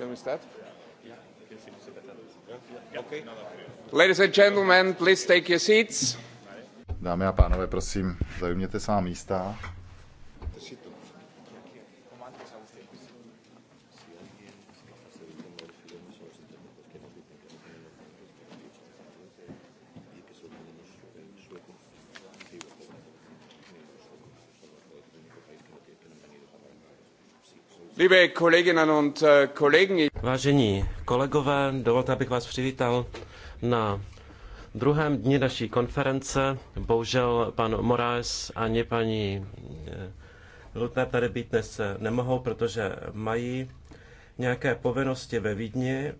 Shall we start? Ladies and gentlemen, please take your seats. Dámy a pánové, prosím, zajměte svá místa. Äh, Vážení kolegové, dovolte, abych vás přivítal na druhém dni naší konference. Bohužel pan Moraes ani paní eh, Lutner tady být dnes eh, nemohou, protože mají nějaké povinnosti ve Vídni.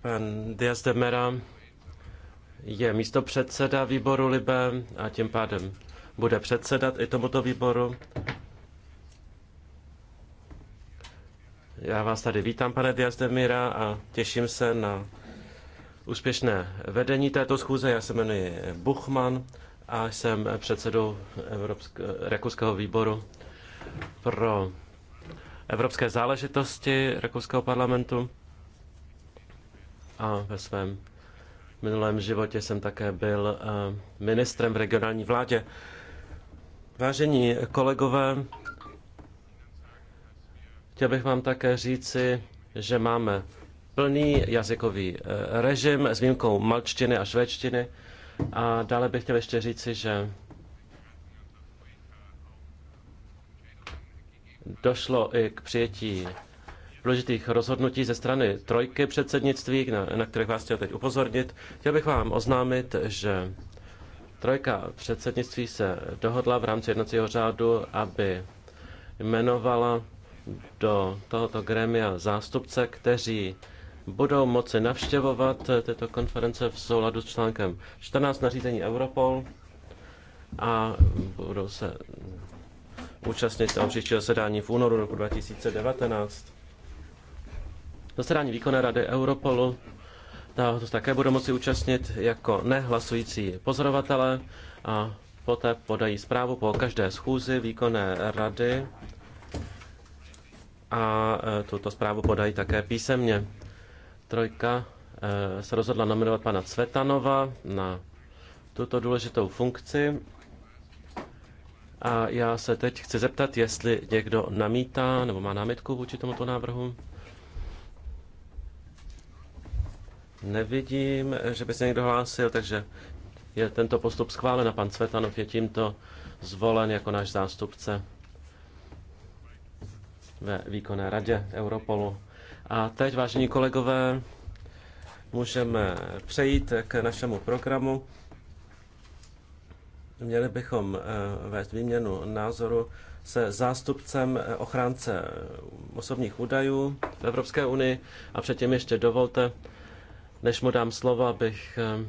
Pan Diaz de Mera je místopředseda výboru Libe a tím pádem bude předsedat i tomuto výboru Já vás tady vítám, pane Diazdemira, a těším se na úspěšné vedení této schůze. Já se jmenuji Buchman a jsem předsedou Rakouského výboru pro evropské záležitosti Rakouského parlamentu a ve svém minulém životě jsem také byl eh, ministrem v regionální vládě. Vážení kolegové, Chtěl bych vám také říci, že máme plný jazykový eh, režim s výjimkou malčtiny a švédštiny. A dále bych chtěl ještě říci, že došlo i k přijetí důležitých rozhodnutí ze strany trojky předsednictví, na, na kterých vás chtěl teď upozornit. Chtěl bych vám oznámit, že trojka předsednictví se dohodla v rámci jednacího řádu, aby jmenovala do tohoto grémia zástupce, kteří budou moci navštěvovat tyto konference v souladu s článkem 14 nařízení Europol a budou se účastnit tam příštího sedání v únoru roku 2019. Zasedání výkonné rady Europolu to také budou moci účastnit jako nehlasující pozorovatele a poté podají zprávu po každé schůzi výkonné rady a e, tuto zprávu podají také písemně. Trojka e, se rozhodla nominovat pana Cvetanova na tuto důležitou funkci. A já se teď chci zeptat, jestli někdo namítá nebo má námitku vůči tomuto návrhu. Nevidím, že by se někdo hlásil, takže je tento postup schválen a pan Cvetanov je tímto zvolen jako náš zástupce ve výkonné radě Europolu. A teď, vážení kolegové, můžeme přejít k našemu programu. Měli bychom eh, vést výměnu názoru se zástupcem eh, ochránce osobních údajů v Evropské unii a předtím ještě dovolte, než mu dám slovo, abych eh,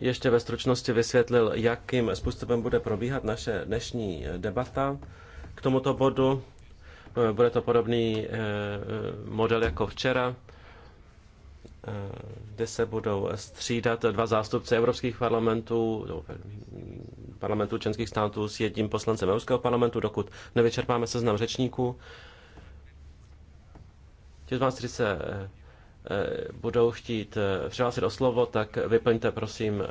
ještě ve stručnosti vysvětlil, jakým způsobem bude probíhat naše dnešní debata k tomuto bodu. Eh, bude to podobný eh, eh, model jako včera, kde se budou střídat dva zástupci evropských parlamentů, parlamentů členských států s jedním poslancem Evropského parlamentu, dokud nevyčerpáme seznam řečníků. Ti z vás, kteří se budou chtít přihlásit o slovo, tak vyplňte prosím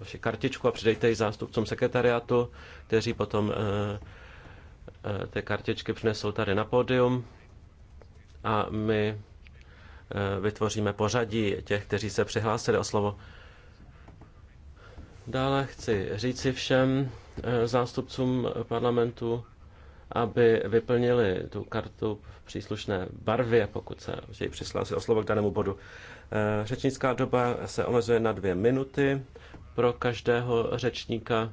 vaši kartičku a přidejte ji zástupcům sekretariátu, kteří potom Eh, ty kartičky přinesou tady na pódium a my eh, vytvoříme pořadí těch, kteří se přihlásili o slovo. Dále chci říci všem eh, zástupcům parlamentu, aby vyplnili tu kartu v příslušné barvě, pokud se chtějí přihlásit o slovo k danému bodu. Řečnická doba se omezuje na dvě minuty pro každého řečníka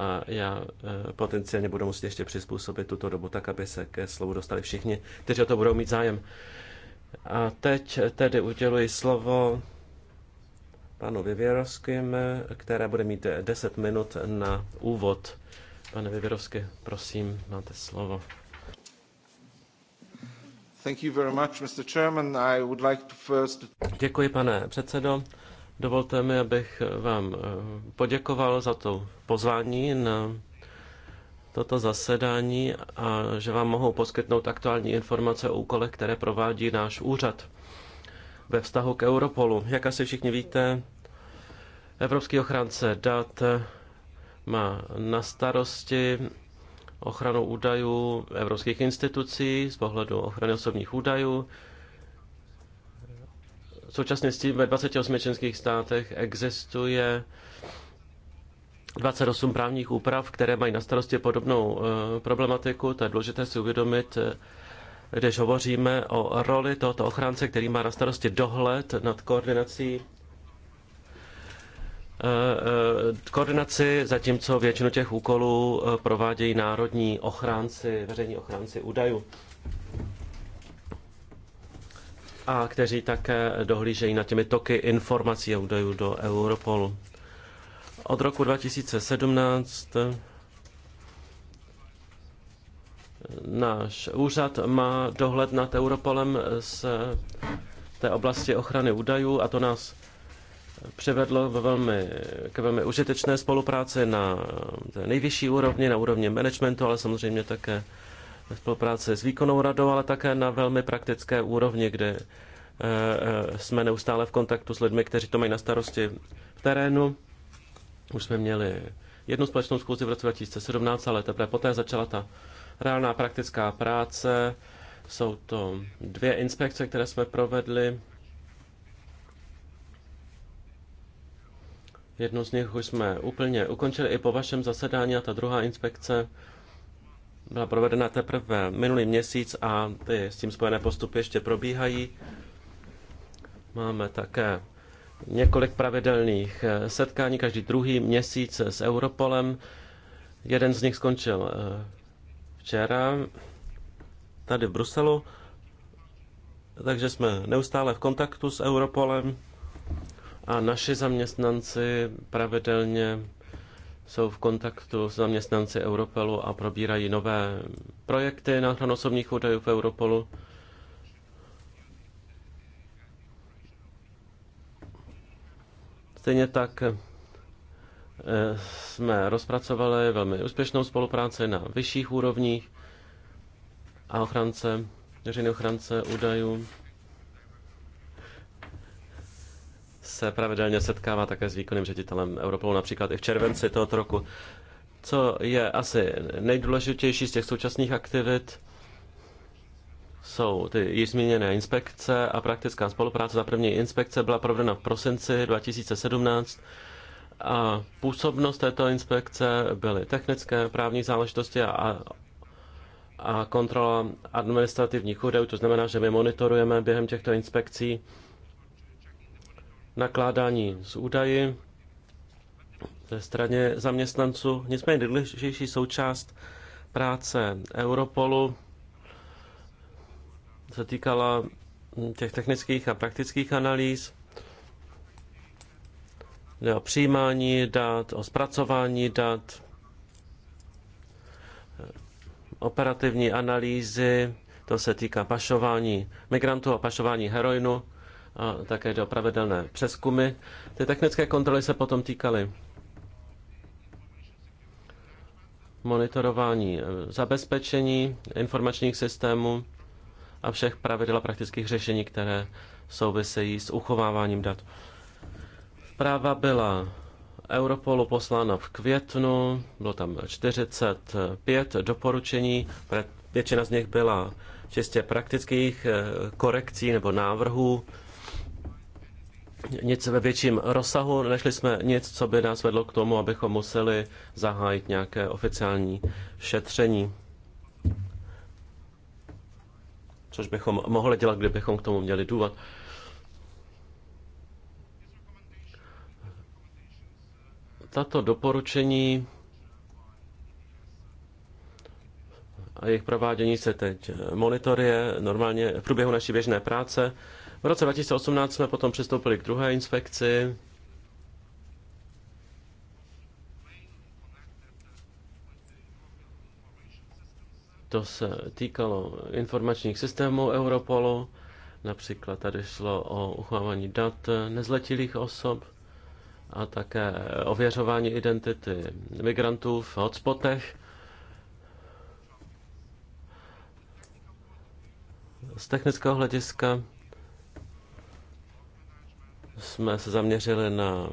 a já e, potenciálně budu muset ještě přizpůsobit tuto dobu tak, aby se ke slovu dostali všichni, kteří o to budou mít zájem. A teď tedy uděluji slovo panu Vivěrovským, které bude mít 10 minut na úvod. Pane Vyvěrovsky, prosím, máte slovo. Thank you very much, Mr. Chairman. I would like to first... Děkuji, pane předsedo. Dovolte mi, abych vám eh, poděkoval za to pozvání na toto zasedání a že vám mohou poskytnout aktuální informace o úkolech, které provádí náš úřad ve vztahu k Europolu. Jak asi všichni víte, Evropský ochránce dat má na starosti ochranu údajů evropských institucí z pohledu ochrany osobních údajů, v současnosti ve 28 členských státech existuje 28 právních úprav, které mají na starosti podobnou eh, problematiku. To je důležité si uvědomit, eh, když hovoříme o roli tohoto ochránce, který má na starosti dohled nad koordinací eh, koordinaci, zatímco většinu těch úkolů provádějí národní ochránci, veřejní ochránci údajů a kteří také dohlížejí na těmi toky informací a údajů do Europolu. Od roku 2017 náš úřad má dohled nad Europolem z té oblasti ochrany údajů a to nás přivedlo ve velmi, k velmi užitečné spolupráci na nejvyšší úrovni, na úrovni managementu, ale samozřejmě také ve spolupráci s výkonnou radou, ale také na velmi praktické úrovni, kde eh, eh, jsme neustále v kontaktu s lidmi, kteří to mají na starosti v terénu. Už jsme měli jednu společnou schůzi v roce 2017, ale teprve poté začala ta reálná praktická práce. Jsou to dvě inspekce, které jsme provedli. Jednu z nich už jsme úplně ukončili i po vašem zasedání a ta druhá inspekce byla provedena teprve minulý měsíc a ty s tím spojené postupy ještě probíhají. Máme také několik pravidelných eh, setkání každý druhý měsíc s Europolem. Jeden z nich skončil eh, včera tady v Bruselu, takže jsme neustále v kontaktu s Europolem a naši zaměstnanci pravidelně jsou v kontaktu s zaměstnanci Europolu a probírají nové projekty na ochranu osobních údajů v Europolu. Stejně tak eh, jsme rozpracovali velmi úspěšnou spolupráci na vyšších úrovních a ochrance, veřejné ochrance údajů. se pravidelně setkává také s výkonným ředitelem Europolu, například i v červenci tohoto roku. Co je asi nejdůležitější z těch současných aktivit, jsou ty již zmíněné inspekce a praktická spolupráce. Ta první inspekce byla provedena v prosinci 2017 a působnost této inspekce byly technické právní záležitosti a, a kontrola administrativních údajů. To znamená, že my monitorujeme během těchto inspekcí nakládání s údaji ze straně zaměstnanců. Nicméně nejdůležitější součást práce Europolu se týkala těch technických a praktických analýz, o přijímání dat, o zpracování dat, operativní analýzy, to se týká pašování migrantů a pašování heroinu a také do pravidelné přeskumy. Ty technické kontroly se potom týkaly monitorování e, zabezpečení informačních systémů a všech pravidel a praktických řešení, které souvisejí s uchováváním dat. Zpráva byla Europolu poslána v květnu, bylo tam 45 doporučení, většina z nich byla čistě praktických e, korekcí nebo návrhů nic ve větším rozsahu, nešli jsme nic, co by nás vedlo k tomu, abychom museli zahájit nějaké oficiální šetření. Což bychom mohli dělat, kdybychom k tomu měli důvod. Tato doporučení a jejich provádění se teď monitoruje normálně v průběhu naší běžné práce. V roce 2018 jsme potom přistoupili k druhé inspekci. To se týkalo informačních systémů Europolu, například tady šlo o uchovávání dat nezletilých osob a také ověřování identity migrantů v hotspotech. Z technického hlediska jsme se zaměřili na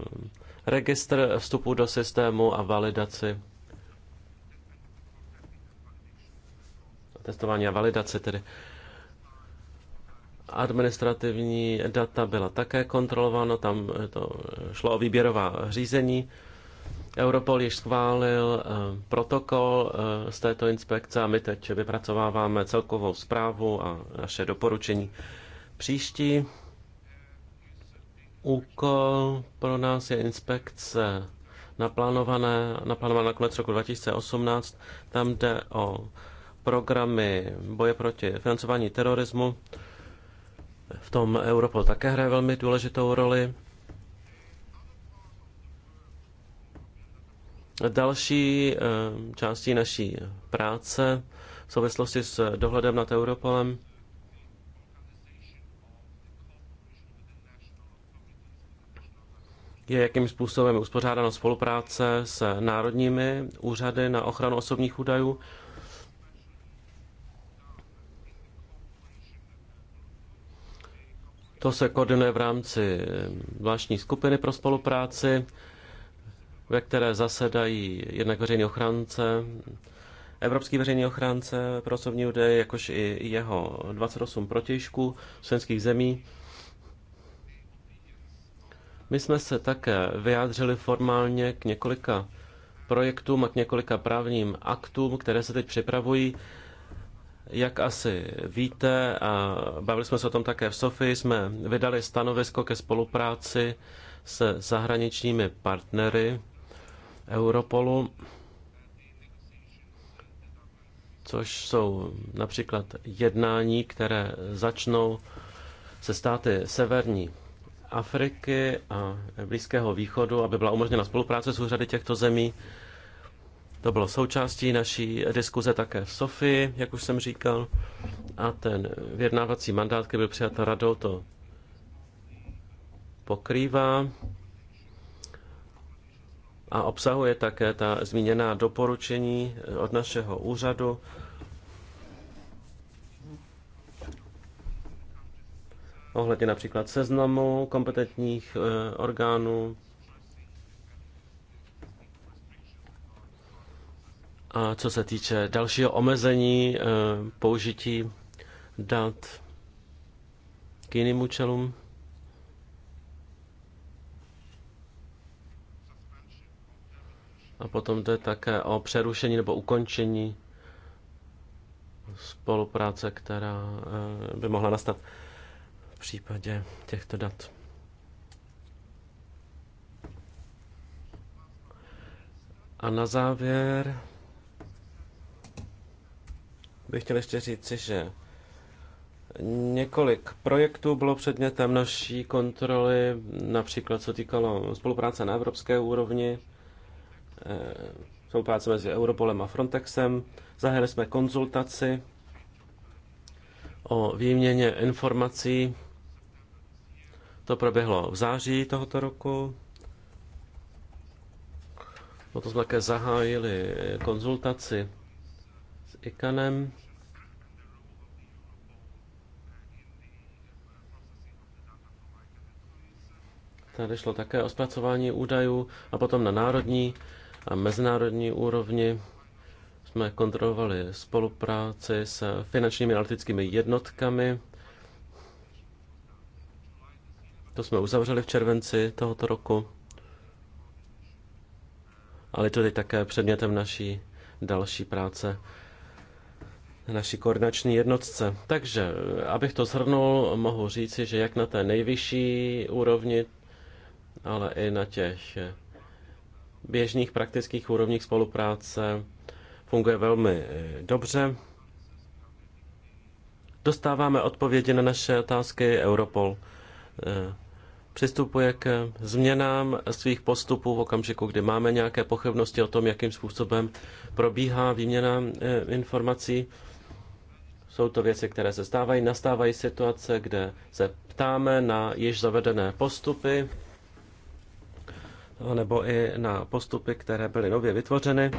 registr vstupu do systému a validaci. Testování a validaci tedy. Administrativní data byla také kontrolováno, tam to šlo o výběrová řízení. Europol již schválil eh, protokol eh, z této inspekce a my teď vypracováváme celkovou zprávu a naše doporučení. Příští Úkol pro nás je inspekce naplánované, naplánované na konec roku 2018. Tam jde o programy boje proti financování terorismu. V tom Europol také hraje velmi důležitou roli. Další eh, částí naší práce v souvislosti s dohledem nad Europolem je, jakým způsobem je uspořádána spolupráce s národními úřady na ochranu osobních údajů. To se koordinuje v rámci eh, zvláštní skupiny pro spolupráci, ve které zasedají jednak veřejný ochránce, Evropský veřejný ochránce pro osobní údaje, jakož i jeho 28 protěžků členských zemí. My jsme se také vyjádřili formálně k několika projektům a k několika právním aktům, které se teď připravují. Jak asi víte, a bavili jsme se o tom také v Sofii, jsme vydali stanovisko ke spolupráci se zahraničními partnery Europolu, což jsou například jednání, které začnou se státy severní Afriky a Blízkého východu, aby byla umožněna spolupráce s úřady těchto zemí. To bylo součástí naší diskuze také v Sofii, jak už jsem říkal. A ten vyjednávací mandát, který byl přijat radou, to pokrývá a obsahuje také ta zmíněná doporučení od našeho úřadu ohledně například seznamu kompetentních eh, orgánů. A co se týče dalšího omezení eh, použití dat k jiným účelům, A potom to je také o přerušení nebo ukončení spolupráce, která eh, by mohla nastat v případě těchto dat. A na závěr bych chtěl ještě říci, že několik projektů bylo předmětem naší kontroly, například co týkalo spolupráce na evropské úrovni, eh, spolupráce mezi Europolem a Frontexem. Zahájili jsme konzultaci o výměně informací to proběhlo v září tohoto roku. Potom jsme také zahájili konzultaci s IKANem. Tady šlo také o zpracování údajů a potom na národní a mezinárodní úrovni jsme kontrolovali spolupráci s finančními analytickými jednotkami to jsme uzavřeli v červenci tohoto roku. Ale to je také předmětem naší další práce naší koordinační jednotce. Takže, abych to shrnul, mohu říci, že jak na té nejvyšší úrovni, ale i na těch běžných praktických úrovních spolupráce funguje velmi eh, dobře. Dostáváme odpovědi na naše otázky Europol eh, přistupuje k změnám svých postupů v okamžiku, kdy máme nějaké pochybnosti o tom, jakým způsobem probíhá výměna eh, informací. Jsou to věci, které se stávají, nastávají situace, kde se ptáme na již zavedené postupy, nebo i na postupy, které byly nově vytvořeny.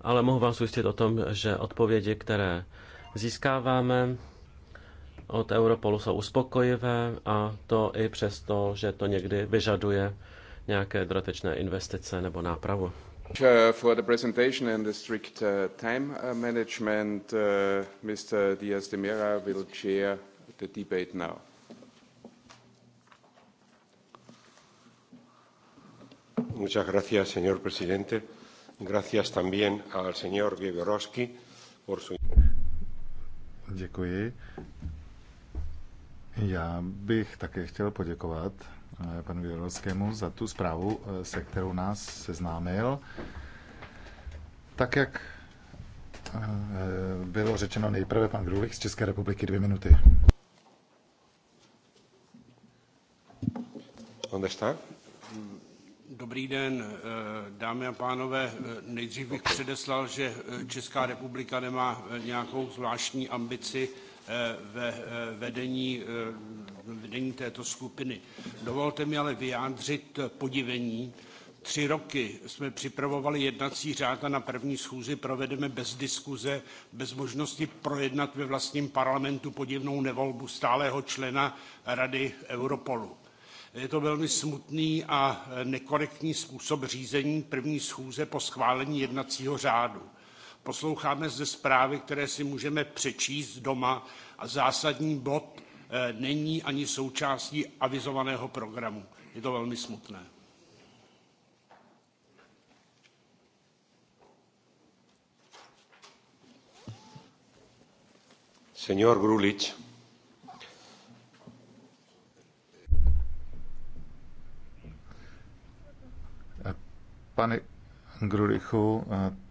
Ale mohu vás ujistit o tom, že odpovědi, které získáváme, od Europolu jsou uspokojivé a to i přesto, že to někdy vyžaduje nějaké dodatečné investice nebo nápravu. For the presentation and the strict uh, time uh, management, uh, Mr. Diaz de Mera will chair the debate now. Muchas gracias, señor presidente. Gracias también al señor Gieborowski por su. Děkuji. Já bych také chtěl poděkovat eh, panu Věrovskému za tu zprávu, eh, se kterou nás seznámil. Tak, jak eh, bylo řečeno nejprve pan Grulich z České republiky dvě minuty. Dobrý den, dámy a pánové. Nejdřív bych předeslal, že Česká republika nemá nějakou zvláštní ambici Eh, ve eh, vedení, eh, vedení této skupiny. Dovolte mi ale vyjádřit podivení. Tři roky jsme připravovali jednací řád a na první schůzi provedeme bez diskuze, bez možnosti projednat ve vlastním parlamentu podivnou nevolbu stálého člena Rady Europolu. Je to velmi smutný a nekorektní způsob řízení první schůze po schválení jednacího řádu posloucháme zde zprávy, které si můžeme přečíst doma a zásadní bod eh, není ani součástí avizovaného programu. Je to velmi smutné. Senor Grulich. Pane Grulichu, eh,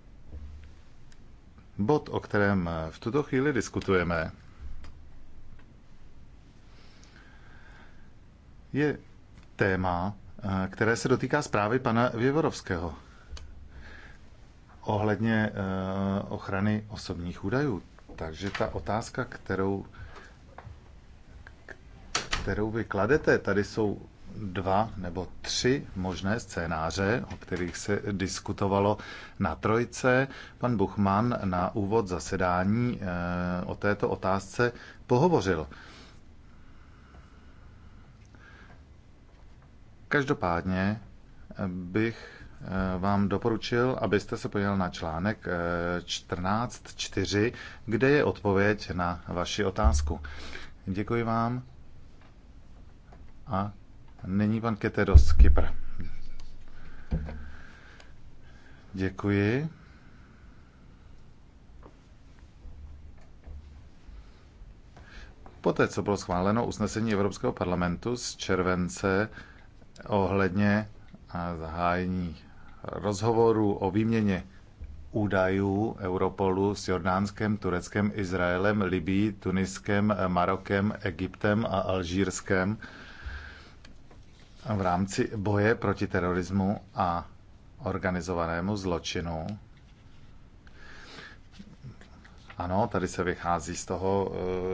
Bod, o kterém v tuto chvíli diskutujeme, je téma, eh, které se dotýká zprávy pana Věvorovského ohledně eh, ochrany osobních údajů. Takže ta otázka, kterou, kterou vy kladete, tady jsou dva nebo tři možné scénáře, o kterých se diskutovalo na trojce. Pan Buchman na úvod zasedání eh, o této otázce pohovořil. Každopádně eh, bych eh, vám doporučil, abyste se podíval na článek 14.4, kde je odpověď na vaši otázku. Děkuji vám a Není pan Keteros z Kypr. Děkuji. Poté, co bylo schváleno usnesení Evropského parlamentu z července ohledně zahájení rozhovoru o výměně údajů Europolu s Jordánskem, Tureckem, Izraelem, Libí, Tuniskem, Marokem, Egyptem a Alžírskem, v rámci boje proti terorismu a organizovanému zločinu. Ano, tady se vychází z toho,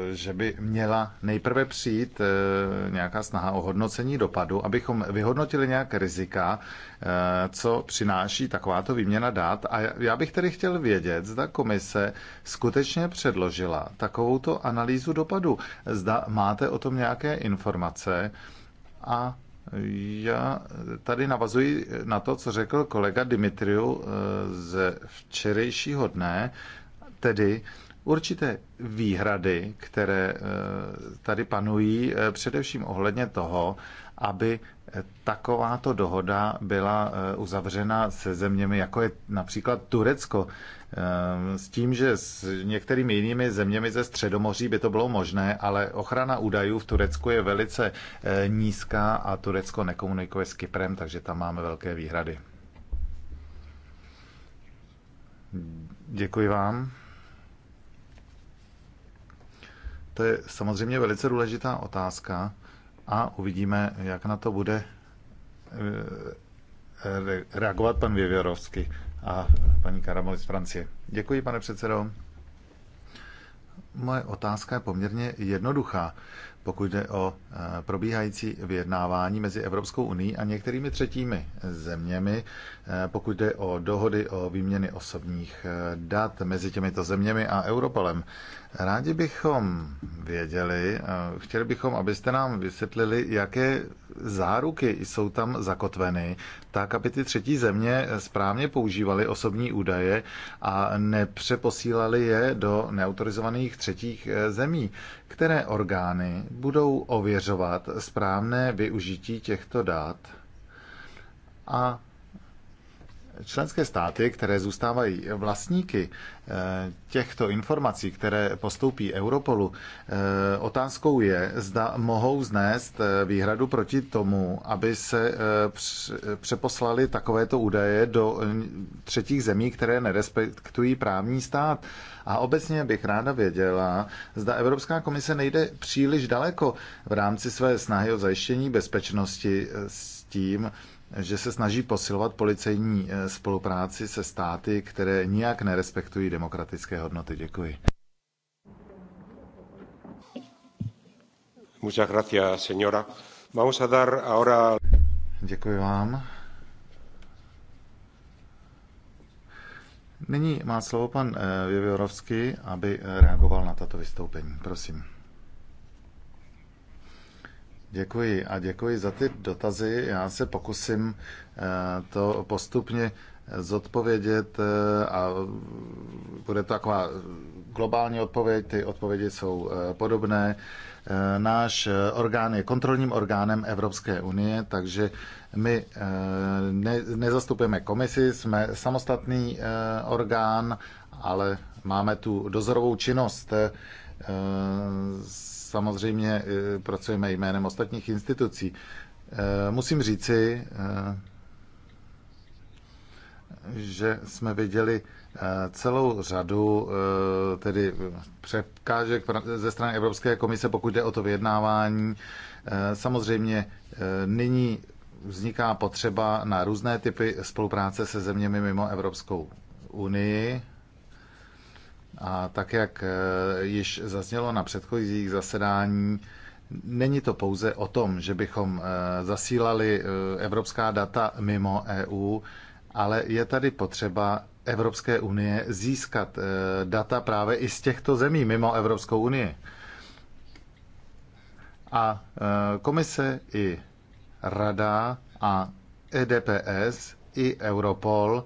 eh, že by měla nejprve přijít eh, nějaká snaha o hodnocení dopadu, abychom vyhodnotili nějak rizika, eh, co přináší takováto výměna dát. A já bych tedy chtěl vědět, zda komise skutečně předložila takovouto analýzu dopadu. Zda máte o tom nějaké informace a já tady navazuji na to, co řekl kolega Dimitriu eh, ze včerejšího dne, tedy určité výhrady, které eh, tady panují, eh, především ohledně toho, aby eh, takováto dohoda byla eh, uzavřena se zeměmi, jako je například Turecko, eh, s tím, že s některými jinými zeměmi ze Středomoří by to bylo možné, ale ochrana údajů v Turecku je velice nízká a Turecko nekomunikuje s Kyprem, takže tam máme velké výhrady. Děkuji vám. To je samozřejmě velice důležitá otázka a uvidíme, jak na to bude eh, reagovat pan Věvěrovský a paní Karamoli z Francie. Děkuji, pane předsedo. Moje otázka je poměrně jednoduchá pokud jde o eh, probíhající vyjednávání mezi Evropskou uní a některými třetími zeměmi, eh, pokud jde o dohody o výměny osobních eh, dat mezi těmito zeměmi a Europolem. Rádi bychom věděli, chtěli bychom, abyste nám vysvětlili, jaké záruky jsou tam zakotveny, tak, aby ty třetí země správně používaly osobní údaje a nepřeposílali je do neautorizovaných třetích zemí které orgány budou ověřovat správné využití těchto dat a Členské státy, které zůstávají vlastníky eh, těchto informací, které postoupí Europolu, eh, otázkou je, zda mohou znést eh, výhradu proti tomu, aby se přeposlali takovéto údaje do třetích zemí, které nerespektují právní stát. A obecně bych ráda věděla, zda Evropská komise nejde příliš daleko v rámci své snahy o zajištění bezpečnosti s tím, že se snaží posilovat policejní eh, spolupráci se státy, které nijak nerespektují demokratické hodnoty. Děkuji. Muchas gracias, señora. Vamos a dar ahora... Děkuji vám. Nyní má slovo pan eh, Vivorovský, aby eh, reagoval na tato vystoupení. Prosím. Děkuji a děkuji za ty dotazy. Já se pokusím eh, to postupně zodpovědět eh, a bude to taková globální odpověď, ty odpovědi jsou eh, podobné. Náš orgán je kontrolním orgánem Evropské unie, takže my nezastupujeme komisi, jsme samostatný orgán, ale máme tu dozorovou činnost samozřejmě eh, pracujeme jménem ostatních institucí. Eh, musím říci, eh, že jsme viděli celou řadu tedy překážek ze strany Evropské komise, pokud jde o to vyjednávání. Samozřejmě nyní vzniká potřeba na různé typy spolupráce se zeměmi mimo Evropskou unii. A tak, jak eh, již zaznělo na předchozích zasedání, není to pouze o tom, že bychom eh, zasílali eh, evropská data mimo EU, ale je tady potřeba Evropské unie získat data právě i z těchto zemí mimo Evropskou unii. A komise i rada a EDPS i Europol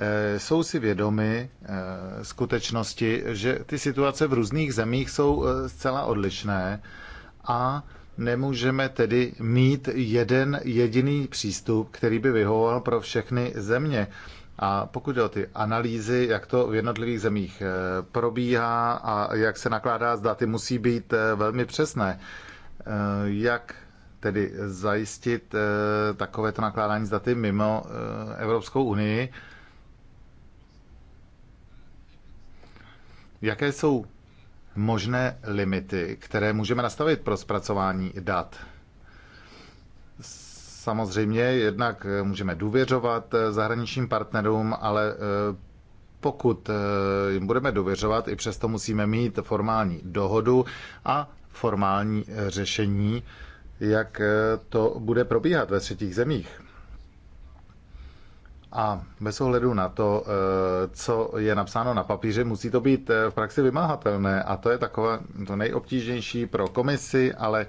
Eh, jsou si vědomi eh, skutečnosti, že ty situace v různých zemích jsou eh, zcela odlišné a nemůžeme tedy mít jeden jediný přístup, který by vyhovoval pro všechny země. A pokud jde o ty analýzy, jak to v jednotlivých zemích probíhá a jak se nakládá s daty, musí být velmi přesné. Jak tedy zajistit takovéto nakládání s daty mimo Evropskou unii? Jaké jsou možné limity, které můžeme nastavit pro zpracování dat? Samozřejmě jednak eh, můžeme důvěřovat eh, zahraničním partnerům, ale eh, pokud jim budeme důvěřovat, i přesto musíme mít formální dohodu a formální řešení, jak to bude probíhat ve třetích zemích. A bez ohledu na to, eh, co je napsáno na papíře, musí to být eh, v praxi vymáhatelné. A to je takové to nejobtížnější pro komisi, ale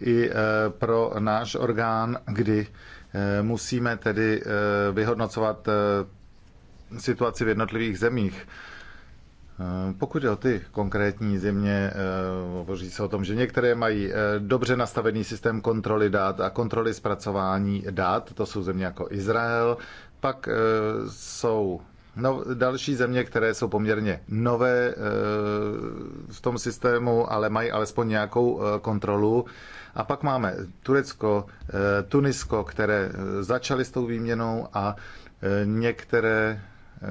i eh, pro náš orgán, kdy musíme tedy vyhodnocovat situaci v jednotlivých zemích. Pokud je o ty konkrétní země, hovoří se o tom, že některé mají dobře nastavený systém kontroly dát a kontroly zpracování dát, to jsou země jako Izrael, pak eh, jsou no, další země, které jsou poměrně nové eh, v tom systému, ale mají alespoň nějakou eh, kontrolu. A pak máme Turecko, Tunisko, které začaly s tou výměnou a některé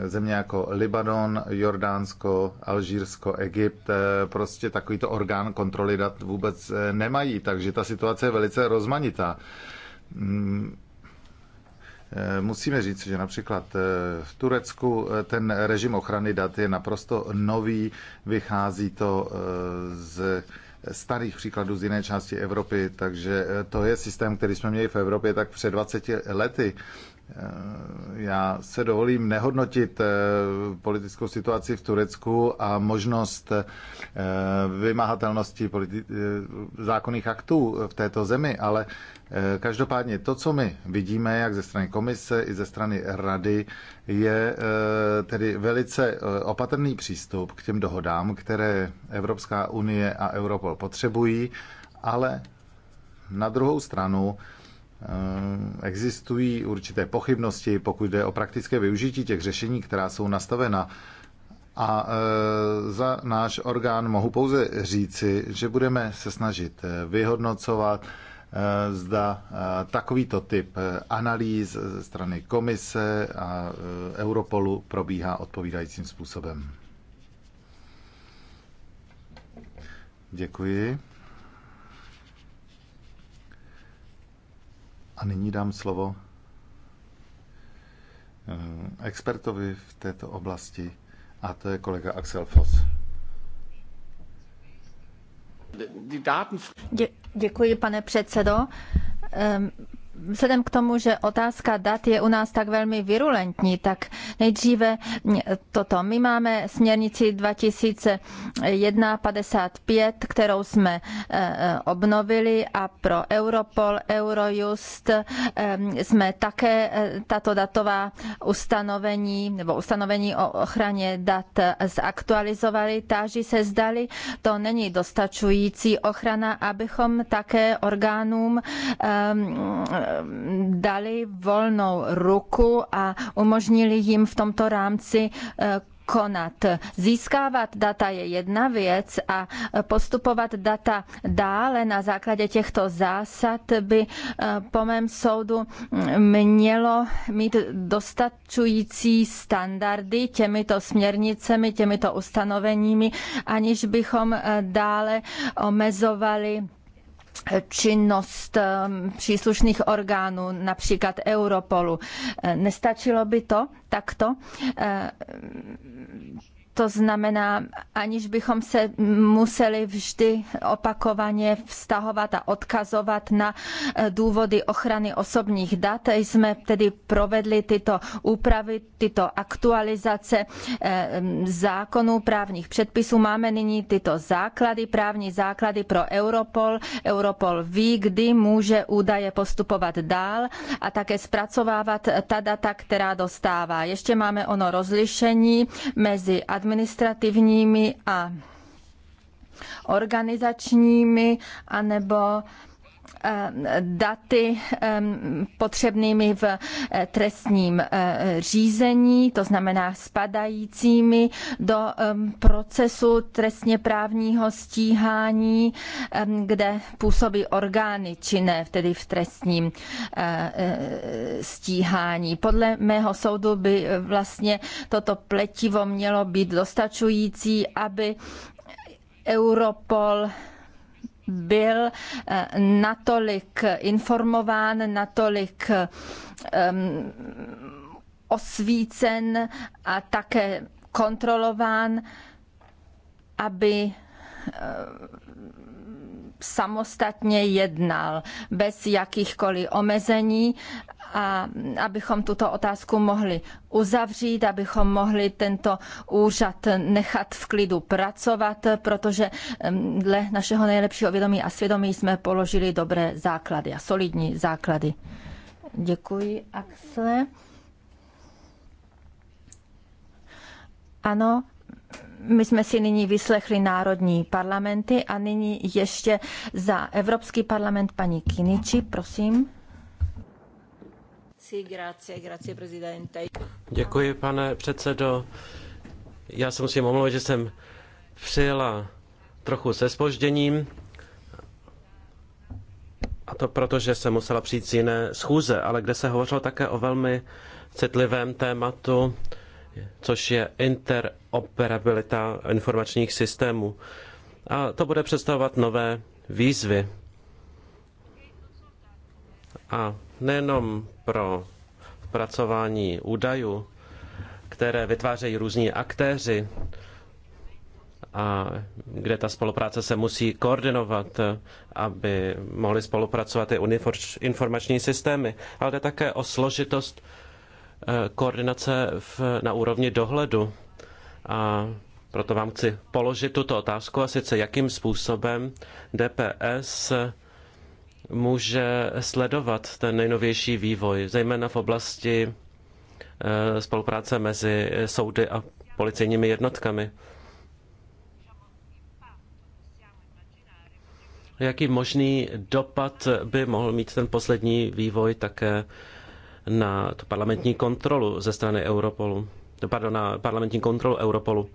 země jako Libanon, Jordánsko, Alžírsko, Egypt, prostě takovýto orgán kontroly dat vůbec nemají, takže ta situace je velice rozmanitá. Mm, Eh, musíme říct, že například eh, v Turecku eh, ten režim ochrany dat je naprosto nový, vychází to z starých příkladů z jiné části Evropy, takže to je systém, který jsme měli v Evropě tak před 20 lety já se dovolím nehodnotit eh, politickou situaci v Turecku a možnost eh, vymahatelnosti eh, zákonných aktů v této zemi, ale každopádně to, co my vidíme, jak ze strany komise i ze strany rady, je tedy velice opatrný přístup k těm dohodám, které Evropská unie a Europol potřebují, ale na druhou stranu Eh, existují určité pochybnosti, pokud jde o praktické využití těch řešení, která jsou nastavena. A eh, za náš orgán mohu pouze říci, že budeme se snažit eh, vyhodnocovat, zda takovýto typ analýz ze strany komise a Europolu probíhá odpovídajícím způsobem. Děkuji. A nyní dám slovo eh, expertovi v této oblasti, a to je kolega Axel Foss. Dě- děkuji, pane předsedo. Ehm, Vzhledem k tomu, že otázka dat je u nás tak velmi virulentní, tak nejdříve toto. My máme směrnici 2001-55, kterou jsme eh, eh, obnovili a pro Europol, Eurojust eh, jsme také tato datová ustanovení nebo ustanovení o ochraně dat zaktualizovali. Táží se zdali, to není dostačující ochrana, abychom také orgánům Eh, dali volnou ruku a umožnili jim v tomto rámci eh, konat. Získávat data je jedna věc a eh, postupovat data dále na základě těchto zásad by po mém soudu mm, mělo mít dostačující standardy těmito směrnicemi, těmito ustanoveními, aniž bychom dále omezovali činnost ehm, příslušných orgánů, například Europolu. Nestačilo by to takto? Ehm, to znamená, aniž bychom se museli vždy opakovaně vztahovat a odkazovat na eh, důvody ochrany osobních dat, jsme tedy provedli tyto úpravy, tyto aktualizace eh, zákonů, právních předpisů. Máme nyní tyto základy, právní základy pro Europol. Europol ví, kdy může údaje postupovat dál a také zpracovávat ta data, která dostává. Ještě máme ono rozlišení mezi administrativní administrativními a organizačními, anebo Eh, daty eh, potřebnými v eh, trestním řízení, to znamená spadajícími do procesu trestně právního stíhání, kde působí orgány činné, tedy v trestním stíhání. Podle mého soudu by vlastně toto pletivo mělo být dostačující, aby Europol byl eh, natolik informován, natolik um, osvícen a také kontrolován, aby eh, samostatně jednal bez jakýchkoliv omezení a abychom tuto otázku mohli uzavřít, abychom mohli tento úřad nechat v klidu pracovat, protože dle našeho nejlepšího vědomí a svědomí jsme položili dobré základy a solidní základy. Děkuji, Axle. Ano, my jsme si nyní vyslechli národní parlamenty a nyní ještě za Evropský parlament paní Kiniči, prosím. Děkuji, pane předsedo. Já se musím omluvit, že jsem přijela trochu se spožděním. A to proto, že jsem musela přijít z jiné schůze, ale kde se hovořilo také o velmi citlivém tématu, což je interoperabilita informačních systémů. A to bude představovat nové výzvy. A nejenom pro zpracování údajů, které vytvářejí různí aktéři, a kde ta spolupráce se musí koordinovat, aby mohly spolupracovat i informační systémy. Ale jde také o složitost Eh, koordinace v, na úrovni dohledu. A proto vám chci položit tuto otázku a sice jakým způsobem DPS může sledovat ten nejnovější vývoj, zejména v oblasti eh, spolupráce mezi soudy a policejními jednotkami. Jaký možný dopad by mohl mít ten poslední vývoj také na tu parlamentní kontrolu ze strany Europolu, pardon, na parlamentní kontrolu Europolu.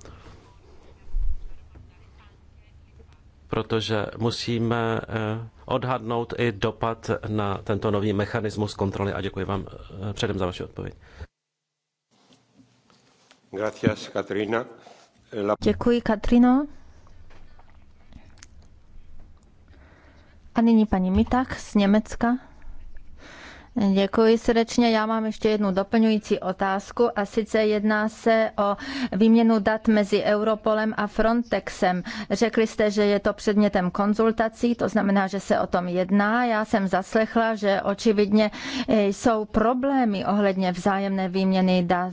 Protože musíme eh, odhadnout i dopad na tento nový mechanismus kontroly a děkuji vám eh, předem za vaši odpověď. Gracias, Katrina. La... Děkuji, Katrino. A nyní paní Mitak z Německa. Děkuji srdečně. Já mám ještě jednu doplňující otázku a sice jedná se o výměnu dat mezi Europolem a Frontexem. Řekli jste, že je to předmětem konzultací, to znamená, že se o tom jedná. Já jsem zaslechla, že očividně e, jsou problémy ohledně vzájemné výměny dat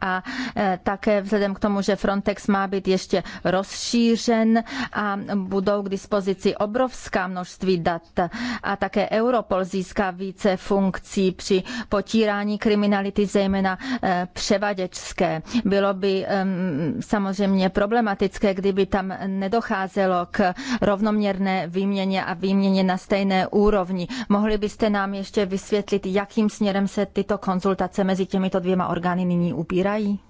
a e, také vzhledem k tomu, že Frontex má být ještě rozšířen a budou k dispozici obrovská množství dat a také Europol získá více funkcí při potírání kriminality, zejména e, převaděčské. Bylo by samozřejmě problematické, kdyby tam nedocházelo k rovnoměrné výměně a výměně na stejné úrovni. Mohli byste nám ještě vysvětlit, jakým směrem se tyto konzultace mezi těmito dvěma orgány nyní upírají?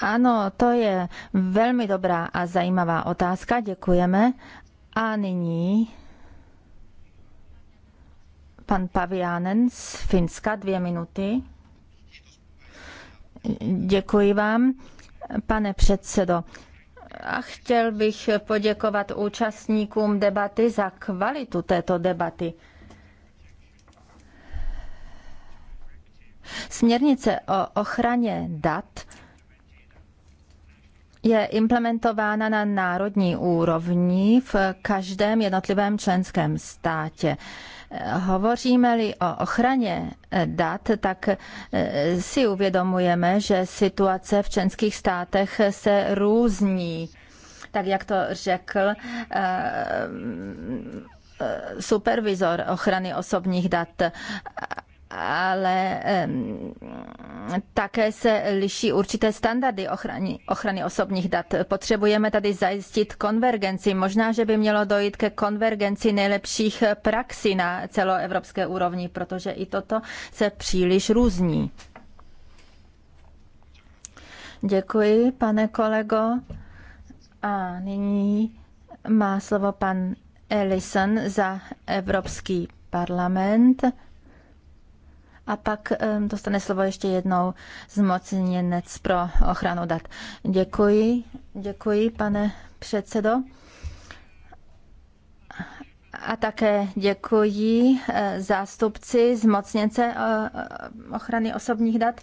Ano, to je velmi dobrá a zajímavá otázka, děkujeme. A nyní pan Pavianen z Finska, dvě minuty. Děkuji vám, pane předsedo. A chtěl bych poděkovat účastníkům debaty za kvalitu této debaty. Směrnice o ochraně dat je implementována na národní úrovni v každém jednotlivém členském státě. Hovoříme-li o ochraně eh, dat, tak eh, si uvědomujeme, že situace v členských státech se různí. Tak jak to řekl eh, mm, supervizor ochrany osobních dat ale také se liší určité standardy ochrany, ochrany osobních dat. Potřebujeme tady zajistit konvergenci. Možná, že by mělo dojít ke konvergenci nejlepších praxí na celoevropské úrovni, protože i toto se příliš různí. Děkuji, pane kolego. A nyní má slovo pan Ellison za Evropský parlament. A pak dostane slovo ještě jednou zmocněnec pro ochranu dat. Děkuji, děkuji, pane předsedo. A také děkuji eh, zástupci zmocněnce eh, ochrany osobních dat.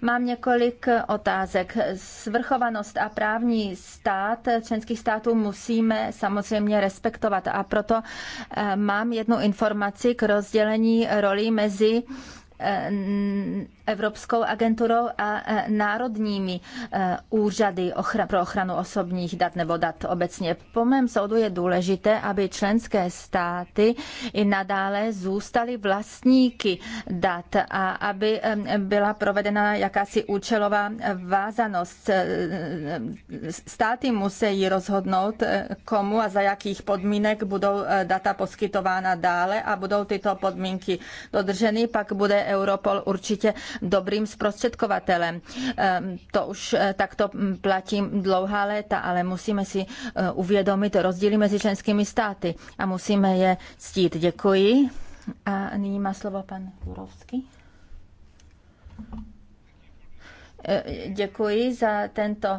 Mám několik otázek. Svrchovanost a právní stát členských států musíme samozřejmě respektovat a proto eh, mám jednu informaci k rozdělení roli mezi 嗯。Evropskou agenturou a e, národními e, úřady pro ochranu osobních dat nebo dat obecně. Po mém soudu je důležité, aby členské státy i nadále zůstaly vlastníky dat a aby e, byla provedena jakási účelová vázanost. Státy musí rozhodnout, komu a za jakých podmínek budou data poskytována dále a budou tyto podmínky dodrženy, pak bude Europol určitě dobrým zprostředkovatelem. Ehm, to už eh, takto platí dlouhá léta, ale musíme si eh, uvědomit rozdíly mezi členskými státy a musíme je ctít. Děkuji. A nyní má slovo pan Jurovský. Eh, děkuji za tento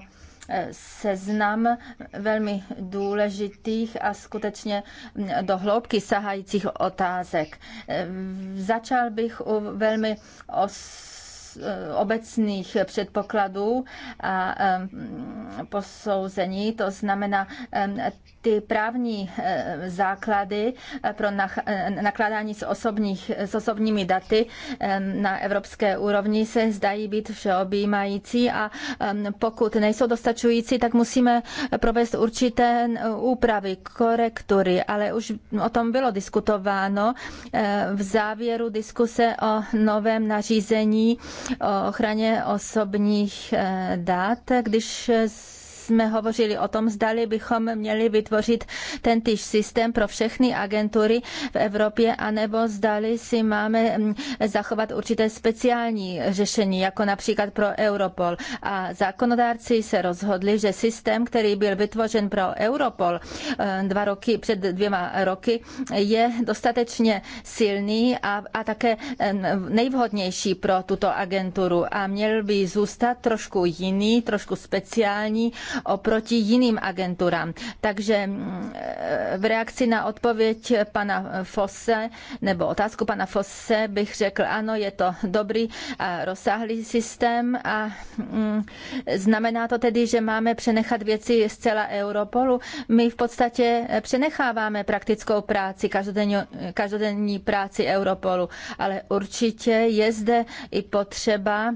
seznam velmi důležitých a skutečně do hloubky sahajících otázek. Začal bych u velmi os obecných předpokladů a posouzení, to znamená ty právní eh, základy eh, pro eh, nakládání s, osobních, s osobními daty na evropské úrovni se zdají být všeobjímající a pokud nejsou dostačující, tak musíme provést určité úpravy, korektury, ale už o tom bylo diskutováno v závěru diskuse o novém nařízení o ochraně osobních dat, když jsme hovořili o tom, zdali bychom měli vytvořit tentýž systém pro všechny agentury v Evropě, anebo zdali si máme mm, zachovat určité speciální řešení, jako například pro Europol. A zákonodárci se rozhodli, že systém, který byl vytvořen pro Europol eh, dva roky, před dvěma roky, je dostatečně silný a, a také nejvhodnější pro tuto agenturu a měl by zůstat trošku jiný, trošku speciální oproti jiným agenturám. Takže mm, v reakci na odpověď pana Fosse, nebo otázku pana Fosse, bych řekl, ano, je to dobrý a rozsáhlý systém a mm, znamená to tedy, že máme přenechat věci zcela Europolu. My v podstatě přenecháváme praktickou práci, každodenní, každodenní práci Europolu, ale určitě je zde i potřeba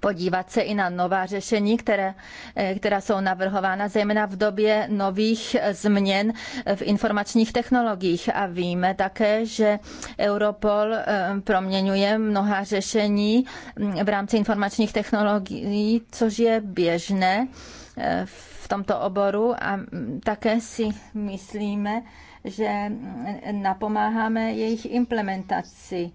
podívat se i na nová řešení, které, eh, která jsou navrhována zejména v době nových eh, změn eh, v informačních technologiích. A víme také, že Europol proměňuje mnoha řešení mm, v rámci informačních technologií, což je běžné v tomto oboru a mm, také si myslíme, že mm, napomáháme jejich implementaci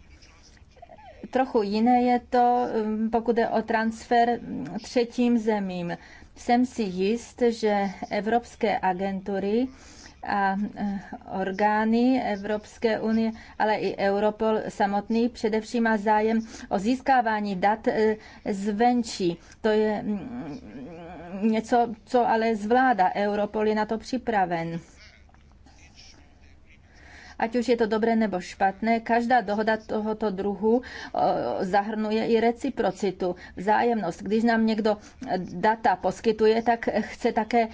Trochu jiné je to, um, pokud je o transfer třetím zemím. Jsem si jist, že evropské agentury a eh, orgány Evropské unie, ale i Europol samotný především má zájem o získávání dat eh, zvenčí. To je mm, něco, co ale zvládá. Europol je na to připraven. Ať už je to dobré nebo špatné, každá dohoda tohoto druhu zahrnuje i reciprocitu, vzájemnost. Když nám někdo e, data poskytuje, tak chce také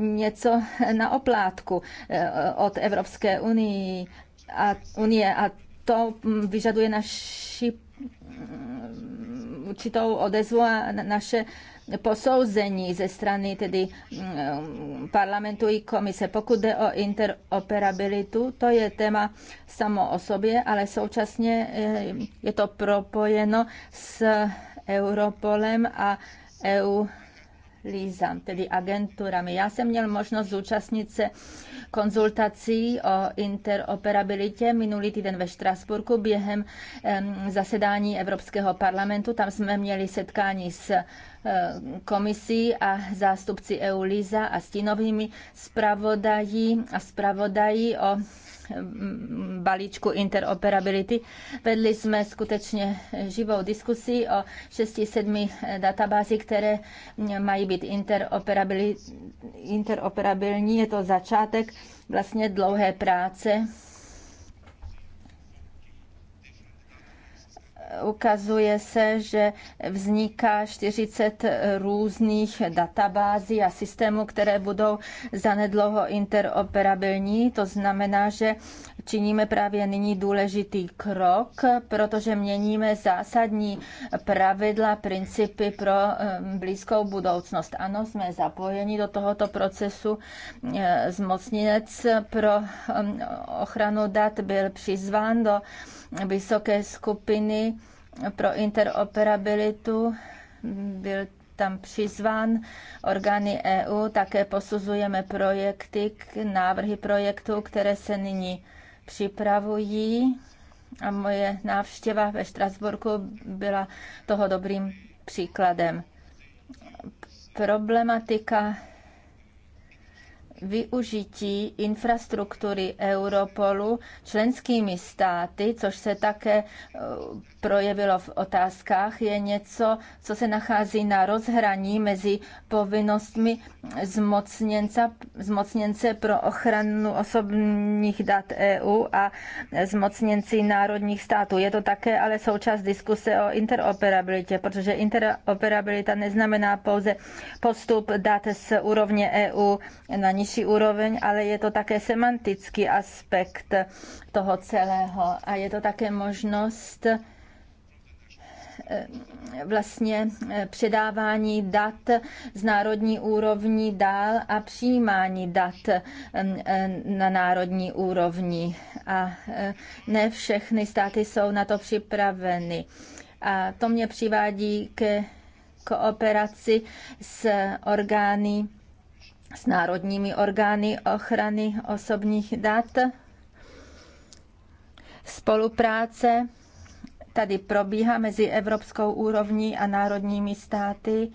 něco na oplátku e, od Evropské unii a unie a to vyžaduje naši určitou odezvu a naše posouzení ze strany tedy mm, parlamentu i komise. Pokud jde o interoperabilitu, to je téma samo o sobě, ale současně eh, je to propojeno s Europolem a EU Lízam, tedy agenturami. Já jsem měl možnost zúčastnit se konzultací o interoperabilitě minulý týden ve Štrasburku během zasedání Evropského parlamentu. Tam jsme měli setkání s eh, komisí a zástupci EU Líza a stínovými zpravodají a zpravodají o balíčku interoperability. Vedli jsme skutečně živou diskusi o 6-7 databázi, které mají být interoperabilní. Je to začátek vlastně dlouhé práce ukazuje se, že vzniká 40 různých databází a systémů, které budou zanedlouho interoperabilní. To znamená, že činíme právě nyní důležitý krok, protože měníme zásadní pravidla, principy pro eh, blízkou budoucnost. Ano, jsme zapojeni do tohoto procesu. Eh, Zmocninec pro eh, ochranu dat byl přizván do vysoké skupiny pro interoperabilitu. Byl tam přizván orgány EU, také posuzujeme projekty, návrhy projektů, které se nyní připravují. A moje návštěva ve Štrasburku byla toho dobrým příkladem. Problematika využití infrastruktury Europolu členskými státy, což se také e, projevilo v otázkách, je něco, co se nachází na rozhraní mezi povinnostmi zmocněnce, pro ochranu osobních dat EU a zmocněnci národních států. Je to také ale součást diskuse o interoperabilitě, protože interoperabilita neznamená pouze postup dat z úrovně EU na nižší nejnižší úroveň, ale je to také semantický aspekt toho celého a je to také možnost eh, vlastně eh, předávání dat z národní úrovni dál a přijímání dat eh, na národní úrovni. A ne všechny státy jsou na to připraveny. A to mě přivádí ke kooperaci s orgány s národními orgány ochrany osobních dat. Spolupráce tady probíhá mezi evropskou úrovní a národními státy.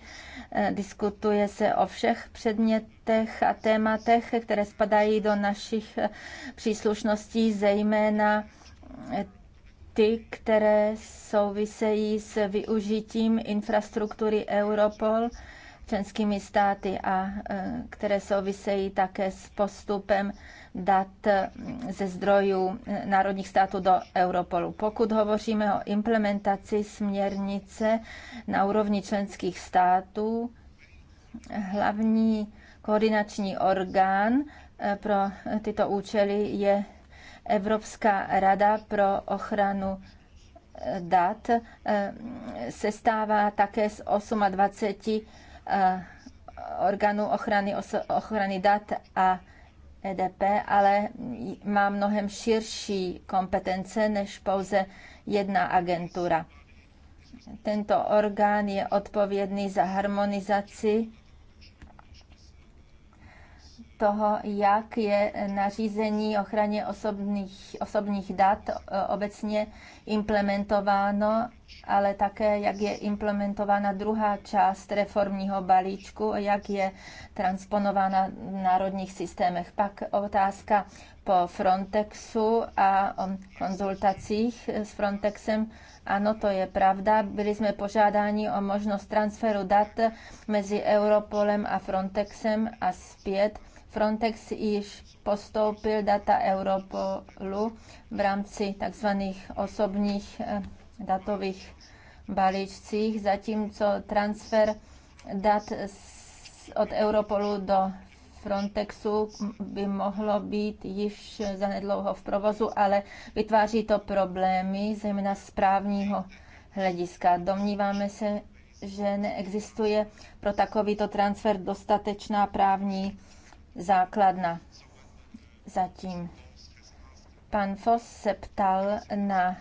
Eh, diskutuje se o všech předmětech a tématech, které spadají do našich eh, příslušností, zejména eh, ty, které souvisejí s využitím infrastruktury Europol členskými státy a e, které souvisejí také s postupem dat e, ze zdrojů e, národních států do Europolu. Pokud hovoříme o implementaci směrnice na úrovni členských států, hlavní koordinační orgán pro tyto účely je Evropská rada pro ochranu dat. Sestává také z 28 Eh, orgánu ochrany, ochrany dat a EDP, ale má mnohem širší kompetence než pouze jedna agentura. Tento orgán je odpovědný za harmonizaci toho, jak je nařízení ochraně osobných, osobních dat e, obecně implementováno, ale také jak je implementována druhá část reformního balíčku a jak je transponována v národních systémech. Pak otázka po Frontexu a o konzultacích s Frontexem. Ano, to je pravda. Byli jsme požádáni o možnost transferu dat mezi Europolem a Frontexem a zpět Frontex již postoupil data Europolu v rámci tzv. osobních eh, datových balíčcích, zatímco transfer dat od Europolu do Frontexu by mohlo být již zanedlouho v provozu, ale vytváří to problémy, zejména z právního hlediska. Domníváme se, že neexistuje pro takovýto transfer dostatečná právní základna zatím. Pan fos se ptal na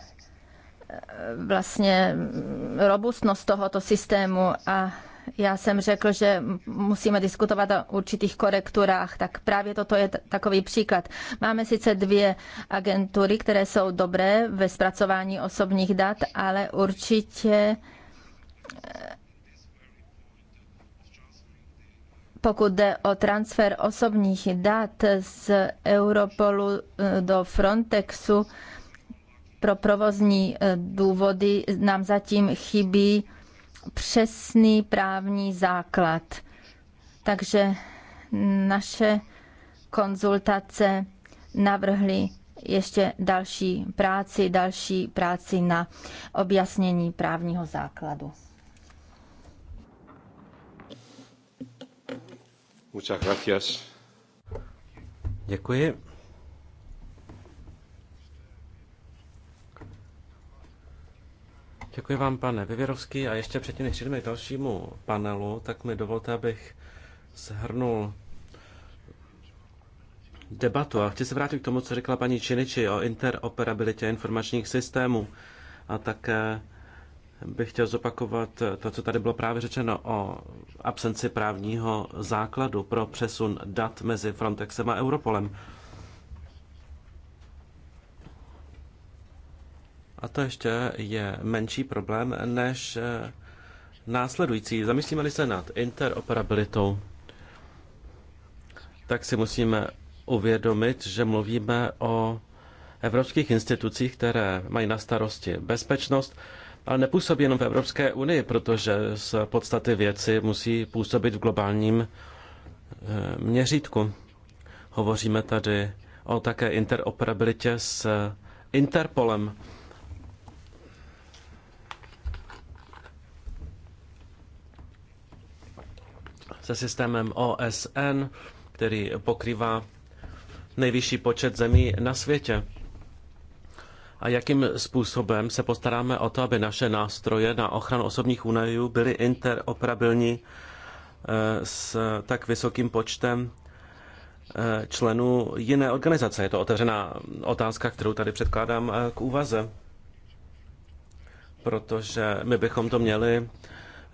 eh, vlastně mm, robustnost tohoto systému a já jsem řekl, že musíme diskutovat o určitých korekturách, tak právě toto je takový příklad. Máme sice dvě agentury, které jsou dobré ve zpracování osobních dat, ale určitě eh, pokud jde o transfer osobních dat z Europolu e, do Frontexu, pro provozní e, důvody nám zatím chybí přesný právní základ. Takže naše konzultace navrhly ještě další práci, další práci na objasnění právního základu. Muchas gracias. Děkuji. Děkuji vám, pane Vyvěrovský. A ještě předtím, než jdeme k dalšímu panelu, tak mi dovolte, abych shrnul debatu. A chci se vrátit k tomu, co řekla paní Činiči o interoperabilitě informačních systémů a také bych chtěl zopakovat to, co tady bylo právě řečeno o absenci právního základu pro přesun dat mezi Frontexem a Europolem. A to ještě je menší problém než následující. Zamyslíme-li se nad interoperabilitou, tak si musíme uvědomit, že mluvíme o evropských institucích, které mají na starosti bezpečnost, ale nepůsobí jenom v Evropské unii, protože z podstaty věci musí působit v globálním eh, měřítku. Hovoříme tady o také interoperabilitě s Interpolem. Se systémem OSN, který pokrývá nejvyšší počet zemí na světě a jakým způsobem se postaráme o to, aby naše nástroje na ochranu osobních údajů byly interoperabilní eh, s tak vysokým počtem eh, členů jiné organizace. Je to otevřená otázka, kterou tady předkládám eh, k úvaze, protože my bychom to měli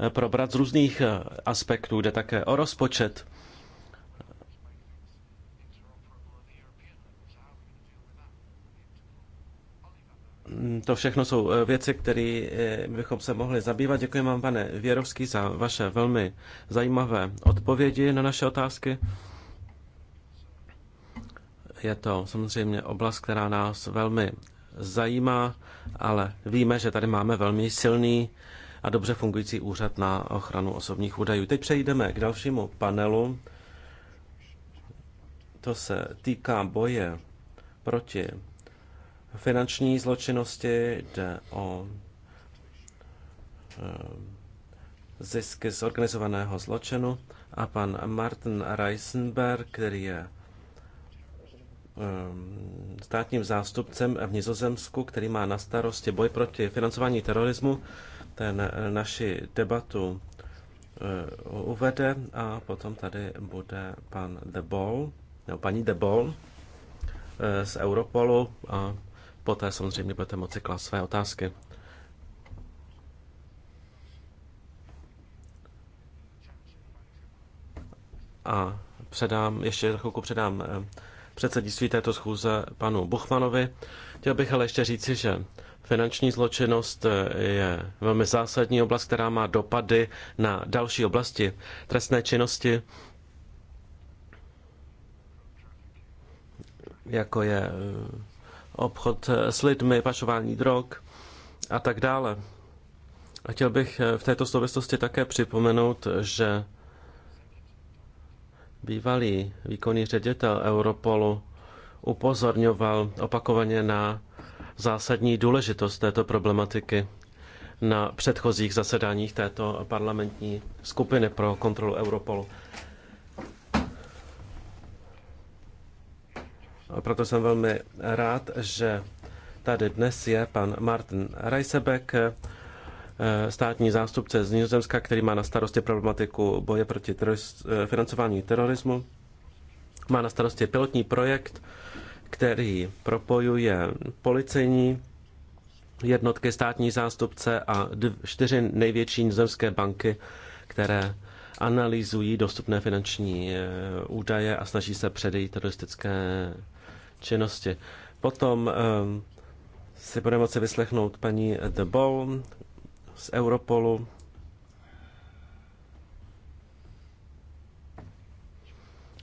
probrat z různých aspektů. Jde také o rozpočet to všechno jsou eh, věci, které eh, bychom se mohli zabývat. Děkuji vám, pane Věrovský, za vaše velmi zajímavé odpovědi na naše otázky. Je to samozřejmě oblast, která nás velmi zajímá, ale víme, že tady máme velmi silný a dobře fungující úřad na ochranu osobních údajů. Teď přejdeme k dalšímu panelu. To se týká boje proti finanční zločinnosti, jde o eh, zisky z organizovaného zločinu a pan Martin Reisenberg, který je eh, státním zástupcem v Nizozemsku, který má na starosti boj proti financování terorismu, ten eh, naši debatu uvede a potom tady bude pan De Ball, nebo paní De Ball z Europolu a Poté samozřejmě budete moci klást své otázky. A předám, ještě za chvilku předám eh, předsednictví této schůze panu Buchmanovi. Chtěl bych ale ještě říci, že finanční zločinnost eh, je velmi zásadní oblast, která má dopady na další oblasti trestné činnosti, jako je eh, obchod eh, s lidmi, pašování drog a tak dále. A chtěl bych eh, v této souvislosti také připomenout, že bývalý výkonný ředitel Europolu upozorňoval opakovaně na zásadní důležitost této problematiky na předchozích zasedáních této parlamentní skupiny pro kontrolu Europolu. Proto jsem velmi rád, že tady dnes je pan Martin Reisebeck, eh, státní zástupce z Nizozemska, který má na starosti problematiku boje proti terorist, eh, financování terorismu. Má na starosti pilotní projekt, který propojuje policejní jednotky státní zástupce a čtyři největší nizozemské banky, které analyzují dostupné finanční eh, údaje a snaží se předejít teroristické činnosti. Potom ehm, si budeme moci vyslechnout paní Debou z Europolu.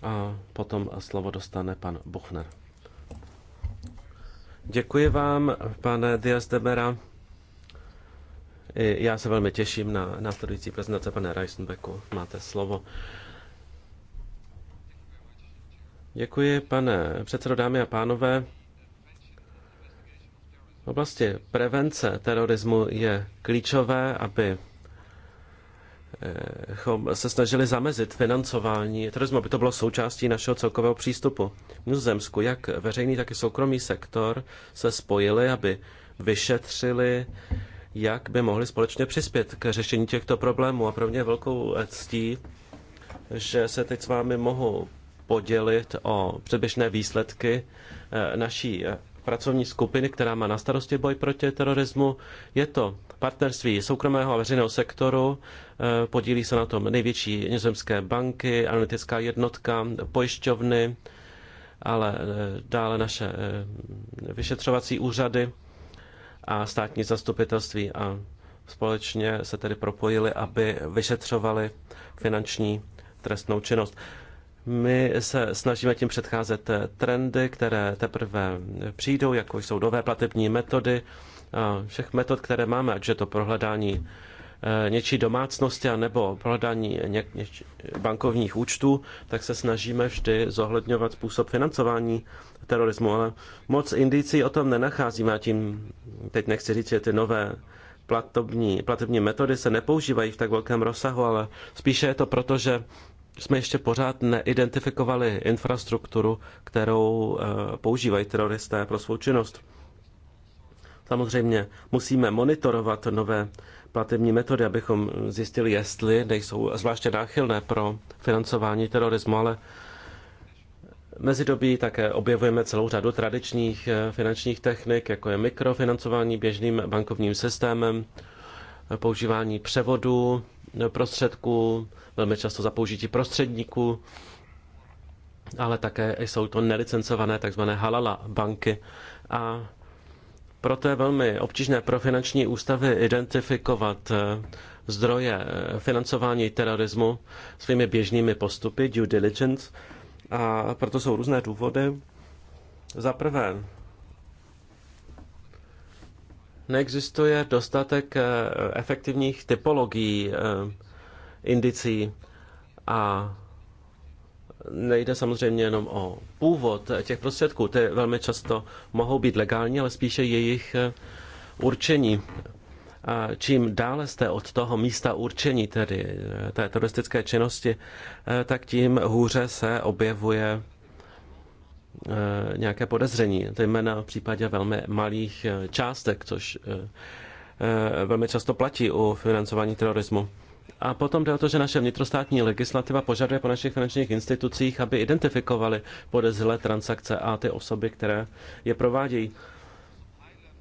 A potom slovo dostane pan Buchner. Děkuji vám, pane Diaz Demera. Já se velmi těším na následující prezentace pane Reisenbecku. Máte slovo. Děkuji, pane předsedo, dámy a pánové. V oblasti prevence terorismu je klíčové, aby eh, se snažili zamezit financování terorismu, aby to bylo součástí našeho celkového přístupu. V Nizozemsku jak veřejný, tak i soukromý sektor se spojili, aby vyšetřili, jak by mohli společně přispět k řešení těchto problémů. A pro mě velkou ctí, že se teď s vámi mohu podělit o předběžné výsledky eh, naší eh, pracovní skupiny, která má na starosti boj proti terorismu. Je to partnerství soukromého a veřejného sektoru, eh, podílí se na tom největší nizozemské banky, analytická jednotka, pojišťovny, ale dále naše vyšetřovací úřady a státní zastupitelství a společně se tedy propojili, aby vyšetřovali finanční trestnou činnost. My se snažíme tím předcházet trendy, které teprve přijdou, jako jsou nové platební metody, všech metod, které máme, ať je to prohledání eh, něčí domácnosti nebo prohledání bankovních účtů, tak se snažíme vždy zohledňovat způsob financování terorismu, ale moc indicí o tom nenacházíme a tím teď nechci říct, že ty nové platební, platební metody se nepoužívají v tak velkém rozsahu, ale spíše je to proto, že jsme ještě pořád neidentifikovali infrastrukturu, kterou eh, používají teroristé pro svou činnost. Samozřejmě musíme monitorovat nové platební metody, abychom zjistili, jestli nejsou zvláště náchylné pro financování terorismu, ale mezi dobí také objevujeme celou řadu tradičních eh, finančních technik, jako je mikrofinancování běžným bankovním systémem, používání převodů prostředků, velmi často za použití prostředníků, ale také jsou to nelicencované takzvané halala banky. A proto je velmi obtížné pro finanční ústavy identifikovat eh, zdroje eh, financování terorismu svými běžnými postupy, due diligence, a proto jsou různé důvody. Za prvé, neexistuje dostatek eh, efektivních typologií eh, indicí a nejde samozřejmě jenom o původ těch prostředků, ty velmi často mohou být legální, ale spíše jejich eh, určení. A čím dále jste od toho místa určení, tedy té teroristické činnosti, tak tím hůře se objevuje Eh, nějaké podezření, zejména v případě velmi malých eh, částek, což eh, velmi často platí u financování terorismu. A potom jde o to, že naše vnitrostátní legislativa požaduje po našich finančních institucích, aby identifikovali podezřelé transakce a ty osoby, které je provádějí.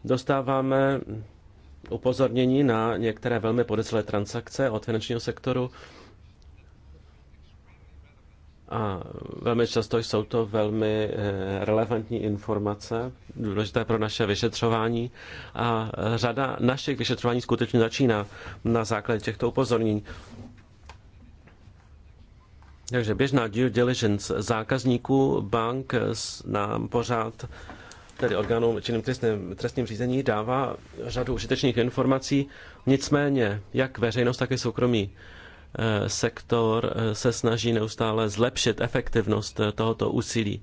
Dostáváme upozornění na některé velmi podezřelé transakce od finančního sektoru, a velmi často jsou to velmi eh, relevantní informace, důležité pro naše vyšetřování. A eh, řada našich vyšetřování skutečně začíná na základě těchto upozornění. Takže běžná due diligence zákazníků bank eh, nám pořád, tedy orgánům činným trestným, trestním řízení, dává řadu užitečných informací. Nicméně, jak veřejnost, tak i soukromí Eh, sektor eh, se snaží neustále zlepšit efektivnost eh, tohoto úsilí.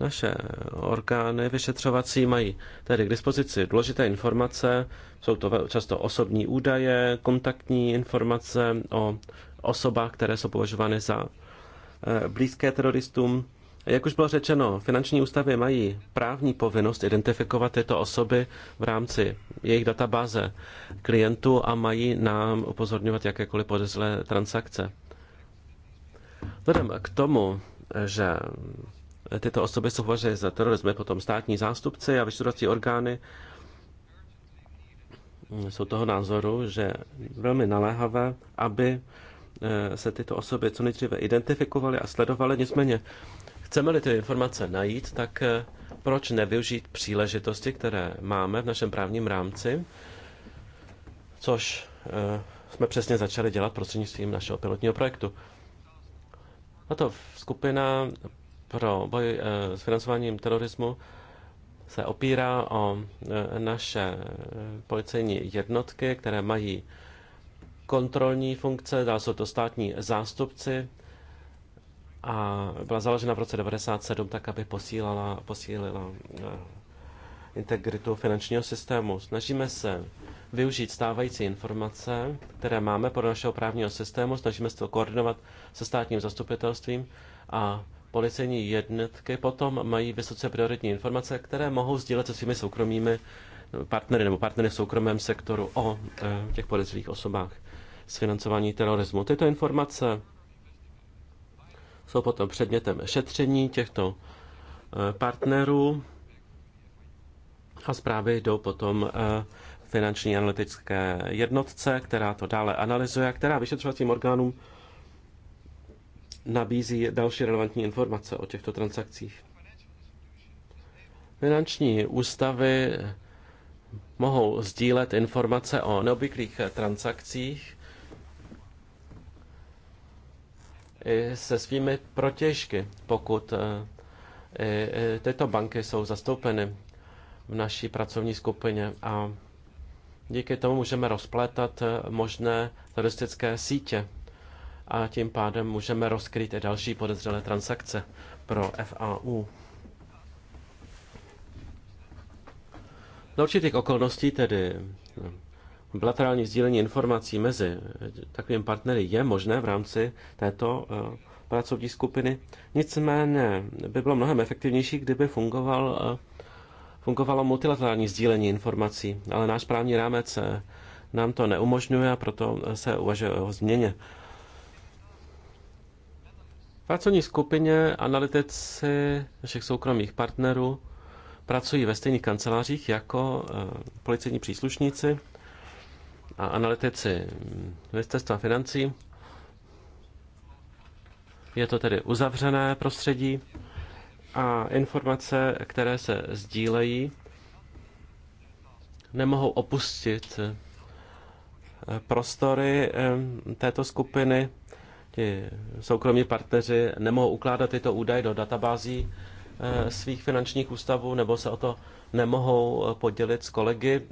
Naše orgány vyšetřovací mají tedy k dispozici důležité informace, jsou to často osobní údaje, kontaktní informace o osobách, které jsou považovány za blízké teroristům. Jak už bylo řečeno, finanční ústavy mají právní povinnost identifikovat tyto osoby v rámci jejich databáze klientů a mají nám upozorňovat jakékoliv podezřelé transakce. Vzhledem k tomu, že tyto osoby jsou považovány za terorismy, potom státní zástupci a vyšetřovací orgány jsou toho názoru, že velmi naléhavé, aby eh, se tyto osoby co nejdříve identifikovaly a sledovaly. Nicméně Chceme-li ty informace najít, tak eh, proč nevyužít příležitosti, které máme v našem právním rámci, což eh, jsme přesně začali dělat prostřednictvím našeho pilotního projektu. A to skupina pro boj eh, s financováním terorismu se opírá o naše policejní jednotky, které mají kontrolní funkce, dá jsou to státní zástupci a byla založena v roce 1997 tak, aby posílala, posílila eh, integritu finančního systému. Snažíme se využít stávající informace, které máme pro našeho právního systému, snažíme se to koordinovat se státním zastupitelstvím a policejní jednotky potom mají vysoce prioritní informace, které mohou sdílet se svými soukromými partnery nebo partnery v soukromém sektoru o eh, těch podezřelých osobách s financování terorismu. Tyto informace jsou potom předmětem šetření těchto eh, partnerů a zprávy jdou potom eh, finanční analytické jednotce, která to dále analyzuje, která vyšetřovacím orgánům nabízí další relevantní informace o těchto transakcích. Finanční ústavy mohou sdílet informace o neobvyklých transakcích i se svými protěžky, pokud e, e, tyto banky jsou zastoupeny v naší pracovní skupině a díky tomu můžeme rozplétat e, možné teroristické sítě a tím pádem můžeme rozkrýt i další podezřelé transakce pro FAU. Z určitých okolností tedy no, bilaterální sdílení informací mezi takovými partnery je možné v rámci této eh, pracovní skupiny. Nicméně by bylo mnohem efektivnější, kdyby fungoval, eh, fungovalo multilaterální sdílení informací, ale náš právní rámec eh, nám to neumožňuje a proto se uvažuje o změně. V pracovní skupině analytici našich soukromých partnerů pracují ve stejných kancelářích jako policejní příslušníci a analytici ministerstva financí. Je to tedy uzavřené prostředí a informace, které se sdílejí, nemohou opustit eh, prostory eh, této skupiny. Ti soukromí partneři nemohou ukládat tyto údaje do databází eh, svých finančních ústavů nebo se o to nemohou podělit s kolegy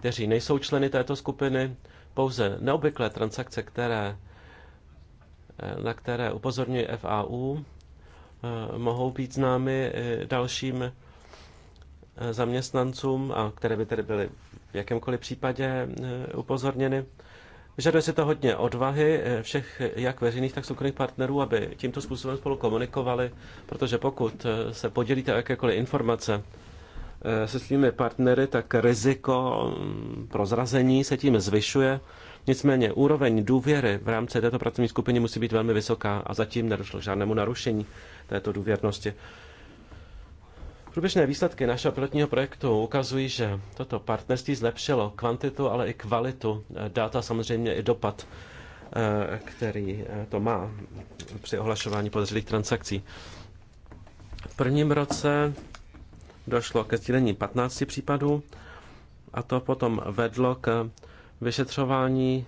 kteří nejsou členy této skupiny. Pouze neobvyklé transakce, které, eh, na které upozorňuje FAU, eh, mohou být známy dalším eh, zaměstnancům, a které by tedy byly v jakémkoliv případě upozorněny. Vyžaduje se to hodně odvahy všech, jak veřejných, tak soukromých partnerů, aby tímto způsobem spolu komunikovali, protože pokud se podělíte o jakékoliv informace, Eh, se svými partnery, tak riziko mm, prozrazení se tím zvyšuje. Nicméně úroveň důvěry v rámci této pracovní skupiny musí být velmi vysoká a zatím nedošlo k žádnému narušení této důvěrnosti. Průběžné výsledky našeho pilotního projektu ukazují, že toto partnerství zlepšilo kvantitu, ale i kvalitu eh, dat a samozřejmě i dopad, eh, který to má při ohlašování podezřelých transakcí. V prvním roce došlo ke sdílení 15 případů a to potom vedlo k vyšetřování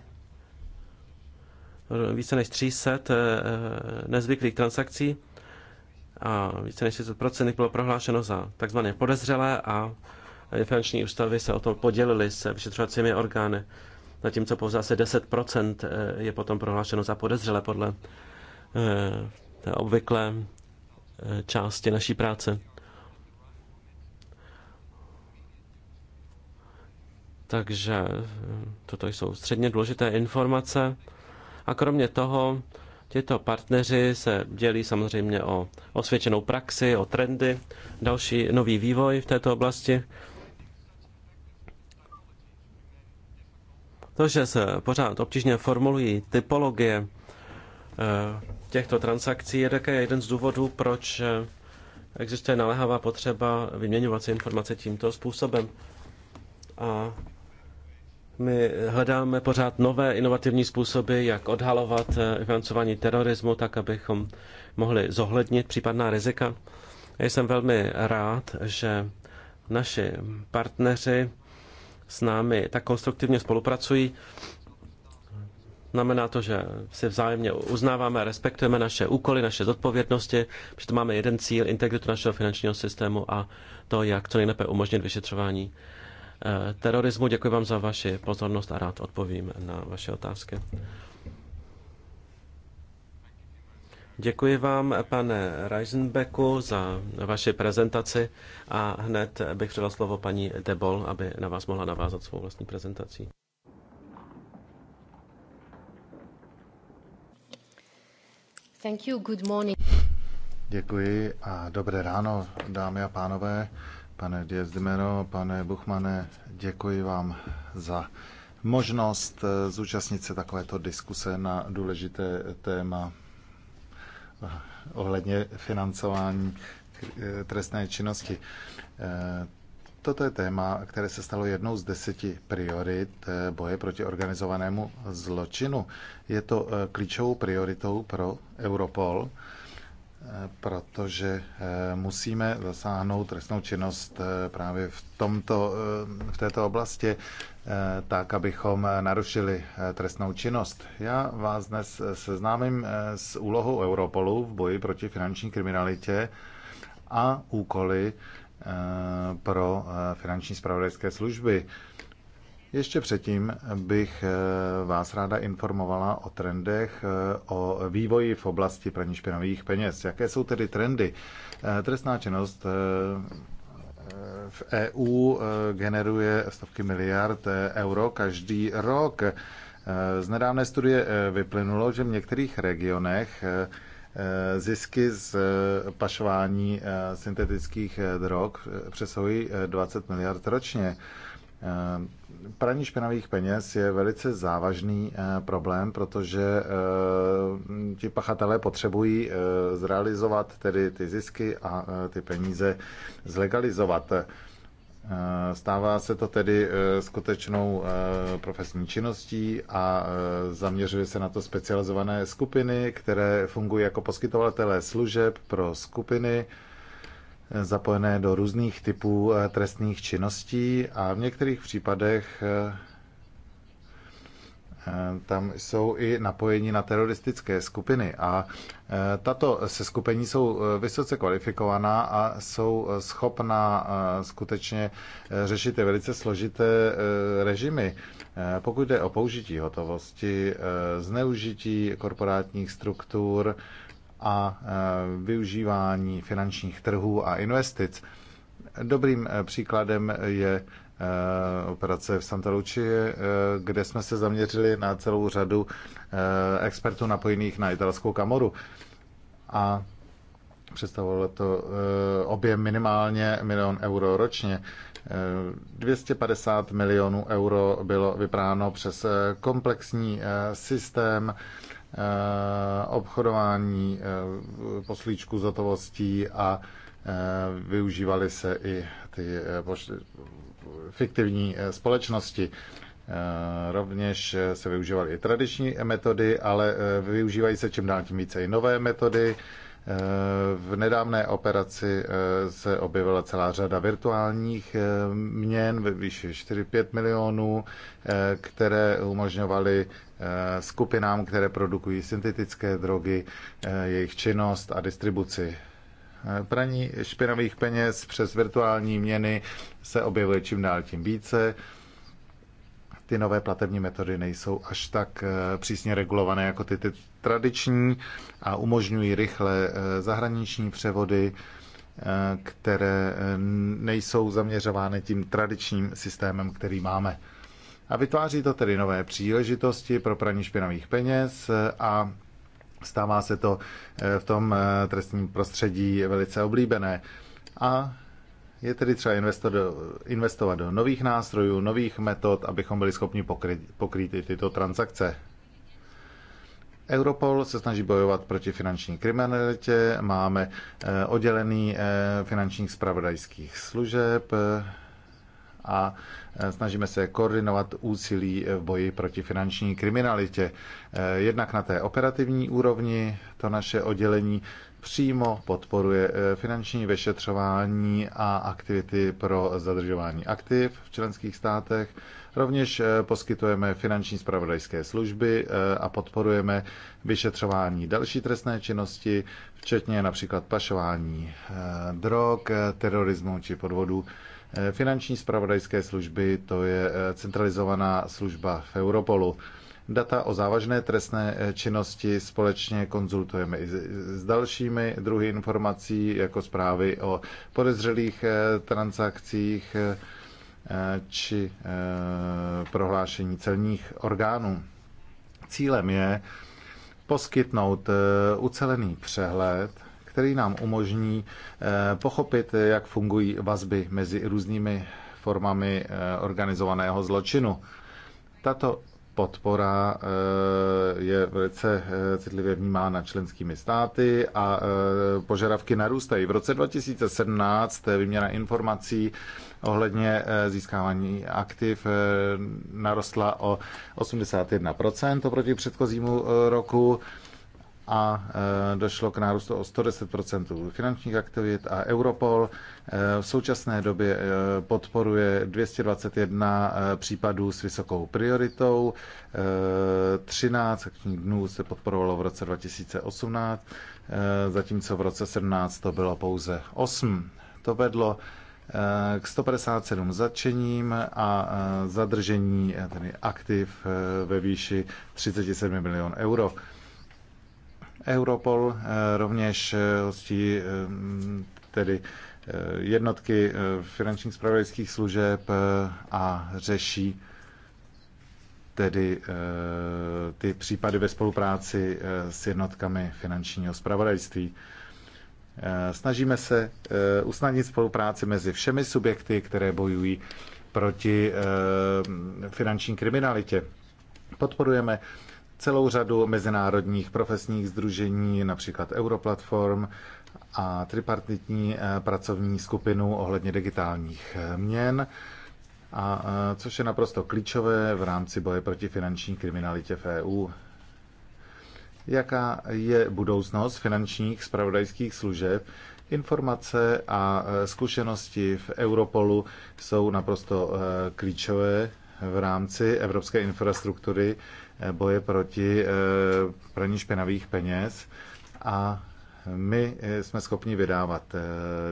více než 300 eh, nezvyklých transakcí a více než 30% bylo prohlášeno za takzvané podezřelé a finanční ústavy se o to podělili s vyšetřovacími orgány, zatímco pouze asi 10% eh, je potom prohlášeno za podezřelé podle eh, té obvyklé části naší práce. Takže eh, toto jsou středně důležité informace. A kromě toho, těto partneři se dělí samozřejmě o osvědčenou praxi, o trendy, další nový vývoj v této oblasti. To, že se pořád obtížně formulují typologie eh, těchto transakcí, je také jeden z důvodů, proč eh, existuje naléhavá potřeba vyměňovat si informace tímto způsobem. A my hledáme pořád nové inovativní způsoby, jak odhalovat eh, financování terorismu, tak abychom mohli zohlednit případná rizika. Já jsem velmi rád, že naši partneři s námi tak konstruktivně spolupracují. Znamená to, že si vzájemně uznáváme a respektujeme naše úkoly, naše zodpovědnosti, protože máme jeden cíl, integritu našeho finančního systému a to, jak co nejlépe umožnit vyšetřování Eh, terorismu. Děkuji vám za vaši pozornost a rád odpovím na vaše otázky. Děkuji vám, pane Reisenbecku, za vaši prezentaci a hned bych předal slovo paní Debol, aby na vás mohla navázat svou vlastní prezentací. Thank you, good morning. Děkuji a dobré ráno, dámy a pánové. Pane Diezdemero, pane Buchmane, děkuji vám za možnost eh, zúčastnit se takovéto diskuse na důležité téma eh, ohledně financování eh, trestné činnosti. Toto je téma, které se stalo jednou z deseti priorit boje proti organizovanému zločinu. Je to klíčovou prioritou pro Europol protože eh, musíme zasáhnout trestnou činnost eh, právě v, tomto, eh, v této oblasti, tak abychom narušili trestnou činnost. Já vás dnes seznámím s úlohou Europolu v boji proti finanční kriminalitě a úkoly pro finanční spravodajské služby. Ještě předtím bych eh, vás ráda informovala o trendech, eh, o vývoji v oblasti praní špinavých peněz. Jaké jsou tedy trendy? Eh, trestná činnost v EU generuje stovky miliard euro každý rok. Z nedávné studie vyplynulo, že v některých regionech zisky z pašování syntetických drog přesahují 20 miliard ročně. Praní špinavých peněz je velice závažný eh, problém, protože eh, ti pachatelé potřebují eh, zrealizovat tedy ty zisky a ty peníze zlegalizovat. Stává se to tedy skutečnou profesní činností a zaměřuje se na to specializované skupiny, které fungují jako poskytovatelé služeb pro skupiny, zapojené do různých typů eh, trestných činností a v některých případech eh, eh, tam jsou i napojení na teroristické skupiny a tato seskupení jsou vysoce kvalifikovaná a jsou schopná skutečně řešit ty velice složité režimy. Pokud jde o použití hotovosti, zneužití korporátních struktur, a e, využívání finančních trhů a investic. Dobrým e, příkladem je e, operace v Santa Lucie, kde jsme se zaměřili na celou řadu expertů napojených na italskou kamoru. A představovalo to objem minimálně milion euro ročně. 250 milionů euro bylo vypráno přes komplexní systém Eh, obchodování eh, poslíčků z hotovostí a eh, využívaly se i ty fiktivní společnosti. Rovněž se využívaly i tradiční metody, ale využívají se čím dál tím více i nové metody. V nedávné operaci eh, se objevila celá řada virtuálních eh, měn ve výši 4-5 milionů, eh, které umožňovaly skupinám, které produkují syntetické drogy, jejich činnost a distribuci. Praní špinavých peněz přes virtuální měny se objevuje čím dál tím více ty nové platební metody nejsou až tak eh, přísně regulované jako ty, ty tradiční a umožňují rychle eh, zahraniční převody, eh, které nejsou zaměřovány tím tradičním systémem, který máme. A vytváří to tedy nové příležitosti pro praní špinavých peněz a stává se to v tom trestním prostředí velice oblíbené. A je tedy třeba investovat do, investovat do nových nástrojů, nových metod, abychom byli schopni pokryt, pokrýt i tyto transakce. Europol se snaží bojovat proti finanční kriminalitě, máme eh, oddělený eh, finančních spravodajských služeb eh, a snažíme se koordinovat úsilí v boji proti finanční kriminalitě. Jednak na té operativní úrovni to naše oddělení přímo podporuje eh, finanční vyšetřování a aktivity pro zadržování aktiv v členských státech. Rovněž eh, poskytujeme finanční spravodajské služby eh, a podporujeme vyšetřování další trestné činnosti, včetně například pašování drog, terorismu či podvodů. Finanční spravodajské služby to je centralizovaná služba v Europolu. Data o závažné trestné eh, činnosti společně konzultujeme i s dalšími druhy informací, jako zprávy o podezřelých eh, transakcích eh, či prohlášení celních orgánů. Cílem je poskytnout ucelený přehled který nám umožní pochopit, jak fungují vazby mezi různými formami organizovaného zločinu. Tato podpora eh, je velice eh, citlivě vnímána členskými státy a eh, požadavky narůstají. V roce 2017 výměna informací ohledně získávání aktiv narostla o 81% oproti předchozímu roku a e, došlo k nárůstu o 110 finančních aktivit a Europol e, v současné době e, podporuje 221 případů s vysokou prioritou, 13 akčních dnů se podporovalo v roce 2018, zatímco v roce 17 to bylo pouze 8. To vedlo k 157 zatčením a zadržení aktiv ve výši 37 milion euro. Europol eh, rovněž eh, hostí eh, tedy jednotky finančních spravodajských služeb a řeší tedy ty případy ve spolupráci s jednotkami finančního spravodajství. Snažíme se usnadnit spolupráci mezi všemi subjekty, které bojují proti finanční kriminalitě. Podporujeme celou řadu mezinárodních profesních združení, například Europlatform a tripartitní eh, pracovní skupinu ohledně digitálních eh, měn, a, eh, což je naprosto klíčové v rámci boje proti finanční kriminalitě v EU. Jaká je budoucnost finančních spravodajských služeb? Informace a zkušenosti v Europolu jsou naprosto klíčové v rámci evropské infrastruktury boje proti eh, praní špinavých peněz a my eh, jsme schopni vydávat eh,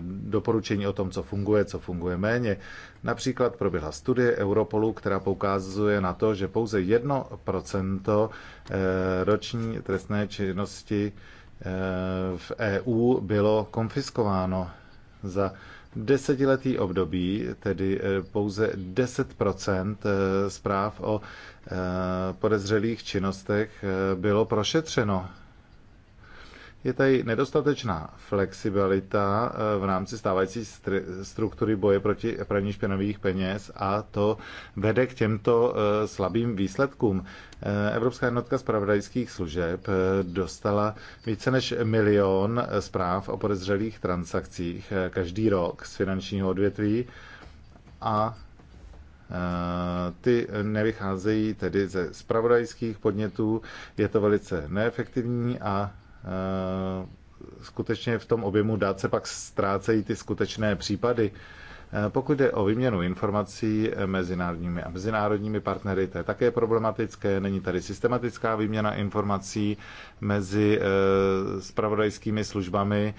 doporučení o tom, co funguje, co funguje méně. Například proběhla studie Europolu, která poukazuje na to, že pouze 1% roční trestné činnosti v EU bylo konfiskováno za desetiletý období, tedy eh, pouze 10 eh, zpráv o eh, podezřelých činnostech bylo prošetřeno je tady nedostatečná flexibilita eh, v rámci stávající struktury boje proti praní špinavých peněz a to vede k těmto eh, slabým výsledkům. Eh, Evropská jednotka zpravodajských služeb dostala více než milion zpráv o podezřelých transakcích každý rok z finančního odvětví a ty nevycházejí tedy ze spravodajských podnětů, je to velice neefektivní a Eh, skutečně v tom objemu dat se pak ztrácejí ty skutečné případy. Eh, pokud jde o výměnu informací eh, mezinárodními a mezinárodními partnery, to je také problematické. Není tady systematická výměna informací mezi spravodajskými službami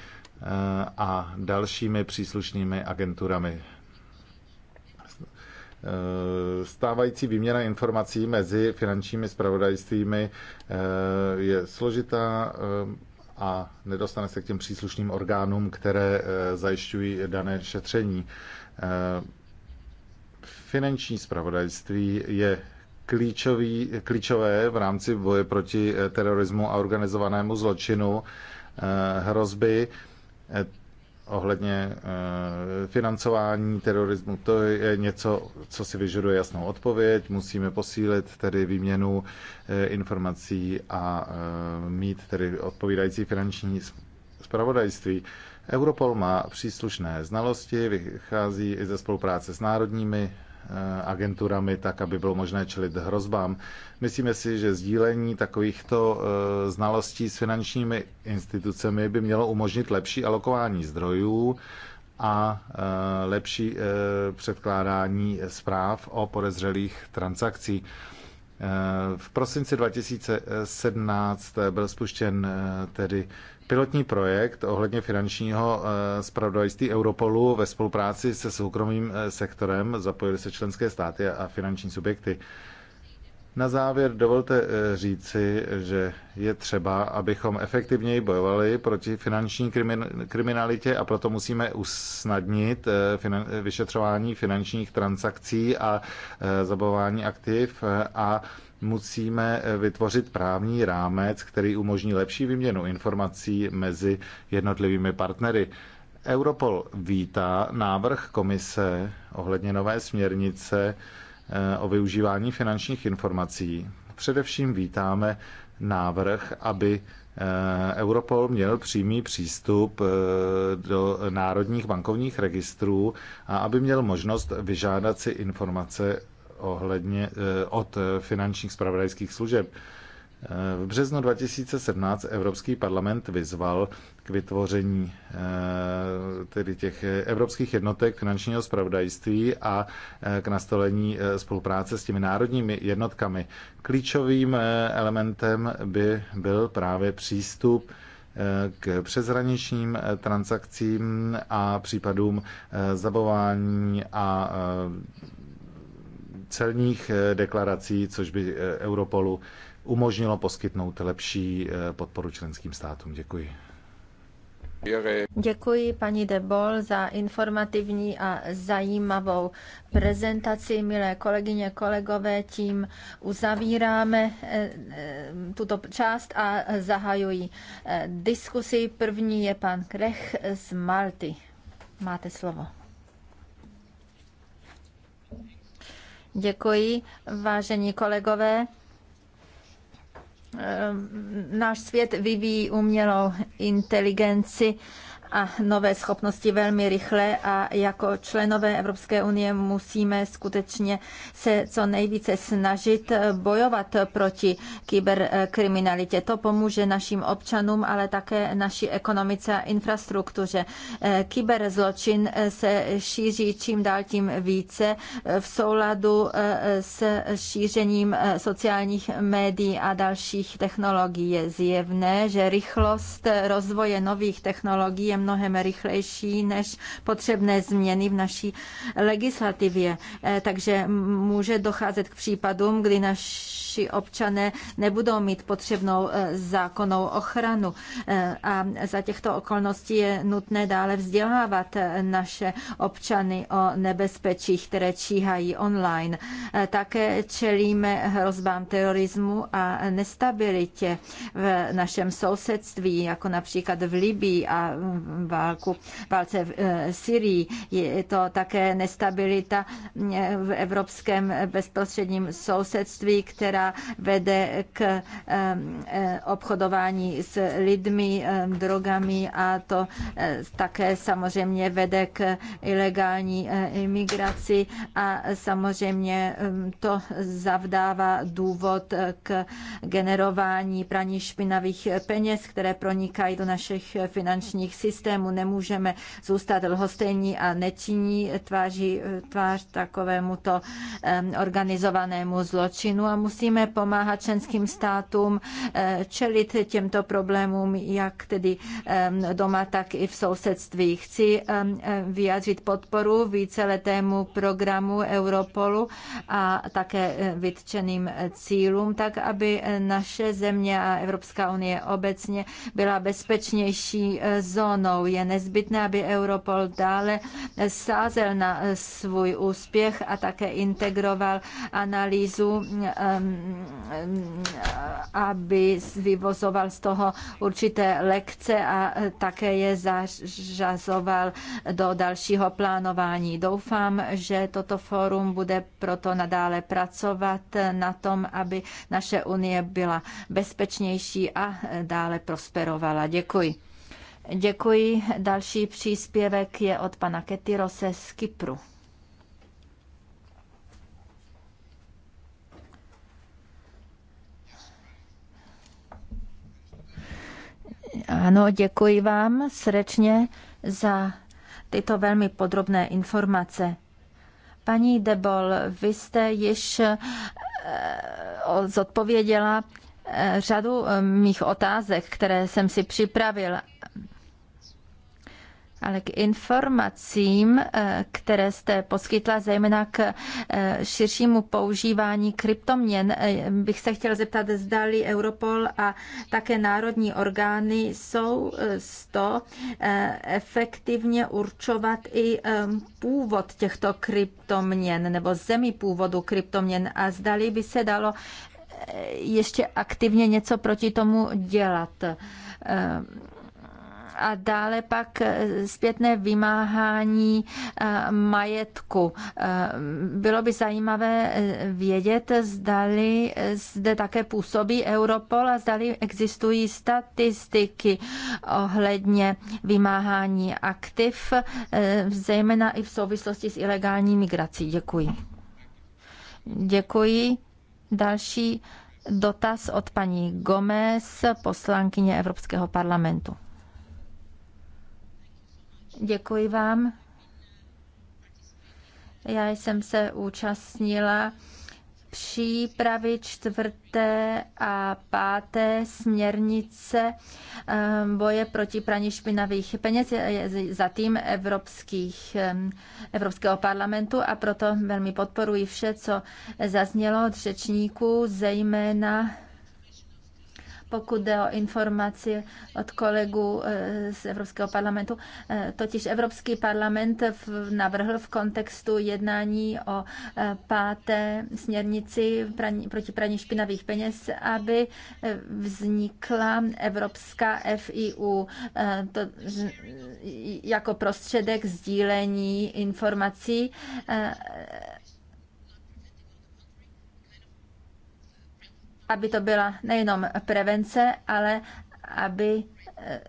a dalšími příslušnými agenturami Eh, stávající výměna informací mezi finančními spravodajstvími eh, je složitá eh, a nedostane se k těm příslušným orgánům, které zajišťují dané šetření. Finanční spravodajství je klíčový, klíčové v rámci boje proti terorismu a organizovanému zločinu hrozby ohledně eh, financování terorismu, to je něco, co si vyžaduje jasnou odpověď. Musíme posílit tedy výměnu eh, informací a eh, mít tedy odpovídající finanční spravodajství. Europol má příslušné znalosti, vychází i ze spolupráce s národními Eh, agenturami, tak aby bylo možné čelit hrozbám. Myslíme si, že sdílení takovýchto eh, znalostí s finančními institucemi by mělo umožnit lepší alokování zdrojů a eh, lepší předkládání zpráv o podezřelých transakcích. V prosinci 2017 byl spuštěn tedy pilotní projekt ohledně finančního spravodajství eh, Europolu ve spolupráci se soukromým eh, sektorem. Zapojili se členské státy a finanční subjekty. Na závěr dovolte eh, říci, že je třeba, abychom efektivněji bojovali proti finanční kriminalitě a proto musíme usnadnit vyšetřování finančních transakcí a zabavování aktiv a musíme eh, vytvořit právní rámec, který umožní lepší výměnu informací mezi jednotlivými partnery. Europol vítá návrh komise ohledně nové směrnice eh, o využívání finančních informací. Především vítáme návrh, aby eh, Europol měl přímý přístup do národních bankovních registrů a aby měl možnost vyžádat si informace ohledně eh, od eh, finančních spravodajských služeb. Eh, v březnu 2017 Evropský parlament vyzval k vytvoření tedy těch evropských jednotek finančního spravodajství a k nastolení spolupráce s těmi národními jednotkami. Klíčovým elementem by byl právě přístup k přeshraničním transakcím a případům zabování a celních eh, deklarací, což by eh, Europolu umožnilo poskytnout lepší eh, podporu členským státům. Děkuji. Děkuji paní Debol za informativní a zajímavou prezentaci. Milé kolegyně, kolegové, tím uzavíráme tuto část a zahajuji diskusi. První je pan Krech z Malty. Máte slovo. Děkuji, vážení kolegové. Ehm, náš svět vyvíjí umělou inteligenci a nové schopnosti velmi rychle a jako členové Evropské unie musíme skutečně se co nejvíce snažit bojovat proti kyberkriminalitě. To pomůže našim občanům, ale také naší ekonomice a infrastruktuře. Kyberzločin se šíří čím dál tím více v souladu s šířením sociálních médií a dalších technologií. Je zjevné, že rychlost rozvoje nových technologií je mnohem rychlejší než potřebné změny v naší legislativě. Eh, takže může docházet k případům, kdy naši občané nebudou mít potřebnou eh, zákonnou ochranu. Eh, a za těchto okolností je nutné dále vzdělávat naše občany o nebezpečích, které číhají online. Také čelíme hrozbám terorismu a nestabilitě v našem sousedství, jako například v Libii a v válku, válce v eh, Syrii. Je to také nestabilita eh, v evropském bezprostředním sousedství, která vede k eh, obchodování s lidmi, drogami a to také samozřejmě vede k ilegální imigraci a samozřejmě to zavdává důvod k generování praní špinavých peněz, které pronikají do našich finančních systémů systému. Nemůžeme zůstat lhostejní a nečiní tváří, tvář takovémuto organizovanému zločinu a musíme pomáhat členským státům eh, čelit těmto problémům, jak tedy doma, tak i v sousedství. Chci vyjádřit podporu víceletému programu Europolu a také eh, vytčeným eh, cílům, tak aby naše země a Evropská unie obecně byla bezpečnější zónou stranou. Je nezbytné, aby Europol dále sázel na svůj úspěch a také integroval analýzu, um, aby vyvozoval z toho určité lekce a také je zařazoval do dalšího plánování. Doufám, že toto fórum bude proto nadále pracovat na tom, aby naše unie byla bezpečnější a dále prosperovala. Děkuji. Děkuji. Další příspěvek je od pana Ketyrose z Kypru. Ano, děkuji vám srdečně za tyto velmi podrobné informace. Paní Debol, vy jste již eh, zodpověděla eh, řadu eh, mých otázek, které jsem si připravil ale k informacím, eh, které jste poskytla, zejména k eh, širšímu používání kryptoměn, eh, bych se chtěla zeptat, zdali Europol a také národní orgány jsou z to efektivně určovat i původ těchto kryptoměn nebo zemi původu kryptoměn a zdali by se dalo ještě aktivně něco proti tomu dělat a dále pak eh, zpětné vymáhání eh, majetku. Eh, bylo by zajímavé vědět, zdali zde také působí Europol a zdali existují statistiky ohledně vymáhání aktiv, zejména i v souvislosti s ilegální migrací. Děkuji. Děkuji. Další dotaz od paní Gomez, poslankyně Evropského parlamentu. Děkuji vám. Já jsem se účastnila přípravy čtvrté a páté směrnice ehm, boje proti praní špinavých peněz za tým evropských, ehm, Evropského parlamentu a proto velmi podporuji vše, co zaznělo od řečníků, zejména pokud jde o informaci od kolegů eh, z Evropského parlamentu. Eh, totiž Evropský parlament navrhl v kontextu jednání o eh, páté směrnici proti praní špinavých peněz, aby vznikla Evropská FIU to, jako prostředek sdílení informací aby to byla nejenom prevence, ale aby eh,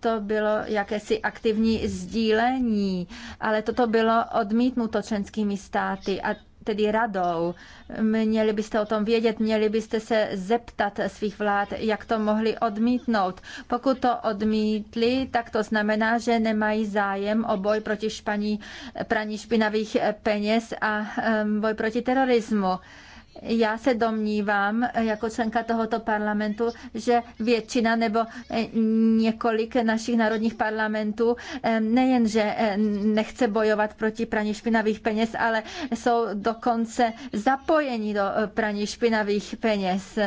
to bylo jakési aktivní sdílení, ale toto bylo odmítnuto členskými státy a tedy radou. Měli byste o tom vědět, měli byste se zeptat svých vlád, jak to mohli odmítnout. Pokud to odmítli, tak to znamená, že nemají zájem o boj proti španí, praní špinavých peněz a boj proti terorismu. Já se domnívám jako členka tohoto parlamentu, že většina nebo eh, několik našich národních parlamentů eh, nejenže eh, nechce bojovat proti praní špinavých peněz, ale jsou dokonce zapojeni do praní špinavých peněz,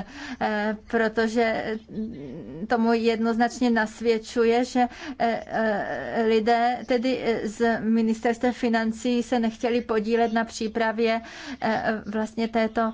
protože mm, tomu jednoznačně nasvědčuje, že lidé tedy z ministerstva financí se nechtěli podílet na přípravě vlastně této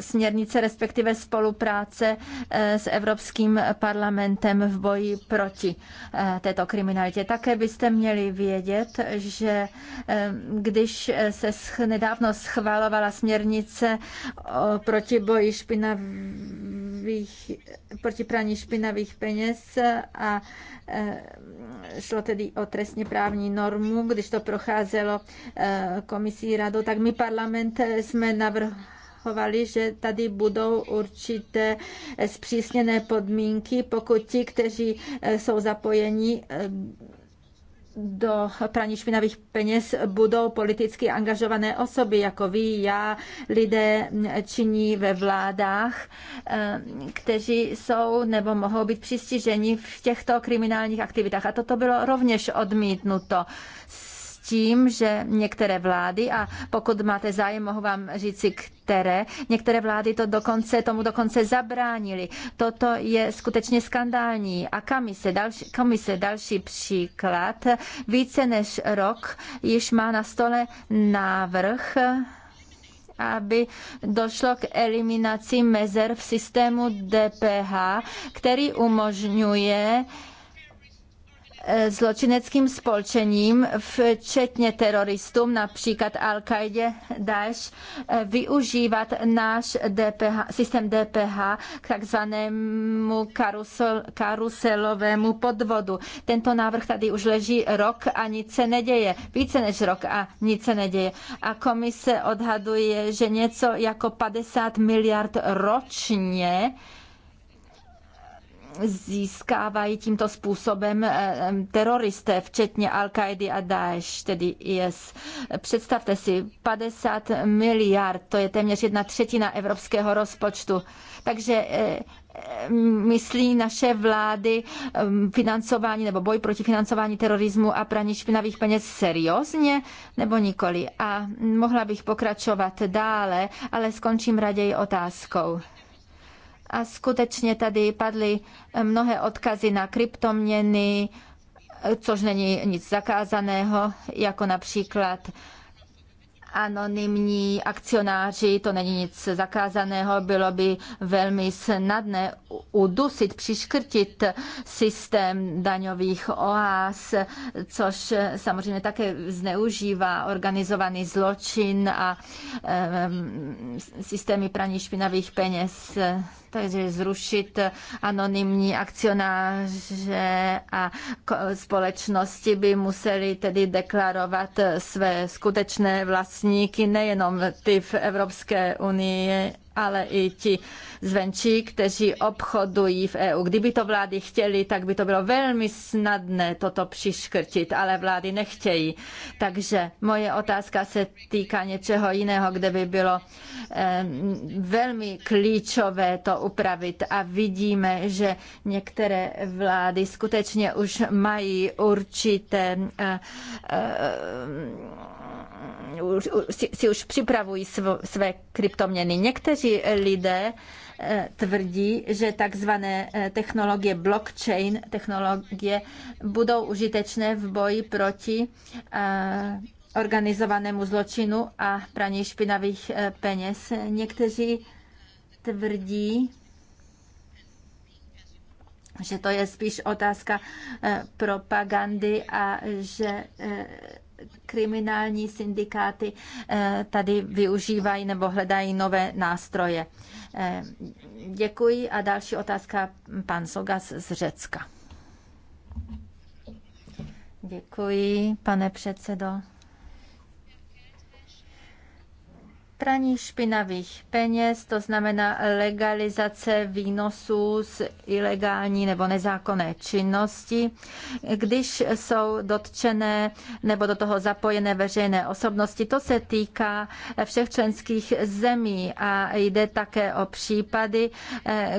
směrnice, respektive spolupráce eh, s Evropským parlamentem v boji proti eh, této kriminalitě. Také byste měli vědět, že eh, když se nedávno schvalovala směrnice proti boji špinavých, proti praní špinavých peněz a šlo tedy o trestně právní normu, když to procházelo komisí radu, tak my parlament jsme navrhli zachovali, že tady budou určité zpřísněné podmínky, pokud ti, kteří eh, jsou zapojeni eh, do praní špinavých peněz budou politicky angažované osoby, jako vy, já, lidé mm, činí ve vládách, eh, kteří jsou nebo mohou být přistiženi v těchto kriminálních aktivitách. A toto bylo rovněž odmítnuto tím, že některé vlády, a pokud máte zájem, mohu vám říci, které, některé vlády to dokonce, tomu dokonce zabránili. Toto je skutečně skandální. A komise, další, komise, další příklad, více než rok již má na stole návrh, aby došlo k eliminaci mezer v systému DPH, který umožňuje zločineckým spolčením, včetně teroristům, například Al-Qaidě, Daesh, využívat náš DPH, systém DPH k takzvanému karusel, karuselovému podvodu. Tento návrh tady už leží rok a nic se neděje. Více než rok a nic se neděje. A komise odhaduje, že něco jako 50 miliard ročně získávají tímto způsobem eh, eh, teroristé, včetně al qaidi a Daesh, tedy IS. Představte si, 50 miliard, to je téměř jedna třetina evropského rozpočtu. Takže eh, myslí naše vlády financování nebo boj proti financování terorismu a praní špinavých peněz seriózně nebo nikoli. A mohla bych pokračovat dále, ale skončím raději otázkou. A skutečně tady padly eh, mnohé odkazy na kryptoměny, eh, což není nic zakázaného, jako například anonymní akcionáři, to není nic zakázaného, bylo by velmi snadné udusit, přiškrtit systém daňových oás, což samozřejmě také zneužívá organizovaný zločin a um, systémy praní špinavých peněz takže zrušit anonymní akcionáře a společnosti by museli tedy deklarovat své skutečné vlastníky, nejenom ty v Evropské unii, ale i ti zvenčí, kteří obchodují v EU. Kdyby to vlády chtěly, tak by to bylo velmi snadné toto přiškrtit, ale vlády nechtějí. Takže moje otázka se týká něčeho jiného, kde by bylo eh, velmi klíčové to upravit a vidíme, že některé vlády skutečně už mají určité eh, eh, si, si už připravují své kryptoměny. Někteří lidé eh, tvrdí, že takzvané eh, technologie blockchain, technologie budou užitečné v boji proti eh, organizovanému zločinu a praní špinavých peněz. Někteří tvrdí, že to je spíš otázka propagandy a že kriminální syndikáty eh, tady využívají nebo hledají nové nástroje. Eh, děkuji a další otázka pan Sogas z Řecka. Děkuji, pane předsedo. Praní špinavých peněz, to znamená legalizace výnosů z ilegální nebo nezákonné činnosti, když jsou dotčené nebo do toho zapojené veřejné osobnosti. To se týká všech členských zemí a jde také o případy,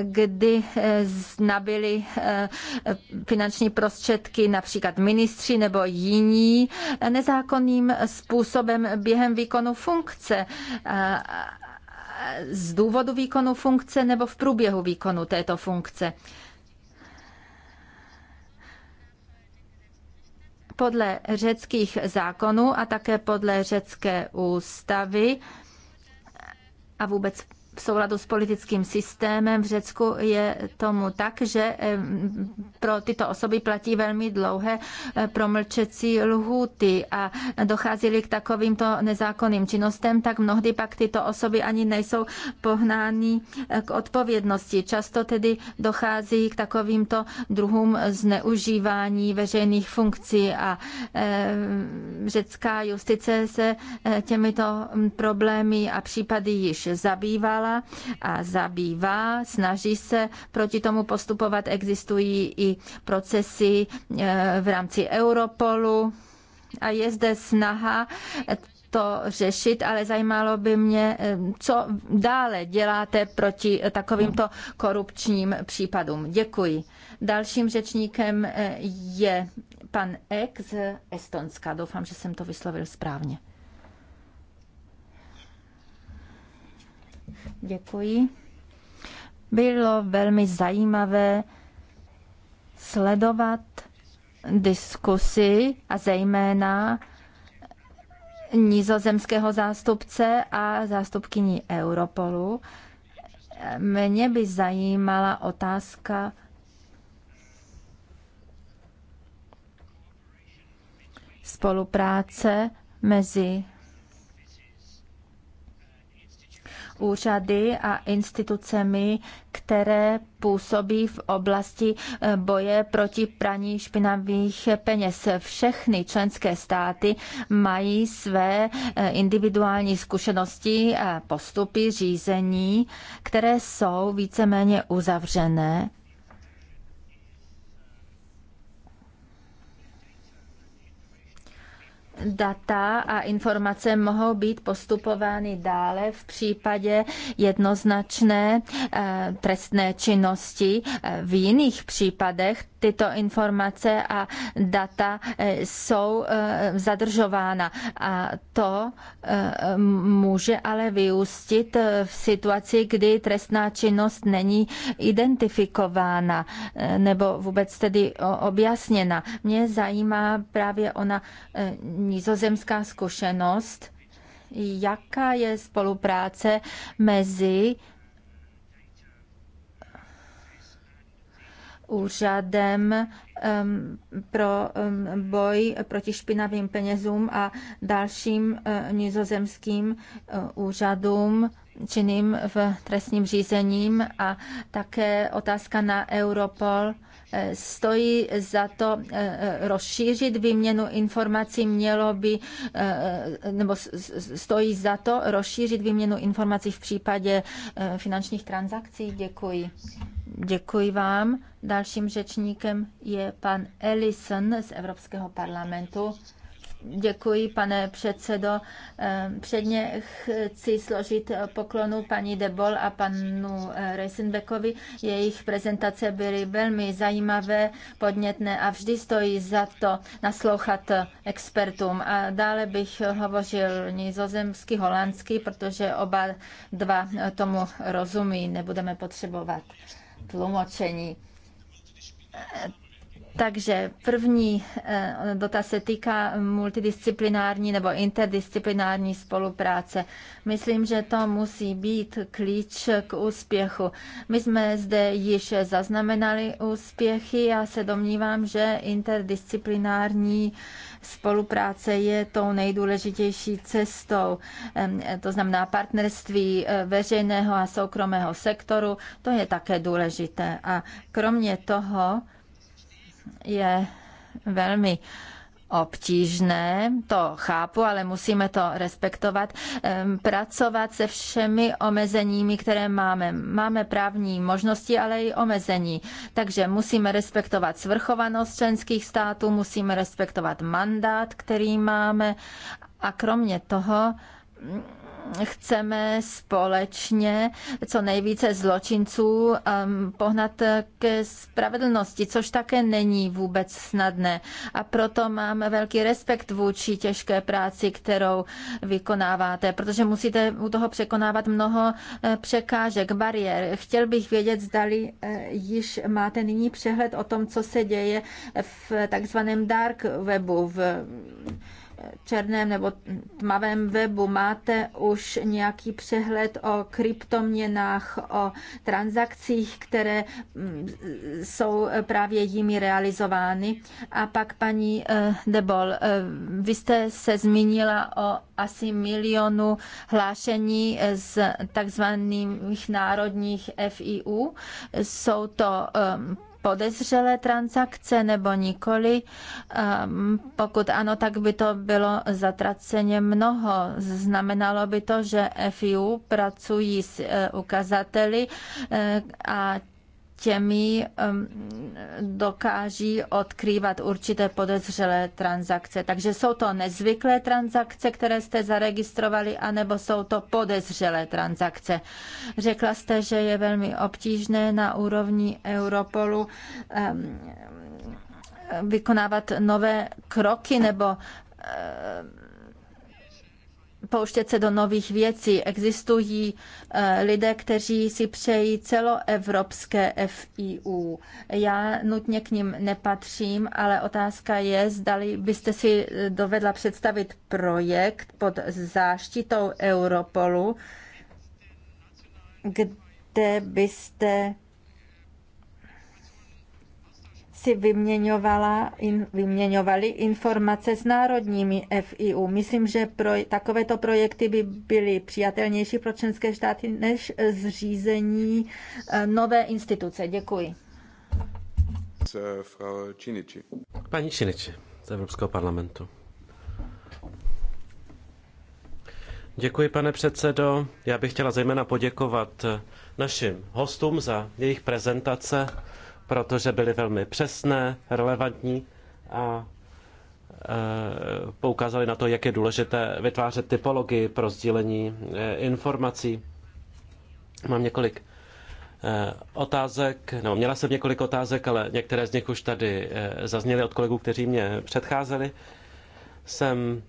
kdy nabili eh, finanční prostředky například ministři nebo jiní nezákonným způsobem během výkonu funkce z důvodu výkonu funkce nebo v průběhu výkonu této funkce. Podle řeckých zákonů a také podle řecké ústavy a vůbec souladu s politickým systémem v Řecku je tomu tak, že pro tyto osoby platí velmi dlouhé eh, promlčecí lhuty a docházeli k takovýmto nezákonným činnostem, tak mnohdy pak tyto osoby ani nejsou pohnány eh, k odpovědnosti. Často tedy dochází k takovýmto druhům zneužívání veřejných funkcí a eh, řecká justice se těmito mm, problémy a případy již zabývala vědomá a zabývá, snaží se proti tomu postupovat. Existují i procesy eh, v rámci Europolu a je zde snaha to řešit, ale zajímalo by mě, eh, co dále děláte proti takovýmto korupčním případům. Děkuji. Dalším řečníkem eh, je pan Ek z Estonska. Doufám, že jsem to vyslovil správně. Děkuji. Bylo velmi zajímavé sledovat diskusy a zejména nizozemského zástupce a zástupkyní Europolu. Mě by zajímala otázka spolupráce mezi úřady a institucemi, které působí v oblasti eh, boje proti praní špinavých peněz. Všechny členské státy mají své eh, individuální zkušenosti a postupy řízení, které jsou víceméně uzavřené data a informace mohou být postupovány dále v případě jednoznačné eh, trestné činnosti. Eh, v jiných případech tyto informace a data eh, jsou zadržována a to může ale vyústit v situaci, kdy trestná činnost není identifikována nebo vůbec tedy objasněna. Mě zajímá právě ona nizozemská zkušenost, jaká je spolupráce mezi úřadem um, pro um, boj proti špinavým penězům a dalším uh, nizozemským uh, úřadům činným v trestním řízením a také otázka na Europol. Uh, stojí za to eh, eh, rozšířit výměnu informací, mělo by, eh, nebo stojí za to rozšířit výměnu informací v případě finančních transakcí. Děkuji. Děkuji vám. Dalším řečníkem je pan Ellison z Evropského parlamentu. Děkuji, pane předsedo. Ehm, předně chci složit poklonu paní Debol a panu eh, Reisenbeckovi. Jejich prezentace byly velmi zajímavé, podnětné a vždy stojí za to naslouchat eh, expertům. A dále bych hovořil nizozemsky, holandsky, protože oba dva eh, tomu rozumí, nebudeme potřebovat tlumočení takže první eh, dotaz se týká multidisciplinární nebo interdisciplinární spolupráce. Myslím, že to musí být klíč k úspěchu. My jsme zde již zaznamenali úspěchy. a se domnívám, že interdisciplinární spolupráce je tou nejdůležitější cestou. To znamená partnerství eh, veřejného a soukromého sektoru. To je také důležité. A kromě toho, je velmi obtížné, to chápu, ale musíme to respektovat, pracovat se všemi omezeními, které máme. Máme právní možnosti, ale i omezení. Takže musíme respektovat svrchovanost členských států, musíme respektovat mandát, který máme a kromě toho chceme společně co nejvíce zločinců um, pohnat ke spravedlnosti, což také není vůbec snadné. A proto mám velký respekt vůči těžké práci, kterou vykonáváte, protože musíte u toho překonávat mnoho eh, překážek, bariér. Chtěl bych vědět, zdali eh, již máte nyní přehled o tom, co se děje v takzvaném dark webu, v černém nebo tmavém webu máte už nějaký přehled o kryptoměnách, o transakcích, které mm, jsou právě jimi realizovány. A pak paní eh, Debol, eh, vy jste se zmínila o asi milionu hlášení z takzvaných národních FIU. Jsou to eh, podezřelé transakce nebo nikoli. Ehm, pokud ano, tak by to bylo zatraceně mnoho. Znamenalo by to, že FIU pracují s eh, ukazateli eh, a těmi dokáží odkrývat určité podezřelé transakce. Takže jsou to nezvyklé transakce, které jste zaregistrovali, anebo jsou to podezřelé transakce. Řekla jste, že je velmi obtížné na úrovni Europolu vykonávat nové kroky nebo pouštět se do nových věcí. Existují eh, lidé, kteří si přejí celoevropské FIU. Já nutně k ním nepatřím, ale otázka je, zdali byste si eh, dovedla představit projekt pod záštitou Europolu, kde byste si vyměňovala, in, vyměňovali informace s národními FIU. Myslím, že pro, takovéto projekty by byly přijatelnější pro členské státy než zřízení eh, nové instituce. Děkuji. Paní Činiči z Evropského parlamentu. Děkuji, pane předsedo. Já bych chtěla zejména poděkovat našim hostům za jejich prezentace protože byly velmi přesné, relevantní a e, poukázali na to, jak je důležité vytvářet typologii pro sdílení e, informací. Mám několik e, otázek, no měla jsem několik otázek, ale některé z nich už tady zazněly od kolegů, kteří mě předcházeli. Jsem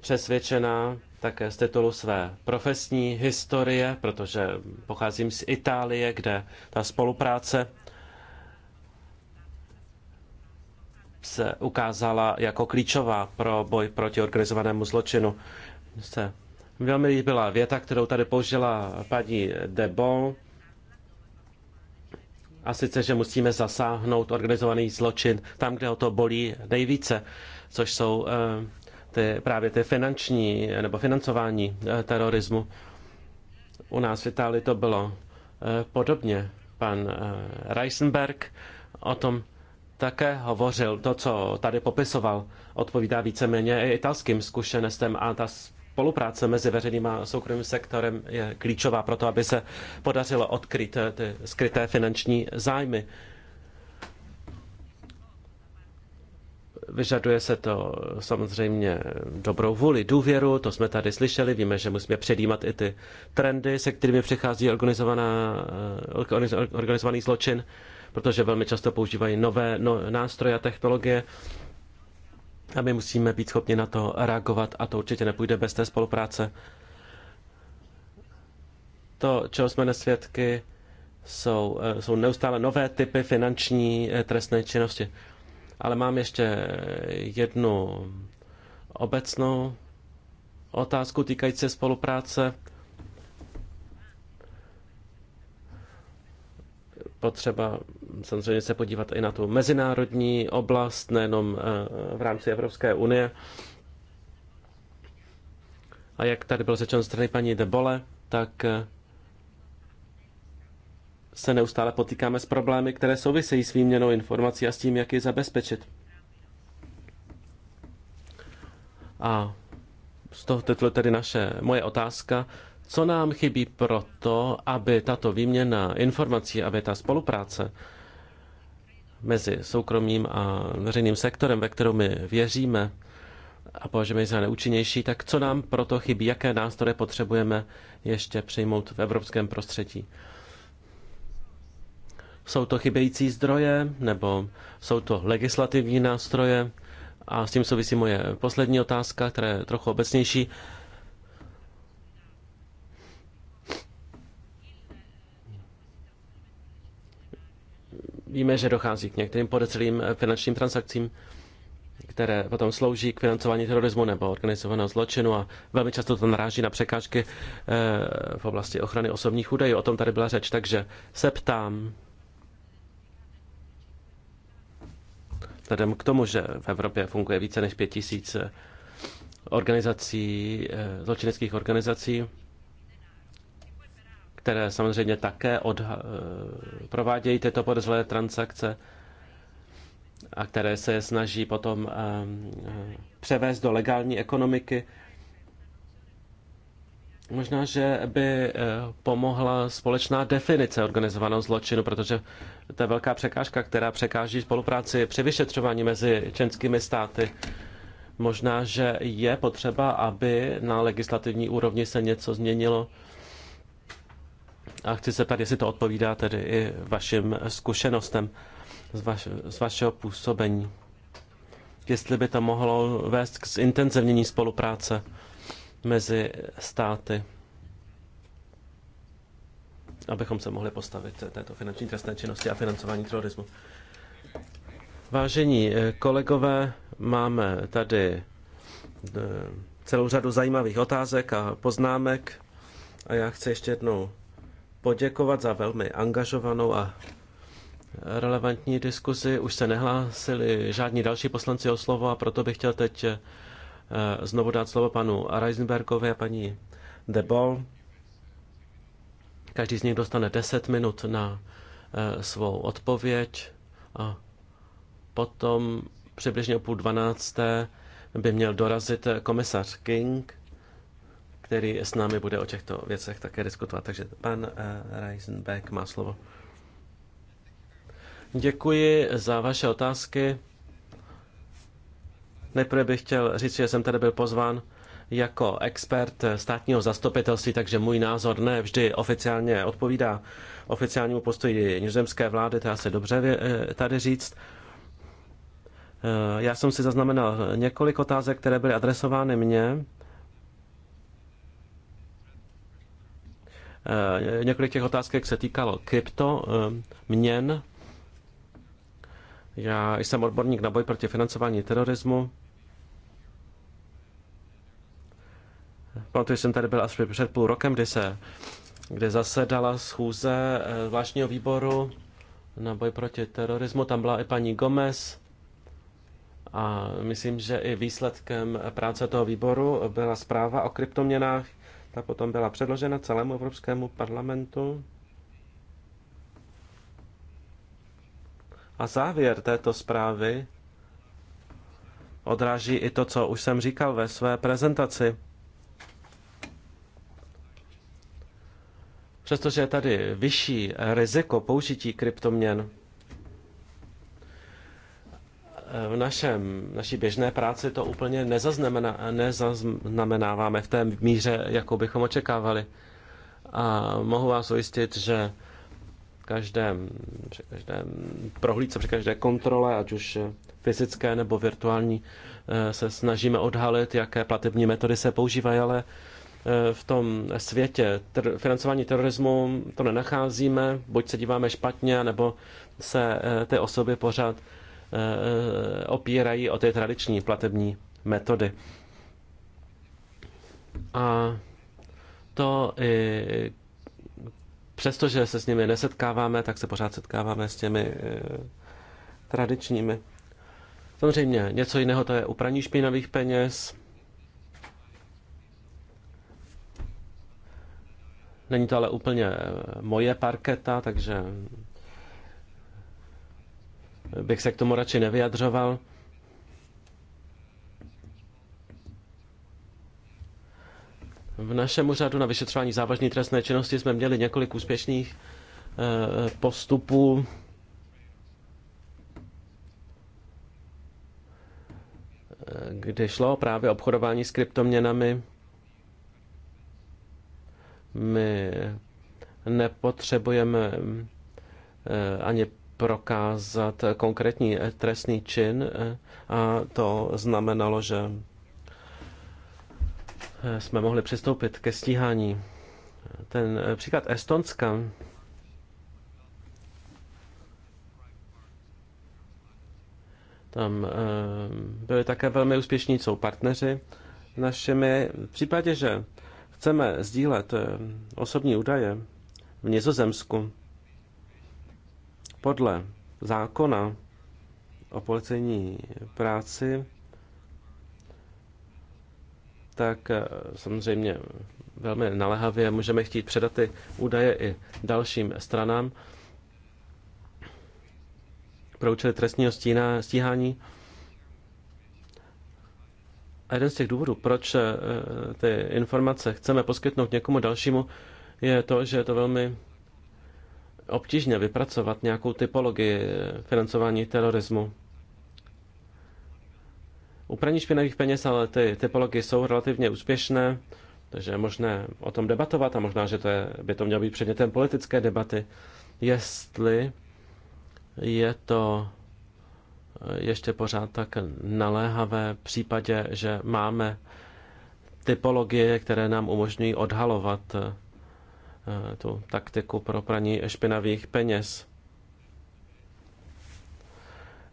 přesvědčená také z titulu své profesní historie, protože pocházím z Itálie, kde ta spolupráce se ukázala jako klíčová pro boj proti organizovanému zločinu. Se velmi líbila věta, kterou tady použila paní Debo, a sice, že musíme zasáhnout organizovaný zločin tam, kde o to bolí nejvíce, což jsou eh, ty, právě ty finanční eh, nebo financování eh, terorismu. U nás v Itálii to bylo podobně. Pan Reisenberg o tom také hovořil, to, co tady popisoval, odpovídá víceméně i italským zkušenostem a ta spolupráce mezi veřejným a soukromým sektorem je klíčová pro to, aby se podařilo odkryt eh, ty skryté finanční zájmy. Vyžaduje se to samozřejmě dobrou vůli, důvěru, to jsme tady slyšeli, víme, že musíme předjímat i ty trendy, se kterými přichází organizovaná, eh, organizovaný zločin protože velmi často používají nové no, nástroje a technologie. A my musíme být schopni na to reagovat a to určitě nepůjde bez té spolupráce. To, čeho jsme nesvědky, jsou, eh, jsou neustále nové typy finanční eh, trestné činnosti. Ale mám ještě jednu obecnou otázku týkající spolupráce potřeba samozřejmě se podívat i na tu mezinárodní oblast, nejenom eh, v rámci Evropské unie. A jak tady bylo řečeno strany paní Debole, tak eh, se neustále potýkáme s problémy, které souvisejí s výměnou informací a s tím, jak je zabezpečit. A z toho titulu tedy naše moje otázka. Co nám chybí pro to, aby tato výměna informací, aby ta spolupráce mezi soukromým a veřejným sektorem, ve kterou my věříme a považujeme za neúčinnější, tak co nám proto chybí, jaké nástroje potřebujeme ještě přijmout v evropském prostředí? Jsou to chybějící zdroje nebo jsou to legislativní nástroje? A s tím souvisí moje poslední otázka, která je trochu obecnější. Víme, že dochází k některým podezřelým eh, finančním transakcím, které potom slouží k financování terorismu nebo organizovaného zločinu a velmi často to naráží na překážky eh, v oblasti ochrany osobních údajů. O tom tady byla řeč, takže se ptám, vzhledem k tomu, že v Evropě funguje více než pět tisíc eh, organizací, zločineckých organizací, které samozřejmě také od, eh, provádějí tyto podezřelé transakce a které se snaží potom eh, eh, převést do legální ekonomiky. Možná, že by pomohla společná definice organizovaného zločinu, protože to je velká překážka, která překáží spolupráci při vyšetřování mezi členskými státy. Možná, že je potřeba, aby na legislativní úrovni se něco změnilo a chci se tady, jestli to odpovídá tedy i vašim zkušenostem z, vaš, z vašeho působení. Jestli by to mohlo vést k zintenzivnění spolupráce mezi státy, abychom se mohli postavit této finanční trestné činnosti a financování terorismu. Vážení eh, kolegové, máme tady eh, celou řadu zajímavých otázek a poznámek a já chci ještě jednou poděkovat za velmi angažovanou a relevantní diskuzi. Už se nehlásili žádní další poslanci o slovo a proto bych chtěl teď eh, znovu dát slovo panu Reisenbergovi a paní Debol. Každý z nich dostane 10 minut na eh, svou odpověď a potom přibližně o půl dvanácté by měl dorazit komisař King který s námi bude o těchto věcech také diskutovat. Takže pan eh, Reisenbeck má slovo. Děkuji za vaše otázky. Nejprve bych chtěl říct, že jsem tady byl pozván jako expert státního zastupitelství, takže můj názor ne vždy oficiálně odpovídá oficiálnímu postoji nizozemské vlády, to se dobře eh, tady říct. Eh, já jsem si zaznamenal několik otázek, které byly adresovány mně. Eh, několik těch otázek se týkalo krypto, eh, měn. Já jsem odborník na boj proti financování terorismu. Pamatuju, jsem tady byl asi před půl rokem, kdy se kde zasedala schůze eh, zvláštního výboru na boj proti terorismu. Tam byla i paní Gomez a myslím, že i výsledkem práce toho výboru byla zpráva o kryptoměnách. Ta potom byla předložena celému Evropskému parlamentu. A závěr této zprávy odráží i to, co už jsem říkal ve své prezentaci. Přestože je tady vyšší riziko použití kryptoměn, v našem, naší běžné práci to úplně nezaznamenáváme v té míře, jakou bychom očekávali. A mohu vás ujistit, že každém, při každém prohlídce, při každé kontrole, ať už fyzické nebo virtuální, eh, se snažíme odhalit, jaké platební metody se používají, ale eh, v tom světě ter- financování terorismu to nenacházíme, buď se díváme špatně, nebo se eh, ty osoby pořád Eh, opírají o ty tradiční platební metody. A to i přestože se s nimi nesetkáváme, tak se pořád setkáváme s těmi eh, tradičními. Samozřejmě něco jiného to je upraní špinavých peněz. Není to ale úplně eh, moje parketa, takže bych se k tomu radši nevyjadřoval. V našem úřadu na vyšetřování závažné trestné činnosti jsme měli několik úspěšných eh, postupů. Eh, kdy šlo právě obchodování s kryptoměnami. My nepotřebujeme eh, ani prokázat konkrétní eh, trestný čin eh, a to znamenalo, že eh, jsme mohli přistoupit ke stíhání. Ten příklad Estonska tam byli také velmi úspěšní, jsou partneři našimi. V případě, že chceme sdílet osobní údaje v Nizozemsku, podle zákona o policejní práci, tak eh, samozřejmě velmi naléhavě můžeme chtít předat ty údaje i dalším stranám pro účely trestního stína, stíhání. A jeden z těch důvodů, proč eh, ty informace chceme poskytnout někomu dalšímu, je to, že je to velmi obtížně vypracovat nějakou typologii financování terorismu. U praní špinavých peněz ale ty typologie jsou relativně úspěšné, takže je možné o tom debatovat a možná, že to je, by to mělo být předmětem politické debaty, jestli je to eh, ještě pořád tak naléhavé v případě, že máme typologie, které nám umožňují odhalovat eh, Eh, tu taktiku pro praní špinavých peněz.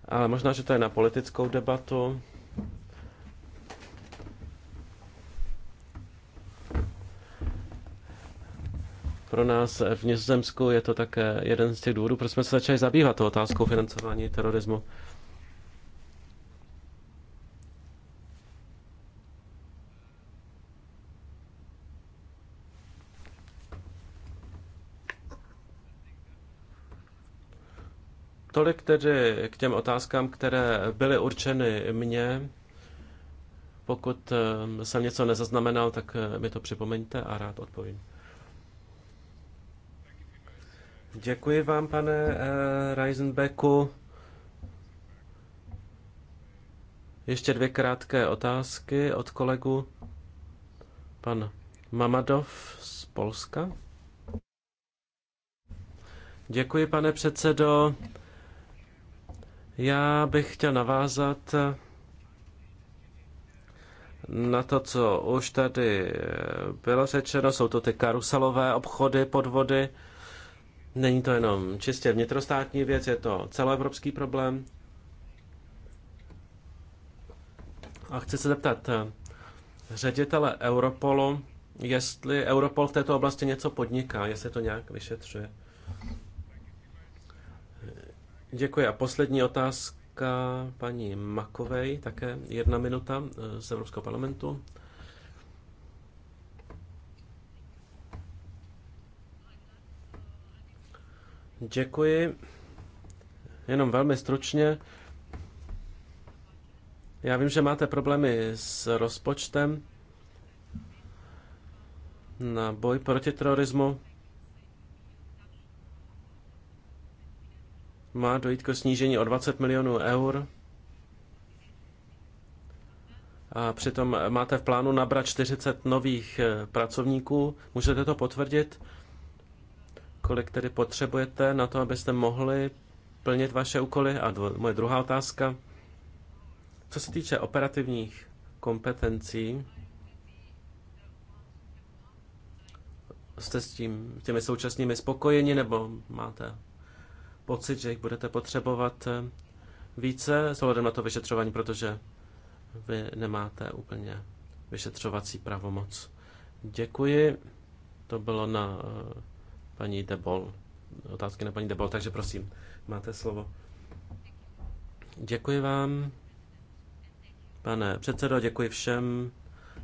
Ale možná, že to je na politickou debatu. Pro nás v Nizozemsku je to také jeden z těch důvodů, proč jsme se začali zabývat otázkou financování terorismu. Tolik tedy k těm otázkám, které byly určeny mně. Pokud ehm, jsem něco nezaznamenal, tak eh, mi to připomeňte a rád odpovím. Děkuji vám, pane eh, Reisenbecku. Ještě dvě krátké otázky od kolegu. Pan Mamadov z Polska. Děkuji, pane předsedo. Já bych chtěl navázat na to, co už tady bylo řečeno, jsou to ty karuselové obchody, podvody. Není to jenom čistě vnitrostátní věc, je to celoevropský problém. A chci se zeptat ředitele Europolu, jestli Europol v této oblasti něco podniká, jestli to nějak vyšetřuje. Děkuji. A poslední otázka paní Makovej, také jedna minuta eh, z Evropského parlamentu. Děkuji. Jenom velmi stručně. Já vím, že máte problémy s rozpočtem na boj proti terorismu. má dojít k snížení o 20 milionů eur. A přitom máte v plánu nabrat 40 nových eh, pracovníků. Můžete to potvrdit? Kolik tedy potřebujete na to, abyste mohli plnit vaše úkoly? A dvo, moje druhá otázka. Co se týče operativních kompetencí, jste s tím, těmi současnými spokojeni nebo máte pocit, že jich budete potřebovat eh, více s ohledem na to vyšetřování, protože vy nemáte úplně vyšetřovací pravomoc. Děkuji. To bylo na eh, paní Debol. Otázky na paní Debol, takže prosím, máte slovo. Děkuji vám, pane předsedo, děkuji všem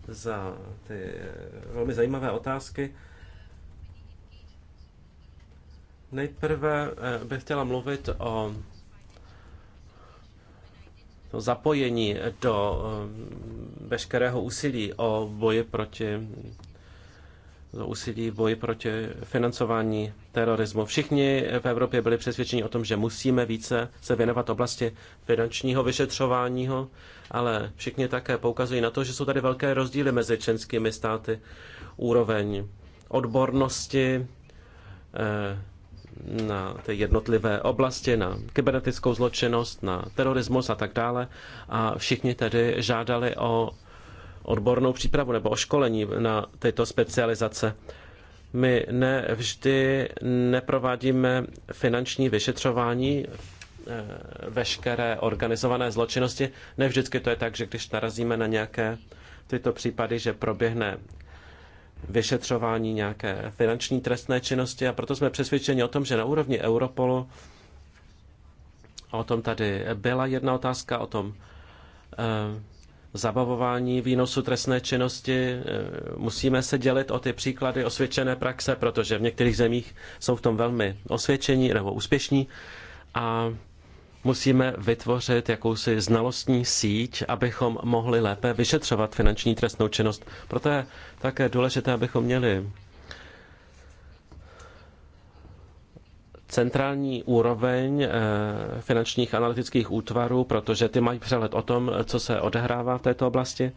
za ty eh, velmi zajímavé otázky. Nejprve eh, bych chtěla mluvit o to zapojení do eh, veškerého úsilí o boji proti do úsilí boji proti financování terorismu. Všichni v Evropě byli přesvědčeni o tom, že musíme více se věnovat oblasti finančního vyšetřování, ale všichni také poukazují na to, že jsou tady velké rozdíly mezi členskými státy. Úroveň odbornosti, eh, na ty jednotlivé oblasti, na kybernetickou zločinnost, na terorismus a tak dále. A všichni tedy žádali o odbornou přípravu nebo o školení na tyto specializace. My ne vždy neprovádíme finanční vyšetřování eh, veškeré organizované zločinnosti. Ne vždycky to je tak, že když narazíme na nějaké tyto případy, že proběhne vyšetřování nějaké finanční trestné činnosti a proto jsme přesvědčeni o tom, že na úrovni Europolu, o tom tady byla jedna otázka, o tom eh, zabavování výnosu trestné činnosti. Eh, musíme se dělit o ty příklady osvědčené praxe, protože v některých zemích jsou v tom velmi osvědčení nebo úspěšní. A musíme vytvořit jakousi znalostní síť, abychom mohli lépe vyšetřovat finanční trestnou činnost. Proto je také důležité, abychom měli centrální úroveň eh, finančních analytických útvarů, protože ty mají přehled o tom, co se odehrává v této oblasti.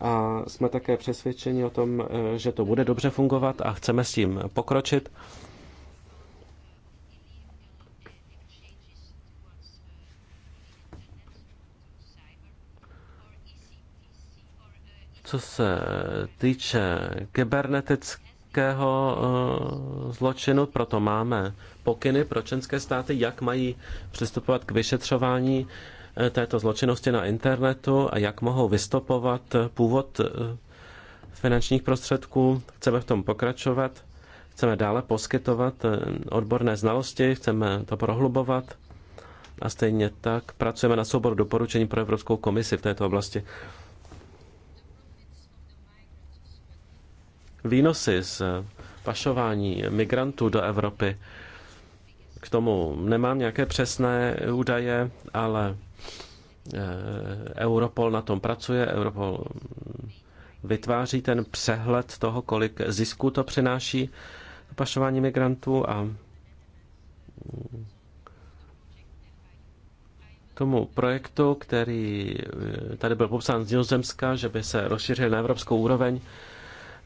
A jsme také přesvědčeni o tom, eh, že to bude dobře fungovat a chceme s tím pokročit. co se týče kybernetického eh, zločinu, proto máme pokyny pro členské státy, jak mají přistupovat k vyšetřování eh, této zločinnosti na internetu a jak mohou vystopovat původ eh, finančních prostředků. Chceme v tom pokračovat, chceme dále poskytovat odborné znalosti, chceme to prohlubovat a stejně tak pracujeme na souboru doporučení pro Evropskou komisi v této oblasti. výnosy z pašování migrantů do Evropy. K tomu nemám nějaké přesné údaje, ale eh, Europol na tom pracuje, Europol vytváří ten přehled toho, kolik zisku to přináší pašování migrantů a mm, tomu projektu, který eh, tady byl popsán z Nizozemska, že by se rozšířil na evropskou úroveň,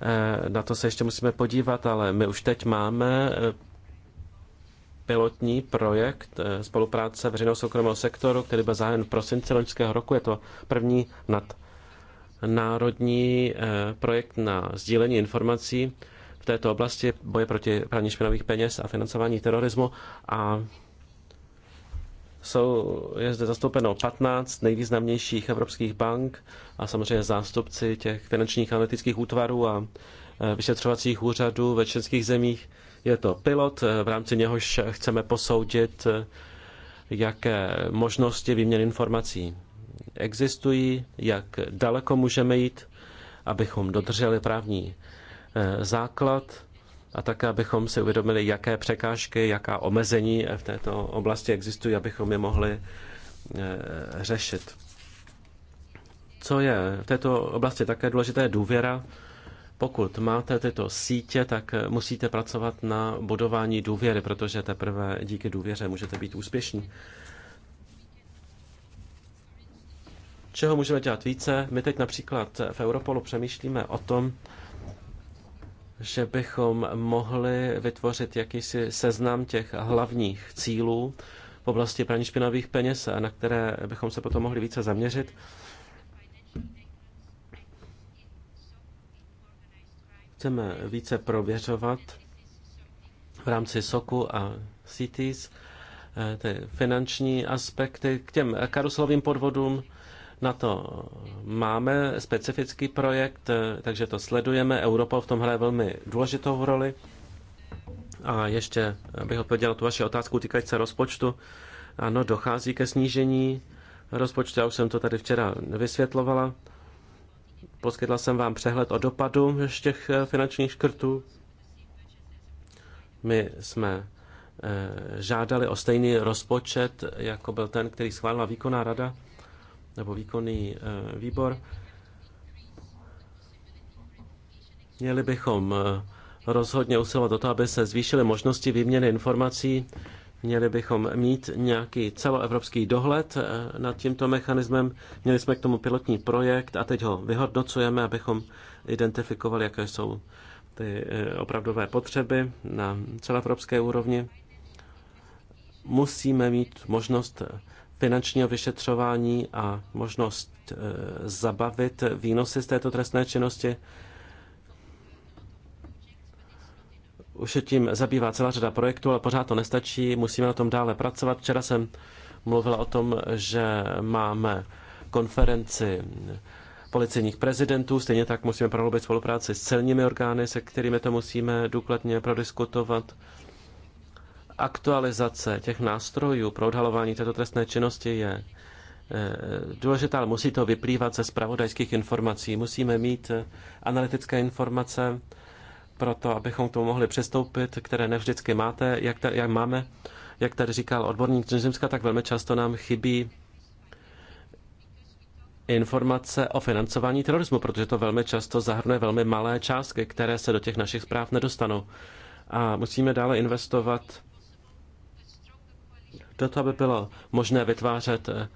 Eh, na to se ještě musíme podívat, ale my už teď máme eh, pilotní projekt eh, spolupráce veřejného soukromého sektoru, který byl zahájen v prosinci loňského roku. Je to první nad národní projekt na sdílení informací v této oblasti boje proti praní špinavých peněz a financování terorismu a jsou, je zde zastoupeno 15 nejvýznamnějších evropských bank a samozřejmě zástupci těch finančních analytických útvarů a e, vyšetřovacích úřadů ve českých zemích. Je to pilot, e, v rámci něhož chceme posoudit, e, jaké možnosti výměny informací existují, jak daleko můžeme jít, abychom dodrželi právní základ a také, abychom si uvědomili, jaké překážky, jaká omezení v této oblasti existují, abychom je mohli eh, řešit. Co je v této oblasti také důležité důvěra. Pokud máte tyto sítě, tak eh, musíte pracovat na budování důvěry, protože teprve díky důvěře můžete být úspěšní. Čeho můžeme dělat více? My teď například v Europolu přemýšlíme o tom, že bychom mohli vytvořit jakýsi seznam těch hlavních cílů v oblasti praní špinavých peněz, na které bychom se potom mohli více zaměřit. Chceme více prověřovat v rámci SOKu a CITES eh, ty finanční aspekty k těm karuselovým podvodům na to máme specifický projekt, takže to sledujeme. Europol v tom hraje velmi důležitou roli. A ještě bych odpověděl tu vaši otázku týkající se rozpočtu. Ano, dochází ke snížení rozpočtu, já už jsem to tady včera vysvětlovala. Poskytla jsem vám přehled o dopadu z těch eh, finančních škrtů. My jsme eh, žádali o stejný rozpočet, jako byl ten, který schválila výkonná rada nebo výkonný eh, výbor. Měli bychom eh, rozhodně usilovat o to, aby se zvýšily možnosti výměny informací. Měli bychom mít nějaký celoevropský dohled eh, nad tímto mechanismem. Měli jsme k tomu pilotní projekt a teď ho vyhodnocujeme, abychom identifikovali, jaké jsou ty opravdové potřeby na celoevropské úrovni. Musíme mít možnost finančního vyšetřování a možnost e, zabavit výnosy z této trestné činnosti. Už se tím zabývá celá řada projektů, ale pořád to nestačí, musíme na tom dále pracovat. Včera jsem mluvila o tom, že máme konferenci policejních prezidentů, stejně tak musíme prohloubit spolupráci s celními orgány, se kterými to musíme důkladně prodiskutovat aktualizace těch nástrojů pro odhalování této trestné činnosti je eh, důležitá, ale musí to vyplývat ze spravodajských informací. Musíme mít eh, analytické informace pro to, abychom k tomu mohli přistoupit, které nevždycky máte, jak, tady, jak máme. Jak tady říkal odborník z tak velmi často nám chybí informace o financování terorismu, protože to velmi často zahrnuje velmi malé částky, které se do těch našich zpráv nedostanou. A musíme dále investovat do toho, aby bylo možné vytvářet eh,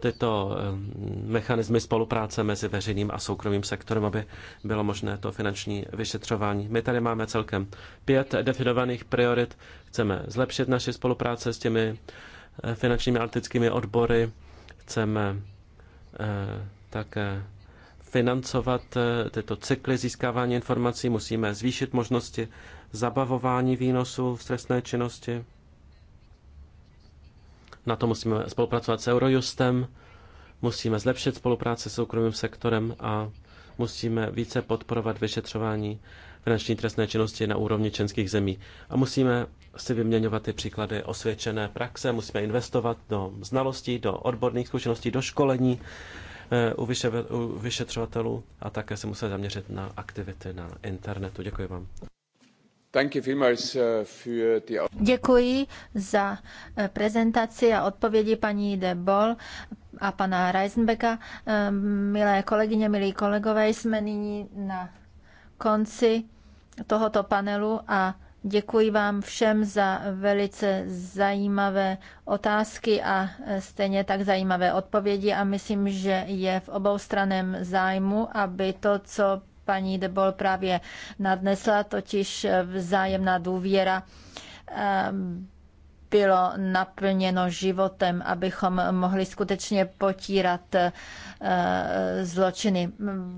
tyto eh, mechanismy spolupráce mezi veřejným a soukromým sektorem, aby bylo možné to finanční vyšetřování. My tady máme celkem pět definovaných priorit. Chceme zlepšit naši spolupráce s těmi eh, finančními analytickými odbory, chceme také financovat tyto cykly získávání informací, musíme zvýšit možnosti zabavování výnosů v stresné činnosti na to musíme spolupracovat s Eurojustem, musíme zlepšit spolupráci s soukromým sektorem a musíme více podporovat vyšetřování finanční trestné činnosti na úrovni členských zemí. A musíme si vyměňovat ty příklady osvědčené praxe, musíme investovat do znalostí, do odborných zkušeností, do školení eh, u, vyšetřovatelů a také se musíme zaměřit na aktivity na internetu. Děkuji vám. Uh, děkuji za eh, prezentaci a odpovědi paní De Bol a pana Reisenbecka. Eh, milé kolegyně, milí kolegové, jsme nyní na konci tohoto panelu a děkuji vám všem za velice zajímavé otázky a eh, stejně tak zajímavé odpovědi a myslím, že je v oboustraném zájmu, aby to, co paní Debol právě nadnesla, totiž vzájemná důvěra ehm, bylo naplněno životem, abychom mohli skutečně potírat eh, zločiny.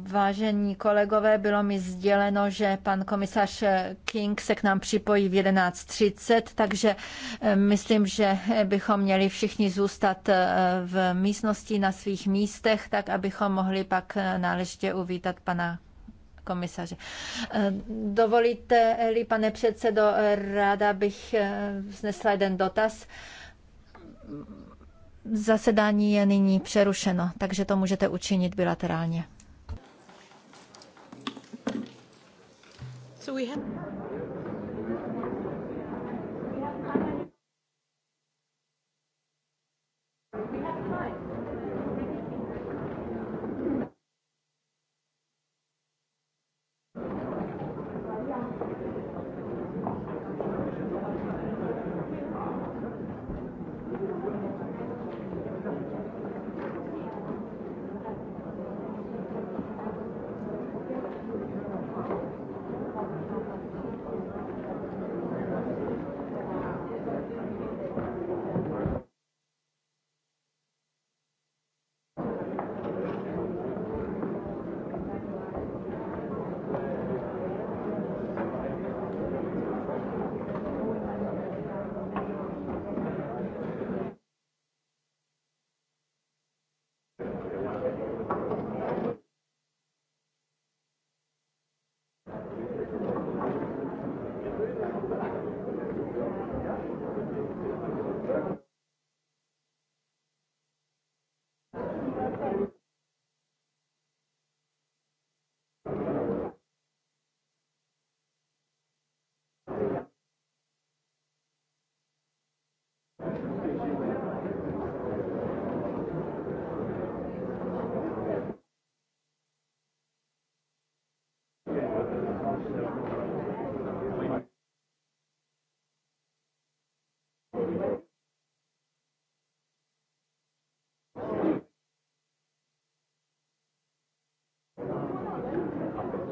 Vážení kolegové, bylo mi sděleno, že pan komisař King se k nám připojí v 11.30, takže eh, myslím, že bychom měli všichni zůstat eh, v místnosti na svých místech, tak abychom mohli pak náležitě uvítat pana komisaře. Eh, dovolíte-li, pane předsedo, ráda bych eh, vznesla jeden dotaz. Zasedání je nyní přerušeno, takže to můžete učinit bilaterálně. So we have...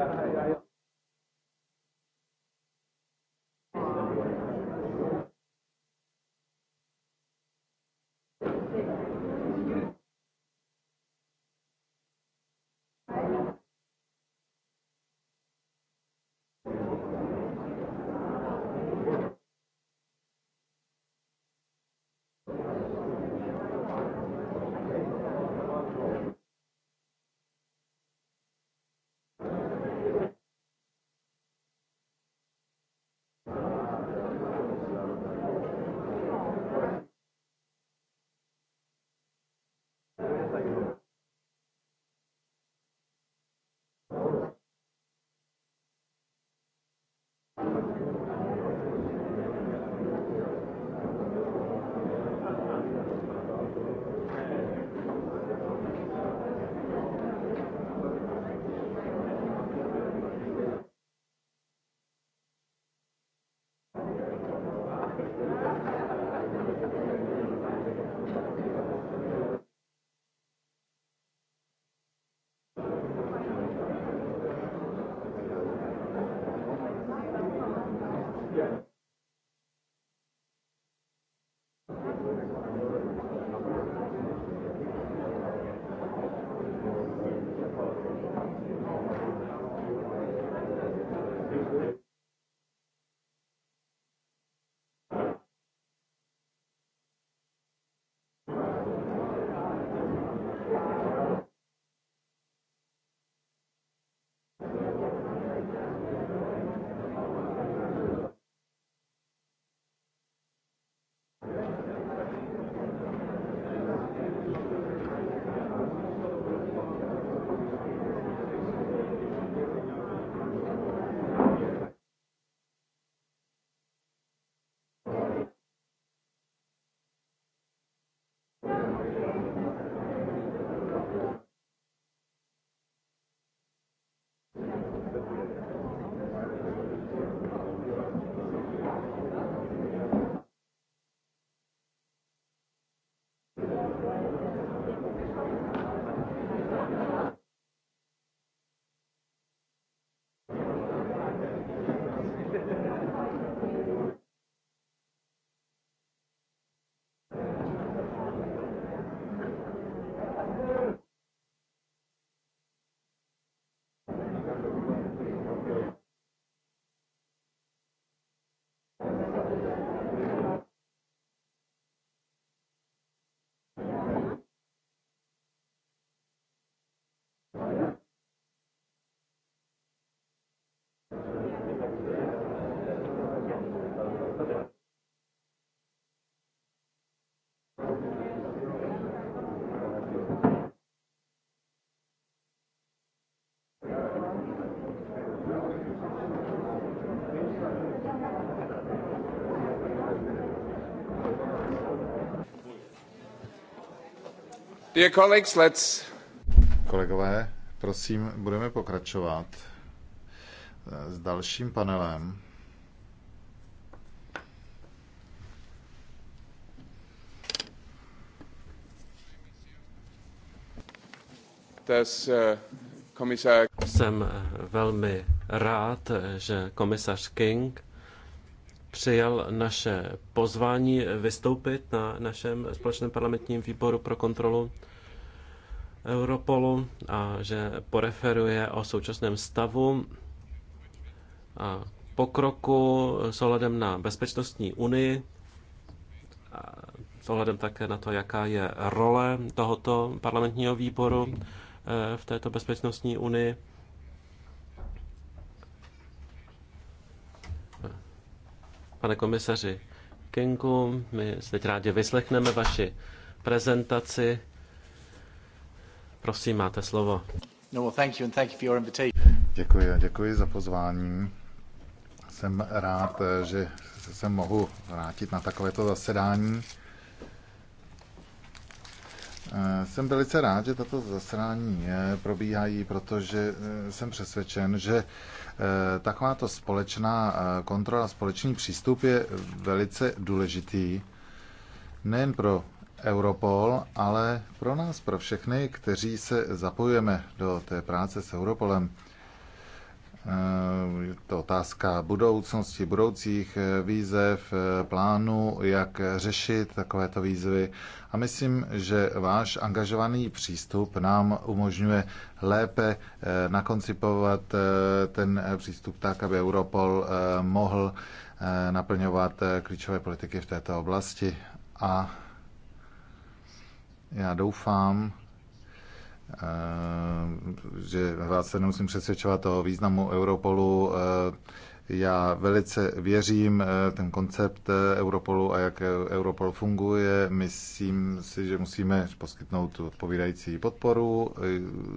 Já, já, já. Thank you. Dear colleagues, let's... Kolegové, prosím, budeme pokračovat eh, s dalším panelem. Eh, Jsem eh, velmi rád, že komisař King přijal naše pozvání vystoupit na našem společném parlamentním výboru pro kontrolu Europolu a že poreferuje o současném stavu a pokroku s ohledem na bezpečnostní unii, a s ohledem také na to, jaká je role tohoto parlamentního výboru eh, v této bezpečnostní unii. pane komisaři Kingu. My se teď rádi vyslechneme vaši prezentaci. Prosím, máte slovo. No, thank you and thank you for your invitation. Děkuji a děkuji za pozvání. Jsem rád, že se mohu vrátit na takovéto zasedání. Eh, jsem velice rád, že tato zasrání eh, probíhají, protože eh, jsem přesvědčen, že takováto společná kontrola, společný přístup je velice důležitý nejen pro Europol, ale pro nás, pro všechny, kteří se zapojujeme do té práce s Europolem. Je eh, to otázka budoucnosti, budoucích eh, výzev, eh, plánu, jak řešit takovéto výzvy. A myslím, že váš angažovaný přístup nám umožňuje lépe nakoncipovat ten přístup tak, aby Europol mohl naplňovat klíčové politiky v této oblasti. A já doufám, Eh, že vás se nemusím přesvědčovat o významu Europolu. Eh, já velice věřím eh, ten koncept Europolu a jak Europol funguje. Myslím si, že musíme poskytnout odpovídající podporu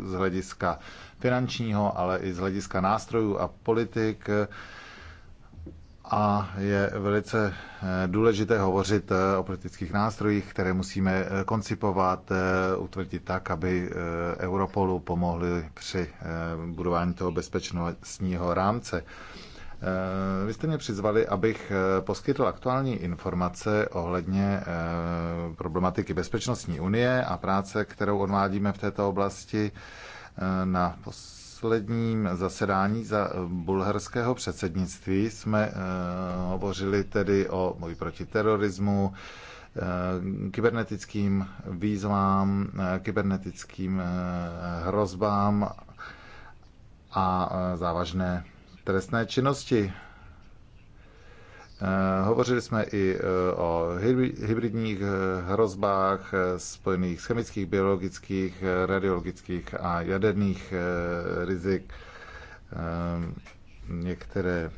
z hlediska finančního, ale i z hlediska nástrojů a politik a je velice eh, důležité hovořit eh, o politických nástrojích, které musíme eh, koncipovat, utvrdit tak, aby Europolu pomohli při budování toho bezpečnostního rámce. Vy jste mě přizvali, abych poskytl aktuální informace ohledně problematiky bezpečnostní unie a práce, kterou odvádíme v této oblasti na pos posledním zasedání za eh, bulharského předsednictví jsme eh, hovořili tedy o boji proti terorismu, eh, kybernetickým výzvám, kybernetickým hrozbám a závažné trestné činnosti. Eh, hovořili jsme i eh, o hybridních eh, hrozbách spojených s chemických, biologických, radiologických a jaderných rizik. Některé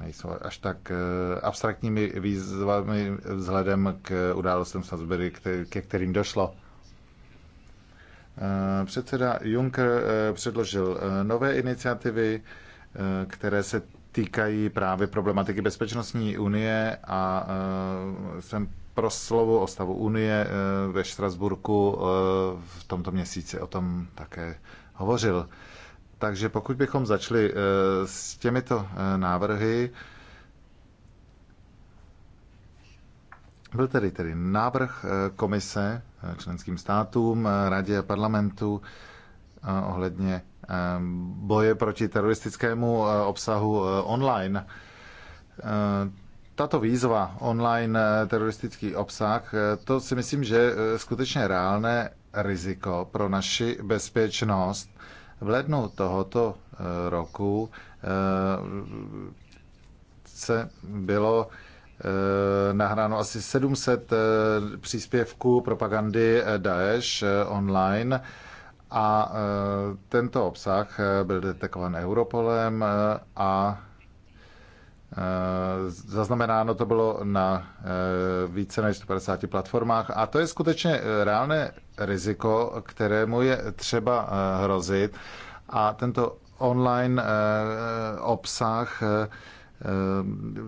nejsou až tak abstraktními výzvami vzhledem k událostem Salisbury, ke kterým došlo. Předseda Juncker předložil nové iniciativy, které se týkají právě problematiky bezpečnostní unie a e, jsem pro slovo o stavu unie e, ve Štrasburku e, v tomto měsíci o tom také hovořil. Takže pokud bychom začali s těmito návrhy, byl tedy tedy návrh komise členským státům, radě a parlamentu ohledně Ehm, boje proti teroristickému eh, obsahu eh, online. Ehm, tato výzva online eh, teroristický obsah, to si myslím, že je skutečně reálné riziko pro naši bezpečnost. V lednu tohoto roku se bylo nahráno asi 700 příspěvků propagandy Daesh online a e, tento obsah e, byl detekován Europolem e, a Zaznamenáno to bylo na více než 150 platformách a to je skutečně reálné riziko, kterému je třeba hrozit. A tento online obsah,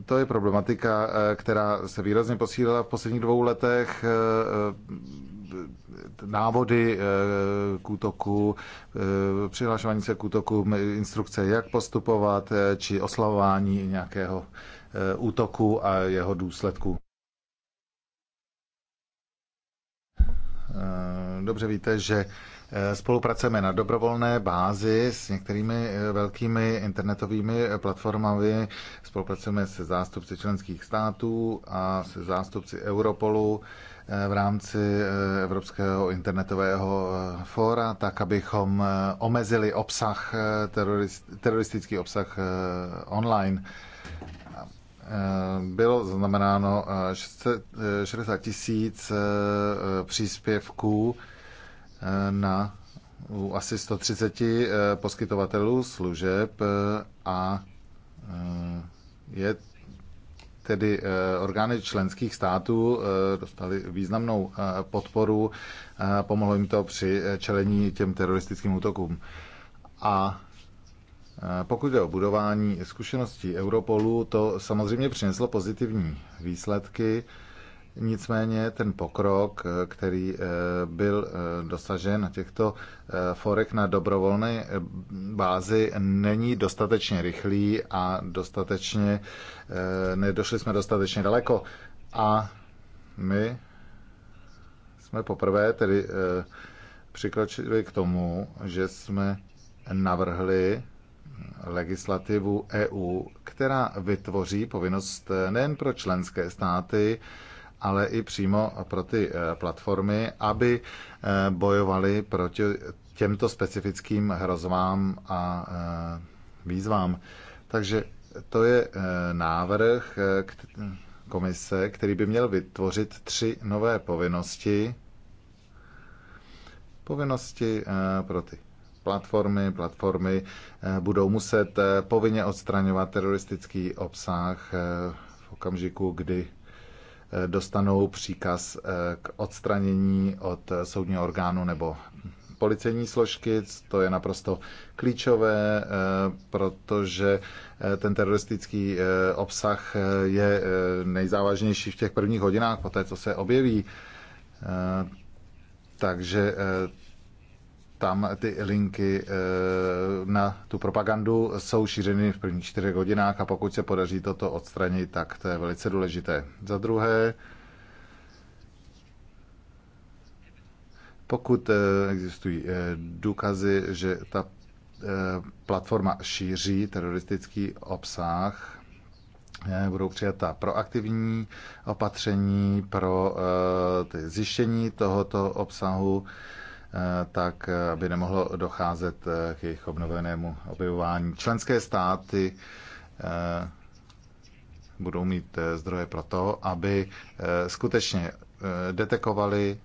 to je problematika, která se výrazně posílila v posledních dvou letech návody eh, k útoku, eh, přihlášování se k útoku, instrukce, jak postupovat, eh, či oslavování nějakého útoku a jeho důsledku. Dobře víte, že spolupracujeme na dobrovolné bázi s některými velkými internetovými platformami. Spolupracujeme se zástupci členských států a se zástupci Europolu v rámci eh, Evropského internetového eh, fóra, tak abychom eh, omezili obsah, teroristický obsah online. Bylo znamenáno 60 tisíc příspěvků na u asi 130 poskytovatelů služeb a je tedy eh, orgány členských států eh, dostaly významnou eh, podporu, pomohlo jim to při čelení těm teroristickým útokům. A pokud jde o budování zkušeností Europolu, to samozřejmě přineslo pozitivní výsledky. Nicméně ten pokrok, eh, který eh, byl eh, dosažen na těchto forek na dobrovolné bázi, není dostatečně rychlý a dostatečně nedošli jsme dostatečně daleko. A my jsme poprvé tedy přikročili k tomu, že jsme navrhli legislativu EU, která vytvoří povinnost nejen pro členské státy, ale i přímo pro ty eh, platformy, aby eh, bojovali proti těmto specifickým hrozbám a eh, výzvám. Takže to je návrh komise, který by měl vytvořit tři nové povinnosti. Povinnosti pro ty platformy. Platformy budou muset povinně odstraňovat teroristický obsah v okamžiku, kdy dostanou příkaz eh, k odstranění od soudního orgánu nebo policejní složky. To je naprosto klíčové, eh, protože eh, ten teroristický obsah je nejzávažnější v těch prvních hodinách, po té, co se objeví. Takže tam ty linky eh, na tu propagandu jsou šířeny v prvních čtyřech hodinách a pokud se podaří toto odstranit, tak to je velice důležité. Za druhé, pokud eh, existují eh, důkazy, že ta platforma šíří teroristický obsah, budou přijata proaktivní opatření pro zjištění tohoto obsahu Eh, tak eh, aby nemohlo docházet eh, k jejich obnovenému objevování. Členské státy budou mít zdroje pro to, aby skutečně detekovali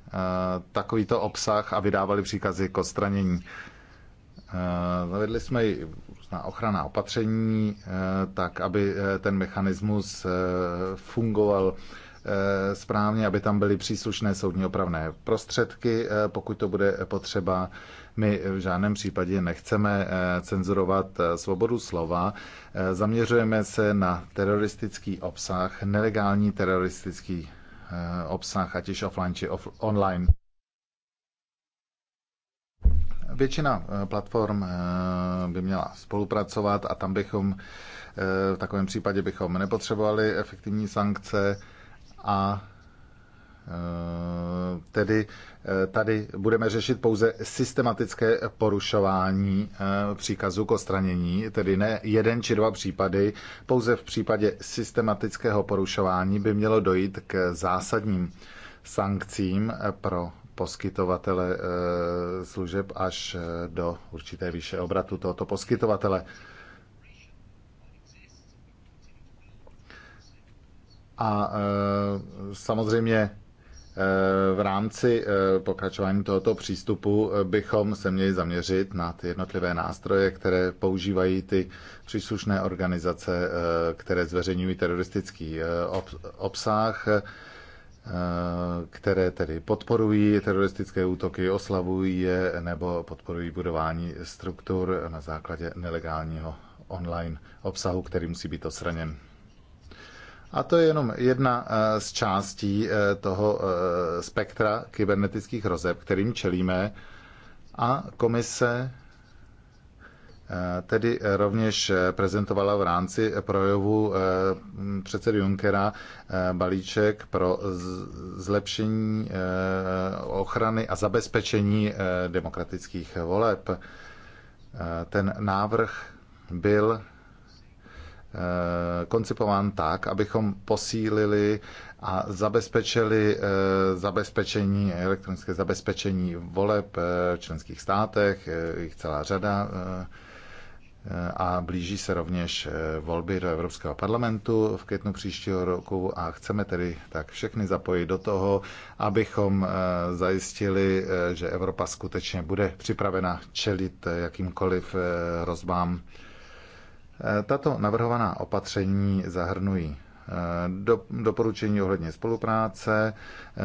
takovýto obsah a vydávali příkazy k odstranění. Zavedli jsme i na ochrana opatření, tak aby ten mechanismus fungoval Eh, správně, aby tam byly příslušné soudní opravné prostředky, eh, pokud to bude potřeba. My v žádném případě nechceme eh, cenzurovat svobodu slova. Zaměřujeme se na teroristický obsah, nelegální teroristický obsah, ať již offline či off- online. Většina platform by měla spolupracovat a tam bychom v takovém případě bychom nepotřebovali efektivní sankce a e, Tedy e, tady budeme řešit pouze systematické porušování e, příkazu k odstranění, tedy ne jeden či dva případy. Pouze v případě systematického porušování by mělo dojít k zásadním sankcím pro poskytovatele služeb až do určité výše obratu tohoto poskytovatele. A e, samozřejmě e, v rámci e, pokračování tohoto přístupu bychom se měli zaměřit na ty jednotlivé nástroje, které používají ty příslušné organizace, které zveřejňují teroristický obsah, které tedy podporují teroristické útoky, oslavují je nebo podporují budování struktur na základě nelegálního online obsahu, který musí být osraněn. A to je jenom jedna eh, z částí eh, toho eh, spektra kybernetických rozeb, kterým čelíme. A komise tedy rovněž prezentovala v rámci projevu předsedy Junckera balíček pro zlepšení ochrany a zabezpečení demokratických voleb. Ten návrh byl Eh, koncipován tak, abychom posílili a zabezpečili eh, zabezpečení, elektronické zabezpečení voleb eh, v členských státech, jich celá řada a blíží se rovněž volby do Evropského parlamentu v květnu příštího roku a chceme tedy tak všechny zapojit do toho, abychom zajistili, že Evropa skutečně bude připravena čelit jakýmkoliv rozbám tato navrhovaná opatření zahrnují eh, do, doporučení ohledně spolupráce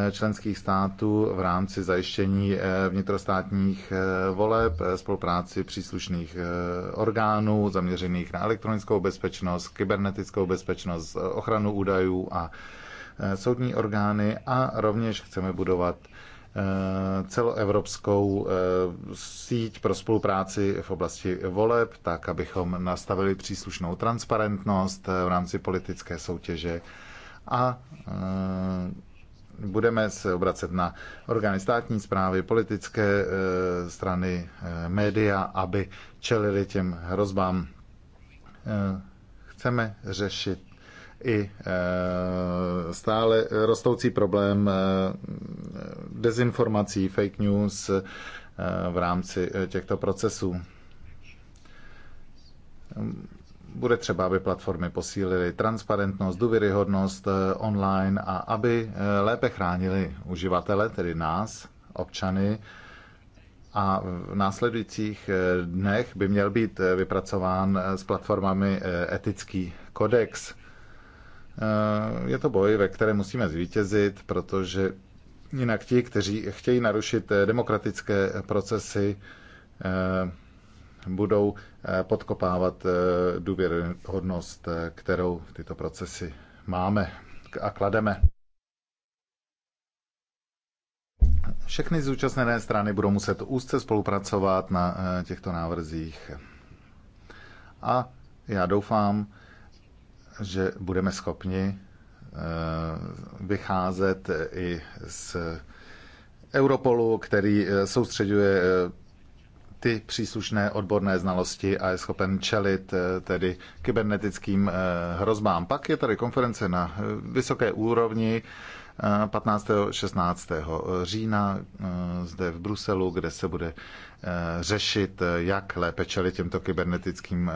eh, členských států v rámci zajištění eh, vnitrostátních voleb, spolupráci příslušných orgánů zaměřených na elektronickou bezpečnost, kybernetickou bezpečnost, ochranu údajů a soudní orgány a rovněž chceme budovat Eh, celoevropskou eh, síť pro spolupráci v oblasti voleb, tak abychom nastavili příslušnou transparentnost eh, v rámci politické soutěže a budeme se obracet na orgány státní zprávy, politické strany, média, aby čelili těm hrozbám. Chceme řešit i e, stále rostoucí problém e, dezinformací, fake news e, v rámci těchto procesů. Bude třeba, aby platformy posílily transparentnost, důvěryhodnost online a aby lépe chránili uživatele, tedy nás, občany, a v následujících dnech by měl být vypracován s platformami etický kodex. Eh, je to boj, ve kterém musíme zvítězit, protože jinak ti, kteří chtějí narušit eh, demokratické eh, procesy, budou podkopávat důvěryhodnost, kterou tyto procesy máme a klademe. Všechny zúčastněné strany budou muset úzce spolupracovat na těchto návrzích. A já doufám, že budeme schopni eh, vycházet i z Europolu, který eh, soustředuje eh, ty příslušné odborné znalosti a je schopen čelit tedy kybernetickým hrozbám. Pak je tady konference na vysoké úrovni 15. 16. října zde v Bruselu, kde se bude řešit, jak lépe čelit těmto kybernetickým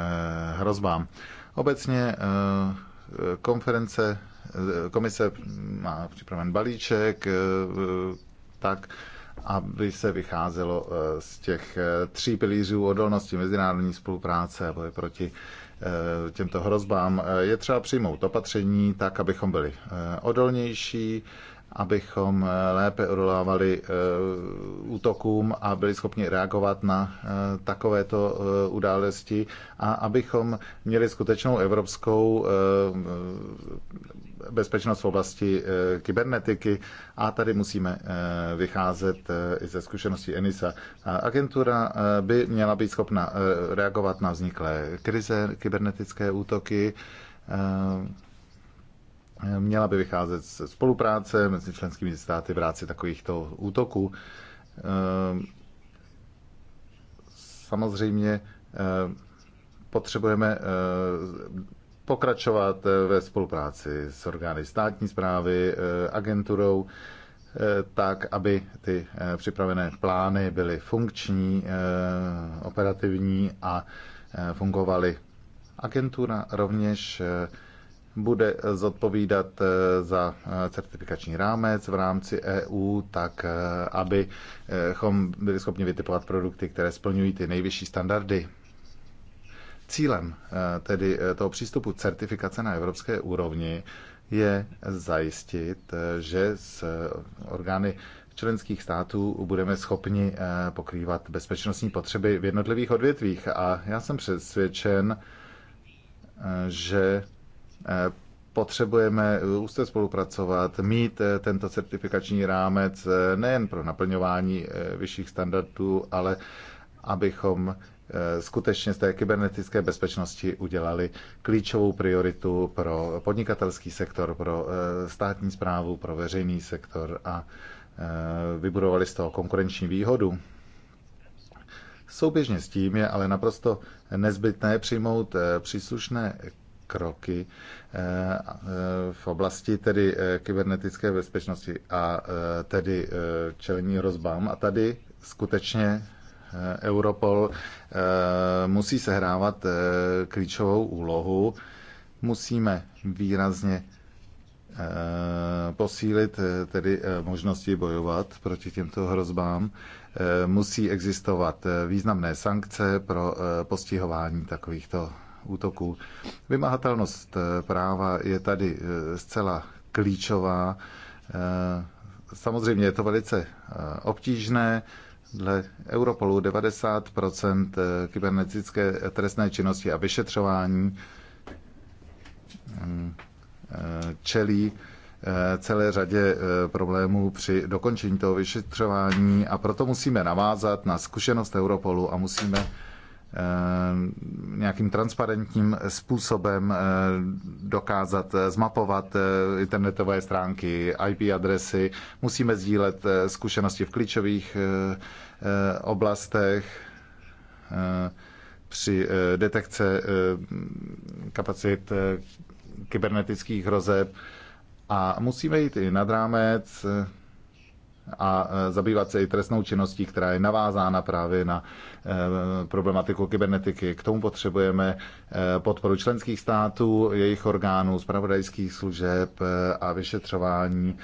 hrozbám. Obecně eh, konference, eh, komise má připraven balíček, eh, tak, aby se vycházelo z těch tří pilířů odolnosti mezinárodní spolupráce a boje proti těmto hrozbám. Je třeba přijmout opatření tak, abychom byli odolnější, abychom eh, lépe odolávali eh, útokům a byli schopni reagovat na eh, takovéto události a abychom měli skutečnou evropskou bezpečnost v oblasti kybernetiky a tady musíme vycházet i ze zkušeností ENISA. Agentura by měla být schopna reagovat na vzniklé krize, kybernetické útoky, Měla by vycházet ze spolupráce mezi členskými státy v rámci takovýchto útoků. Eh, samozřejmě eh, potřebujeme eh, pokračovat ve spolupráci s orgány státní zprávy, agenturou, tak, aby ty připravené plány byly funkční, operativní a fungovaly. Agentura rovněž bude zodpovídat eh, za eh, certifikační rámec v rámci EU, tak eh, abychom byli schopni vytipovat produkty, které splňují ty nejvyšší standardy. Cílem tedy toho přístupu certifikace na evropské úrovni je zajistit, že s orgány členských států budeme schopni pokrývat bezpečnostní potřeby v jednotlivých odvětvích. A já jsem přesvědčen, že Eh, potřebujeme eh, úzce spolupracovat, mít eh, tento certifikační rámec nejen pro naplňování vyšších standardů, ale abychom skutečně z té kybernetické bezpečnosti udělali klíčovou prioritu pro podnikatelský sektor, pro státní zprávu, pro veřejný sektor a vybudovali z toho konkurenční výhodu. Souběžně s tím je ale naprosto nezbytné přijmout příslušné kroky eh, v oblasti tedy eh, kybernetické bezpečnosti a eh, tedy čelení rozbám. A tady skutečně Europol musí sehrávat klíčovou úlohu. Musíme výrazně posílit tedy možnosti bojovat proti těmto hrozbám. Musí existovat významné sankce pro postihování takovýchto útoků. Vymahatelnost eh, práva je tady eh, zcela klíčová. Eh, samozřejmě je to velice obtížné. Dle Europolu 90 kybernetické trestné činnosti a vyšetřování mm, čelí celé řadě problémů při dokončení toho vyšetřování a proto musíme navázat na zkušenost Europolu a musíme Eh, nějakým transparentním způsobem eh, dokázat eh, zmapovat internetové stránky, IP adresy. Musíme sdílet zkušenosti v klíčových oblastech při detekce kapacit kybernetických hrozeb a musíme jít i nad rámec a e, zabývat se i trestnou činností, která je navázána právě na e, problematiku kybernetiky. K tomu potřebujeme e, podporu členských států, jejich orgánů, zpravodajských služeb a vyšetřování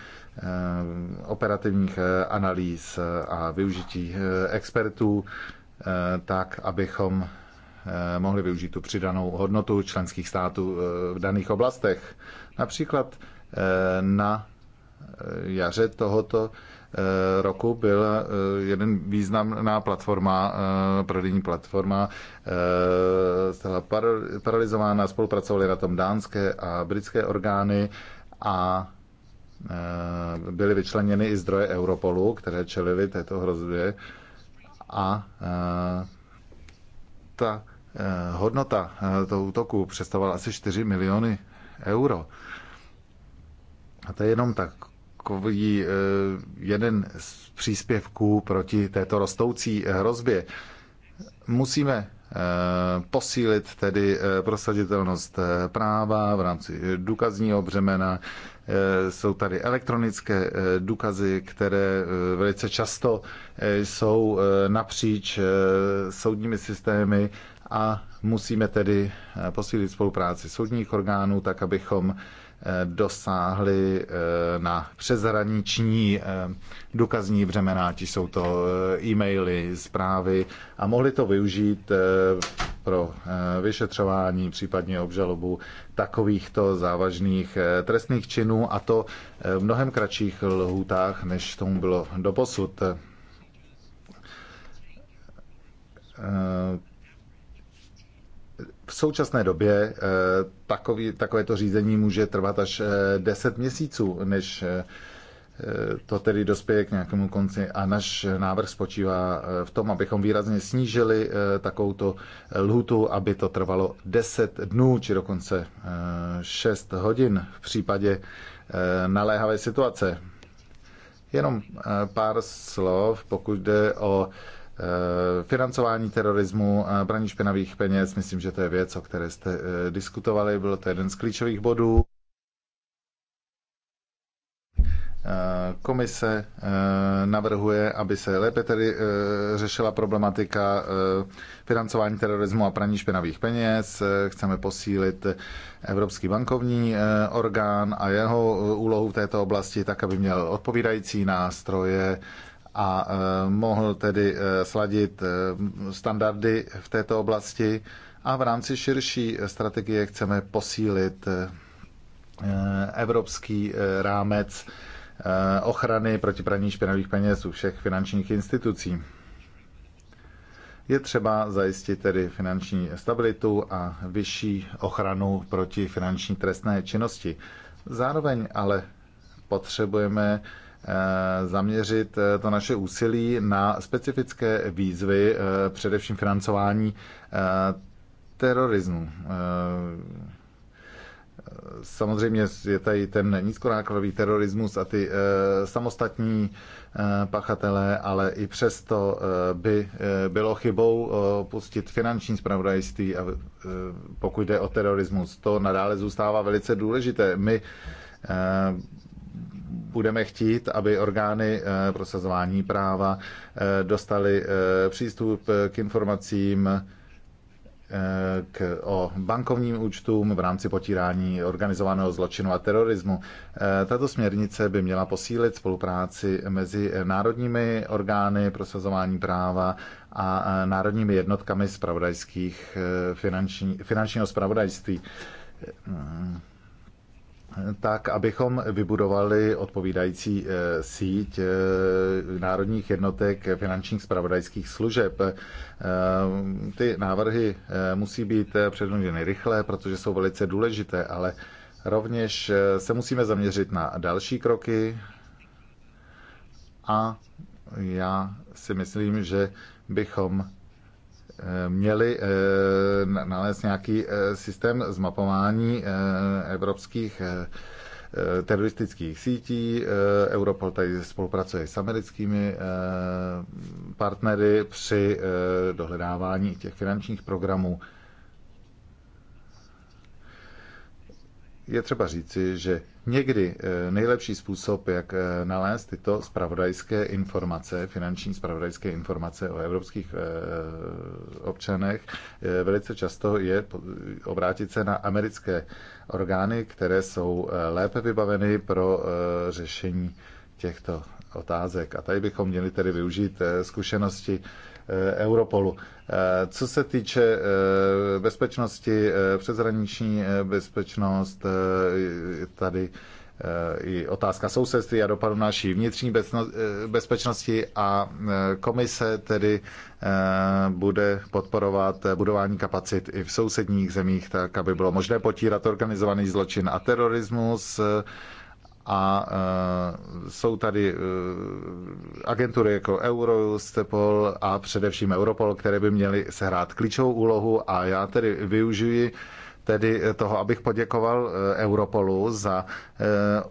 operativních analýz a využití expertů tak, abychom mohli využít tu přidanou hodnotu členských států v daných oblastech. Například na jaře tohoto roku byl eh, jeden významná platforma, eh, prodejní platforma, stala eh, paralizována, spolupracovaly na tom dánské a britské orgány a byly vyčleněny i zdroje Europolu, které čelily této hrozbě a ta hodnota toho útoku představovala asi 4 miliony euro. A to je jenom tak takový eh, jeden z příspěvků proti této rostoucí hrozbě. Musíme eh, posílit tedy eh, prosaditelnost práva v rámci důkazního břemena. Jsou tady elektronické důkazy, které velice často jsou napříč soudními systémy a musíme tedy posílit spolupráci soudních orgánů, tak abychom Eh, dosáhli eh, na přezraniční eh, důkazní břemena, či jsou to e-maily, zprávy a mohli to využít pro vyšetřování, případně obžalobu takovýchto závažných trestných činů a to v mnohem kratších lhůtách, než tomu bylo doposud v současné době eh, takový, takovéto řízení může trvat až 10 eh, měsíců, než eh, to tedy dospěje k nějakému konci a náš návrh spočívá v tom, abychom výrazně snížili takovouto lhutu, aby to trvalo 10 dnů, či dokonce 6 hodin v případě naléhavé situace. Jenom pár slov, pokud jde o Eh, financování terorismu, braní špinavých peněz, myslím, že to je věc, o které jste eh, diskutovali, byl to jeden z klíčových bodů. Eh, komise navrhuje, aby se lépe tedy řešila problematika financování terorismu a praní špinavých peněz. Chceme posílit Evropský bankovní orgán a jeho úlohu v této oblasti tak, aby měl odpovídající nástroje a e, mohl tedy e, sladit e, standardy v této oblasti. A v rámci širší strategie chceme posílit evropský rámec ochrany proti praní špinavých peněz u všech finančních institucí. Je třeba zajistit tedy finanční stabilitu a vyšší ochranu proti finanční trestné činnosti. Zároveň ale potřebujeme Eh, zaměřit eh, to naše úsilí na specifické výzvy, eh, především financování terorismu. Samozřejmě je tady ten nízkonákladový terorismus a ty samostatní pachatelé, ale i přesto by bylo chybou pustit finanční spravodajství a pokud jde o terorismus, to nadále zůstává velice důležité. My budeme chtít, aby orgány eh, prosazování práva eh, dostali eh, přístup k informacím k, o bankovním účtům v rámci potírání organizovaného zločinu a terorismu. Tato směrnice by měla posílit spolupráci mezi národními orgány prosazování práva a národními jednotkami finanční, finančního spravodajství tak, abychom vybudovali odpovídající eh, síť eh, národních jednotek finančních spravodajských služeb. Eh, ty návrhy musí být předloženy rychle, protože jsou velice důležité, ale rovněž se musíme zaměřit na další kroky a já si myslím, že bychom Eh, měli eh, nalézt nějaký eh, systém zmapování evropských teroristických sítí. Europol tady spolupracuje s americkými partnery při dohledávání těch finančních programů. Je třeba říci, že Někdy eh, nejlepší způsob, jak eh, nalézt tyto spravodajské informace, finanční spravodajské informace o evropských eh, občanech, velice často je obrátit se na americké orgány, které jsou lépe vybaveny pro řešení těchto otázek. A tady bychom měli tedy využít zkušenosti Eh, Europolu. Eh, co se týče eh, bezpečnosti, přeshraniční bezpečnost, tady i otázka sousedství a dopadu naší vnitřní bezpečnosti a komise tedy bude podporovat budování kapacit i v sousedních zemích, tak aby bylo možné potírat organizovaný zločin a terorismus a e, jsou tady e, agentury jako Eurojust, Stepol a především Europol, které by měly sehrát klíčovou úlohu a já tedy využiji tedy toho, abych poděkoval e, Europolu za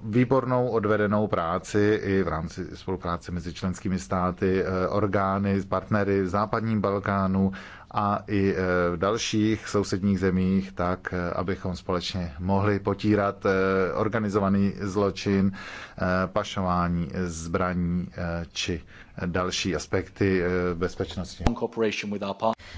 výbornou odvedenou práci i v rámci spolupráce mezi členskými státy, orgány, partnery v západním Balkánu a i e, v dalších sousedních zemích, tak e, abychom společně mohli potírat e, organizovaný zločin, pašování zbraní či další aspekty eh, bezpečnosti.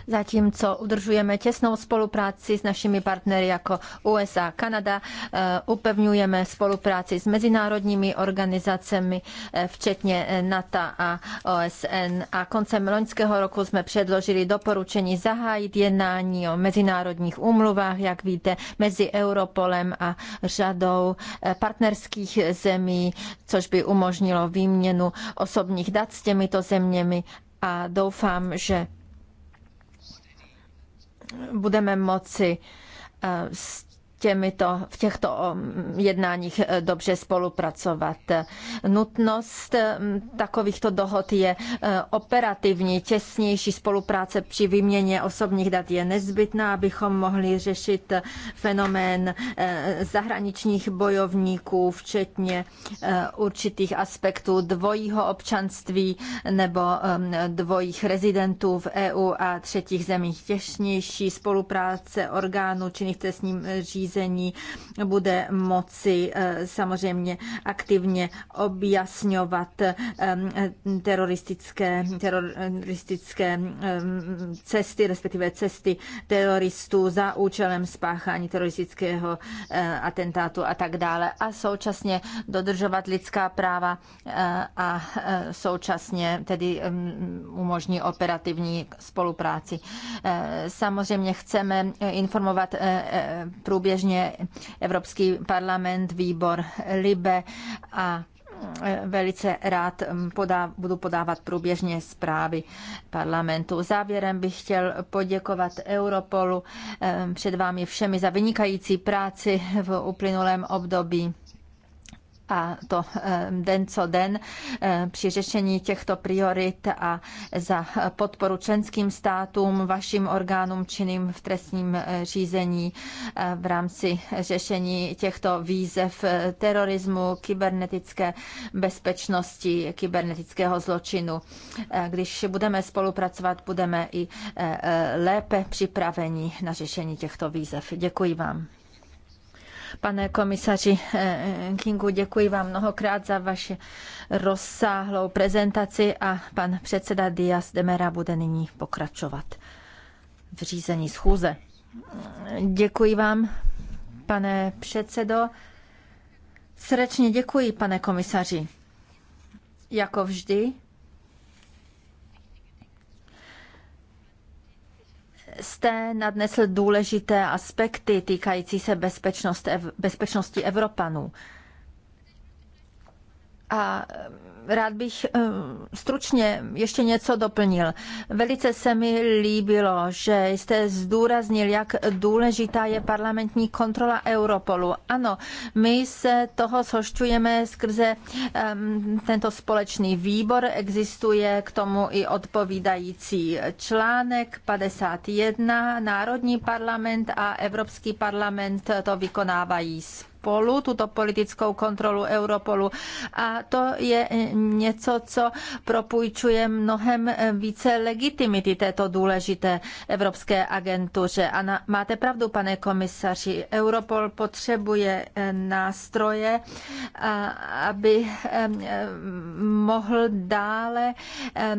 Zatímco udržujeme těsnou spolupráci s našimi partnery jako USA, Kanada, eh, upevňujeme spolupráci s mezinárodními organizacemi, eh, včetně NATO a OSN. A koncem loňského roku jsme předložili doporučení zahájit jednání o mezinárodních úmluvách, jak víte, mezi Europolem a řadou partnerských zemí, což by umožnilo výměnu osobních dat těmito zeměmi a doufám, že budeme moci eh, s těmito, v těchto um, jednáních eh, dobře spolupracovat. Nutnost mm, takovýchto dohod je eh, operativní, těsnější spolupráce při výměně osobních dat je nezbytná, abychom mohli řešit eh, fenomén zahraničních bojovníků, včetně určitých aspektů dvojího občanství nebo mm, dvojích rezidentů v EU a třetích zemích. Těsnější spolupráce orgánů činných trestním řízení řízení bude moci eh, samozřejmě aktivně objasňovat eh, teroristické, teroristické eh, cesty, respektive cesty teroristů za účelem spáchání teroristického atentátu a tak dále. A současně dodržovat lidská práva a současně tedy mm, umožní operativní spolupráci. Samozřejmě chceme informovat průběh průběžně Evropský parlament, výbor LIBE a e, velice rád podá, budu podávat průběžně zprávy parlamentu. Závěrem bych chtěl poděkovat Europolu e, před vámi všemi za vynikající práci v uplynulém období a to eh, den co den eh, při řešení těchto priorit a za podporu členským státům, vašim orgánům činným v trestním eh, řízení v rámci řešení těchto výzev terorismu, kybernetické bezpečnosti, kybernetického zločinu. Když budeme spolupracovat, budeme i lépe připraveni na řešení těchto výzev. Děkuji vám. Pane komisaři eh, eh, Kingu, děkuji vám mnohokrát za vaši rozsáhlou prezentaci a pan předseda Diaz Demera bude nyní pokračovat v řízení schůze. Děkuji vám, pane předsedo. Srdečně děkuji, pane komisaři. Jako vždy, jste nadnesl důležité aspekty týkající se bezpečnosti Evropanů. A eh, rád bych eh, stručně ještě něco doplnil. Velice se mi líbilo, že jste zdůraznil, jak důležitá je parlamentní kontrola Europolu. Ano, my se toho zhošťujeme skrze eh, tento společný výbor. Existuje k tomu i odpovídající článek 51. Národní parlament a Evropský parlament to vykonávají spolu Europolu, tuto politickou kontrolu Europolu. A to je něco, co propůjčuje mnohem více legitimity této důležité evropské agentuře. A na, máte pravdu, pane komisaři, Europol potřebuje eh, nástroje, aby eh, mohl dále eh,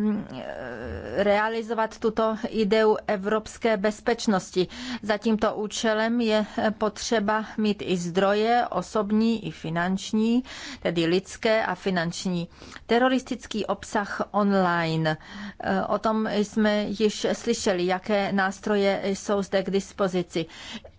realizovat tuto ideu evropské bezpečnosti. Za tímto účelem je potřeba mít i zdroje, osobní i finanční, tedy lidské a finanční. Teroristický obsah online. Eh, o tom jsme již slyšeli, jaké nástroje jsou zde k dispozici.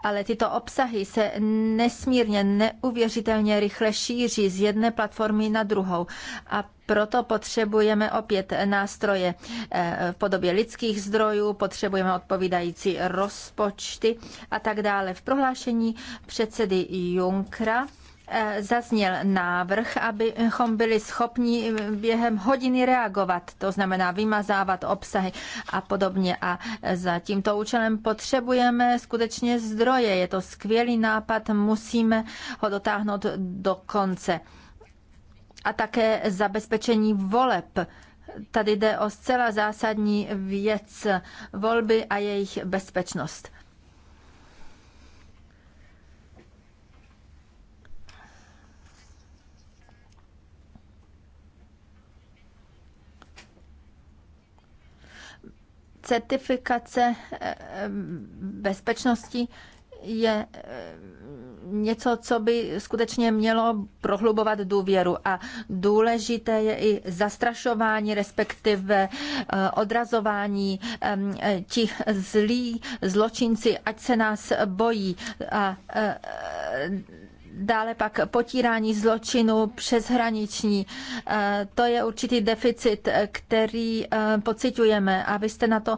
Ale tyto obsahy se nesmírně neuvěřitelně rychle šíří z jedné platformy na druhou a proto potřebujeme opět nástroje eh, v podobě lidských zdrojů, potřebujeme odpovídající rozpočty a tak dále. V prohlášení předsedy Junkra eh, zazněl návrh, abychom byli schopni eh, během hodiny reagovat, to znamená vymazávat obsahy a podobně. A za tímto účelem potřebujeme skutečně zdroje. Je to skvělý nápad, musíme ho dotáhnout do konce a také zabezpečení voleb. Tady jde o zcela zásadní věc volby a jejich bezpečnost. certifikace eh, eh, bezpečnosti je eh, něco, co by skutečně mělo prohlubovat důvěru. A důležité je i zastrašování, respektive eh, odrazování eh, ti zlí zločinci, ať se nás bojí. A eh, dále pak potírání zločinu přeshraniční. To je určitý deficit, který pociťujeme a vy jste na to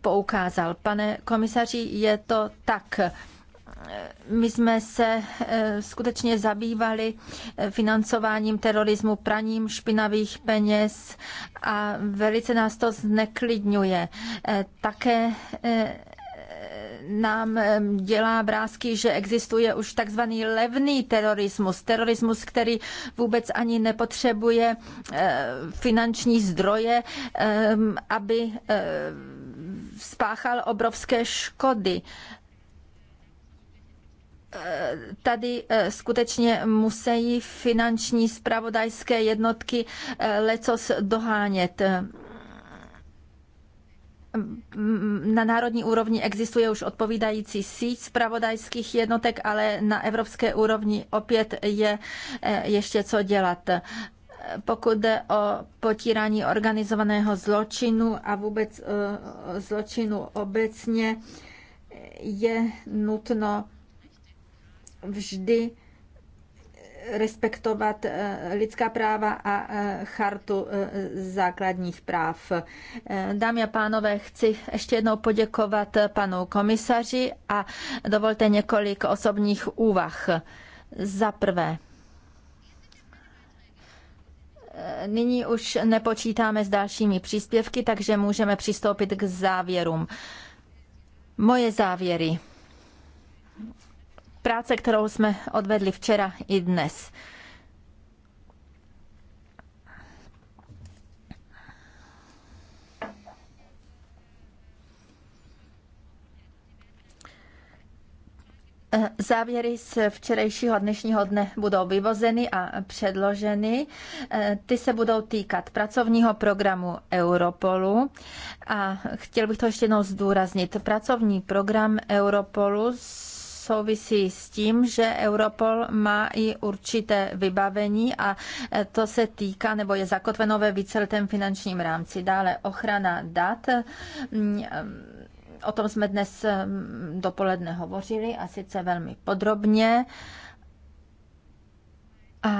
poukázal. Pane komisaři, je to tak my jsme se e, skutečně zabývali e, financováním terorismu, praním špinavých peněz a velice nás to zneklidňuje. E, také nám dělá brázky, že existuje už takzvaný levný terorismus. Terorismus, který vůbec ani nepotřebuje finanční zdroje, aby spáchal obrovské škody tady eh, skutečně musí finanční spravodajské jednotky eh, lecos dohánět eh, na národní úrovni existuje už odpovídající síť spravodajských jednotek, ale na evropské úrovni opět je ještě co dělat. Pokud jde o potírání organizovaného zločinu a vůbec zločinu obecně, je nutno vždy eh, respektovat eh, lidská práva a eh, chartu základních práv. Dámy a pánové, chci ještě jednou poděkovat panu komisaři a dovolte několik osobních úvah. Za prvé, nyní už nepočítáme s dalšími příspěvky, takže můžeme přistoupit k závěrům. Moje závěry práce, kterou jsme odvedli včera i dnes. Eh, závěry z včerejšího a dnešního dne budou vyvozeny a předloženy. Eh, ty se budou týkat pracovního programu Europolu a chtěl bych to ještě jednou zdůraznit. Pracovní program Europolu souvisí s tím, že Europol má i určité vybavení a e, to se týká nebo je zakotveno ve víceletém finančním rámci. Dále ochrana dat. Mm, e, o tom jsme dnes e, dopoledne hovořili a sice velmi podrobně. A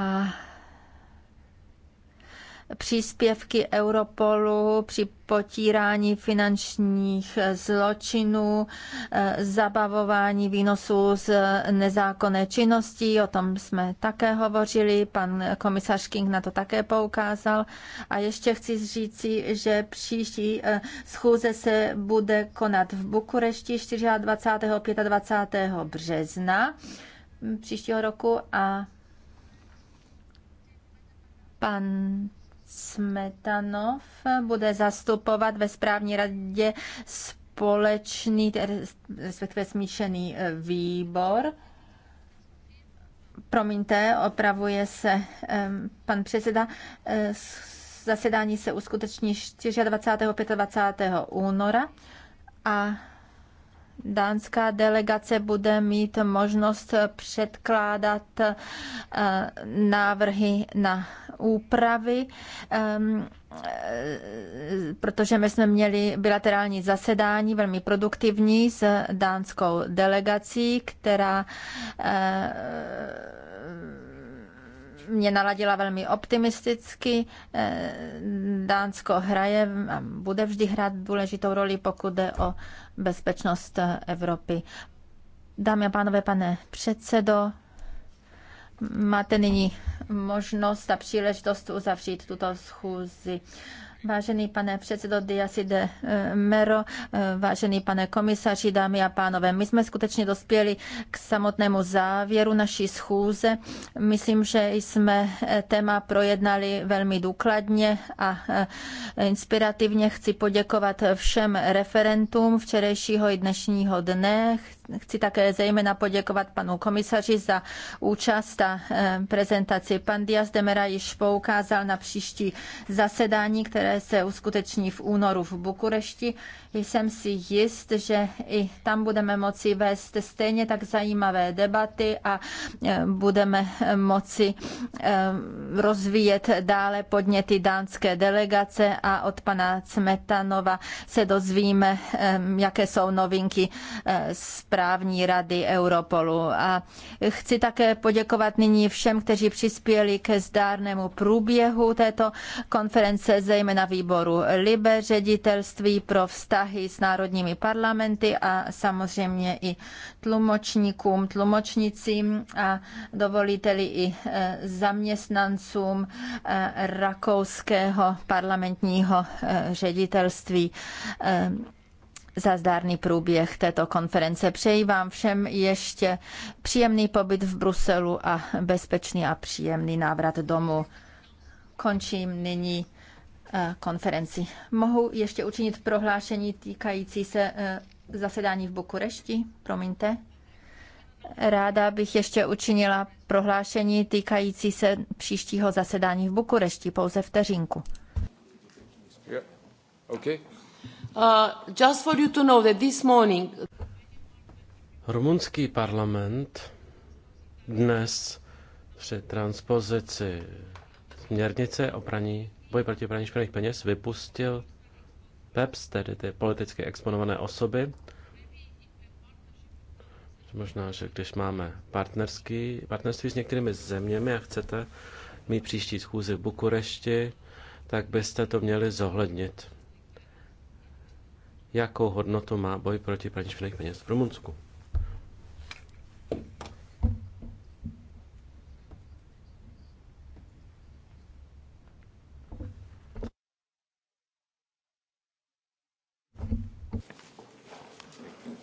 příspěvky Europolu při potírání finančních zločinů, eh, zabavování výnosů z nezákonné činnosti, o tom jsme také hovořili, pan komisař King na to také poukázal. A ještě chci říci, že příští eh, schůze se bude konat v Bukurešti 24. a 25. března příštího roku a pan Smetanov bude zastupovat ve správní radě společný, respektive smíšený eh, výbor. Promiňte, opravuje se pan předseda. Eh, zasedání se uskuteční 24. a 25. února a dánská delegace bude mít možnost předkládat eh, návrhy na úpravy, ehm, eh, protože my jsme měli bilaterální zasedání velmi produktivní s dánskou delegací, která eh, mě naladila velmi optimisticky. Eh, Dánsko hraje a bude vždy hrát důležitou roli, pokud jde o bezpečnost Evropy. Dámy a pánové, pane předsedo, máte nyní možnost a příležitost uzavřít tuto schůzi. Vážený pane předsedo Diasi de eh, Mero, eh, vážený pane komisaři, dámy a pánové, my jsme skutečně dospěli k samotnému závěru naší schůze. Myslím, že jsme eh, téma projednali velmi důkladně a inspirativně. Chci poděkovat všem referentům včerejšího i dnešního dne chci také zejména poděkovat panu komisaři za účast a e, prezentaci. Pan Diaz de Mera již poukázal na příští zasedání, které se uskuteční v únoru v Bukurešti. Jsem si jist, že i tam budeme moci vést stejně tak zajímavé debaty a e, budeme moci e, rozvíjet dále podněty dánské delegace a od pana Cmetanova se dozvíme, jaké jsou novinky z správní rady Europolu. A chci také poděkovat nyní všem, kteří přispěli ke zdárnému průběhu této konference, zejména výboru LIBE, ředitelství pro vztahy s národními parlamenty a samozřejmě i tlumočníkům, tlumočnicím a dovolíte-li i e, zaměstnancům e, rakouského parlamentního e, ředitelství za zdárný průběh této konference. Přeji vám všem ještě příjemný pobyt v Bruselu a bezpečný a příjemný návrat domů. Končím nyní eh, konferenci. Mohu ještě učinit prohlášení týkající se eh, zasedání v Bukurešti? Promiňte. Ráda bych ještě učinila prohlášení týkající se příštího zasedání v Bukurešti, pouze vteřinku. Yeah. Okay. Uh, just for you to know that this morning... Rumunský parlament dnes při transpozici směrnice o praní, boji proti praní špinavých peněz vypustil PEPS, tedy ty politicky exponované osoby. Možná, že když máme partnerský, partnerství s některými zeměmi a chcete mít příští schůzi v Bukurešti, tak byste to měli zohlednit jakou hodnotu má boj proti praní špinavých peněz v Rumunsku.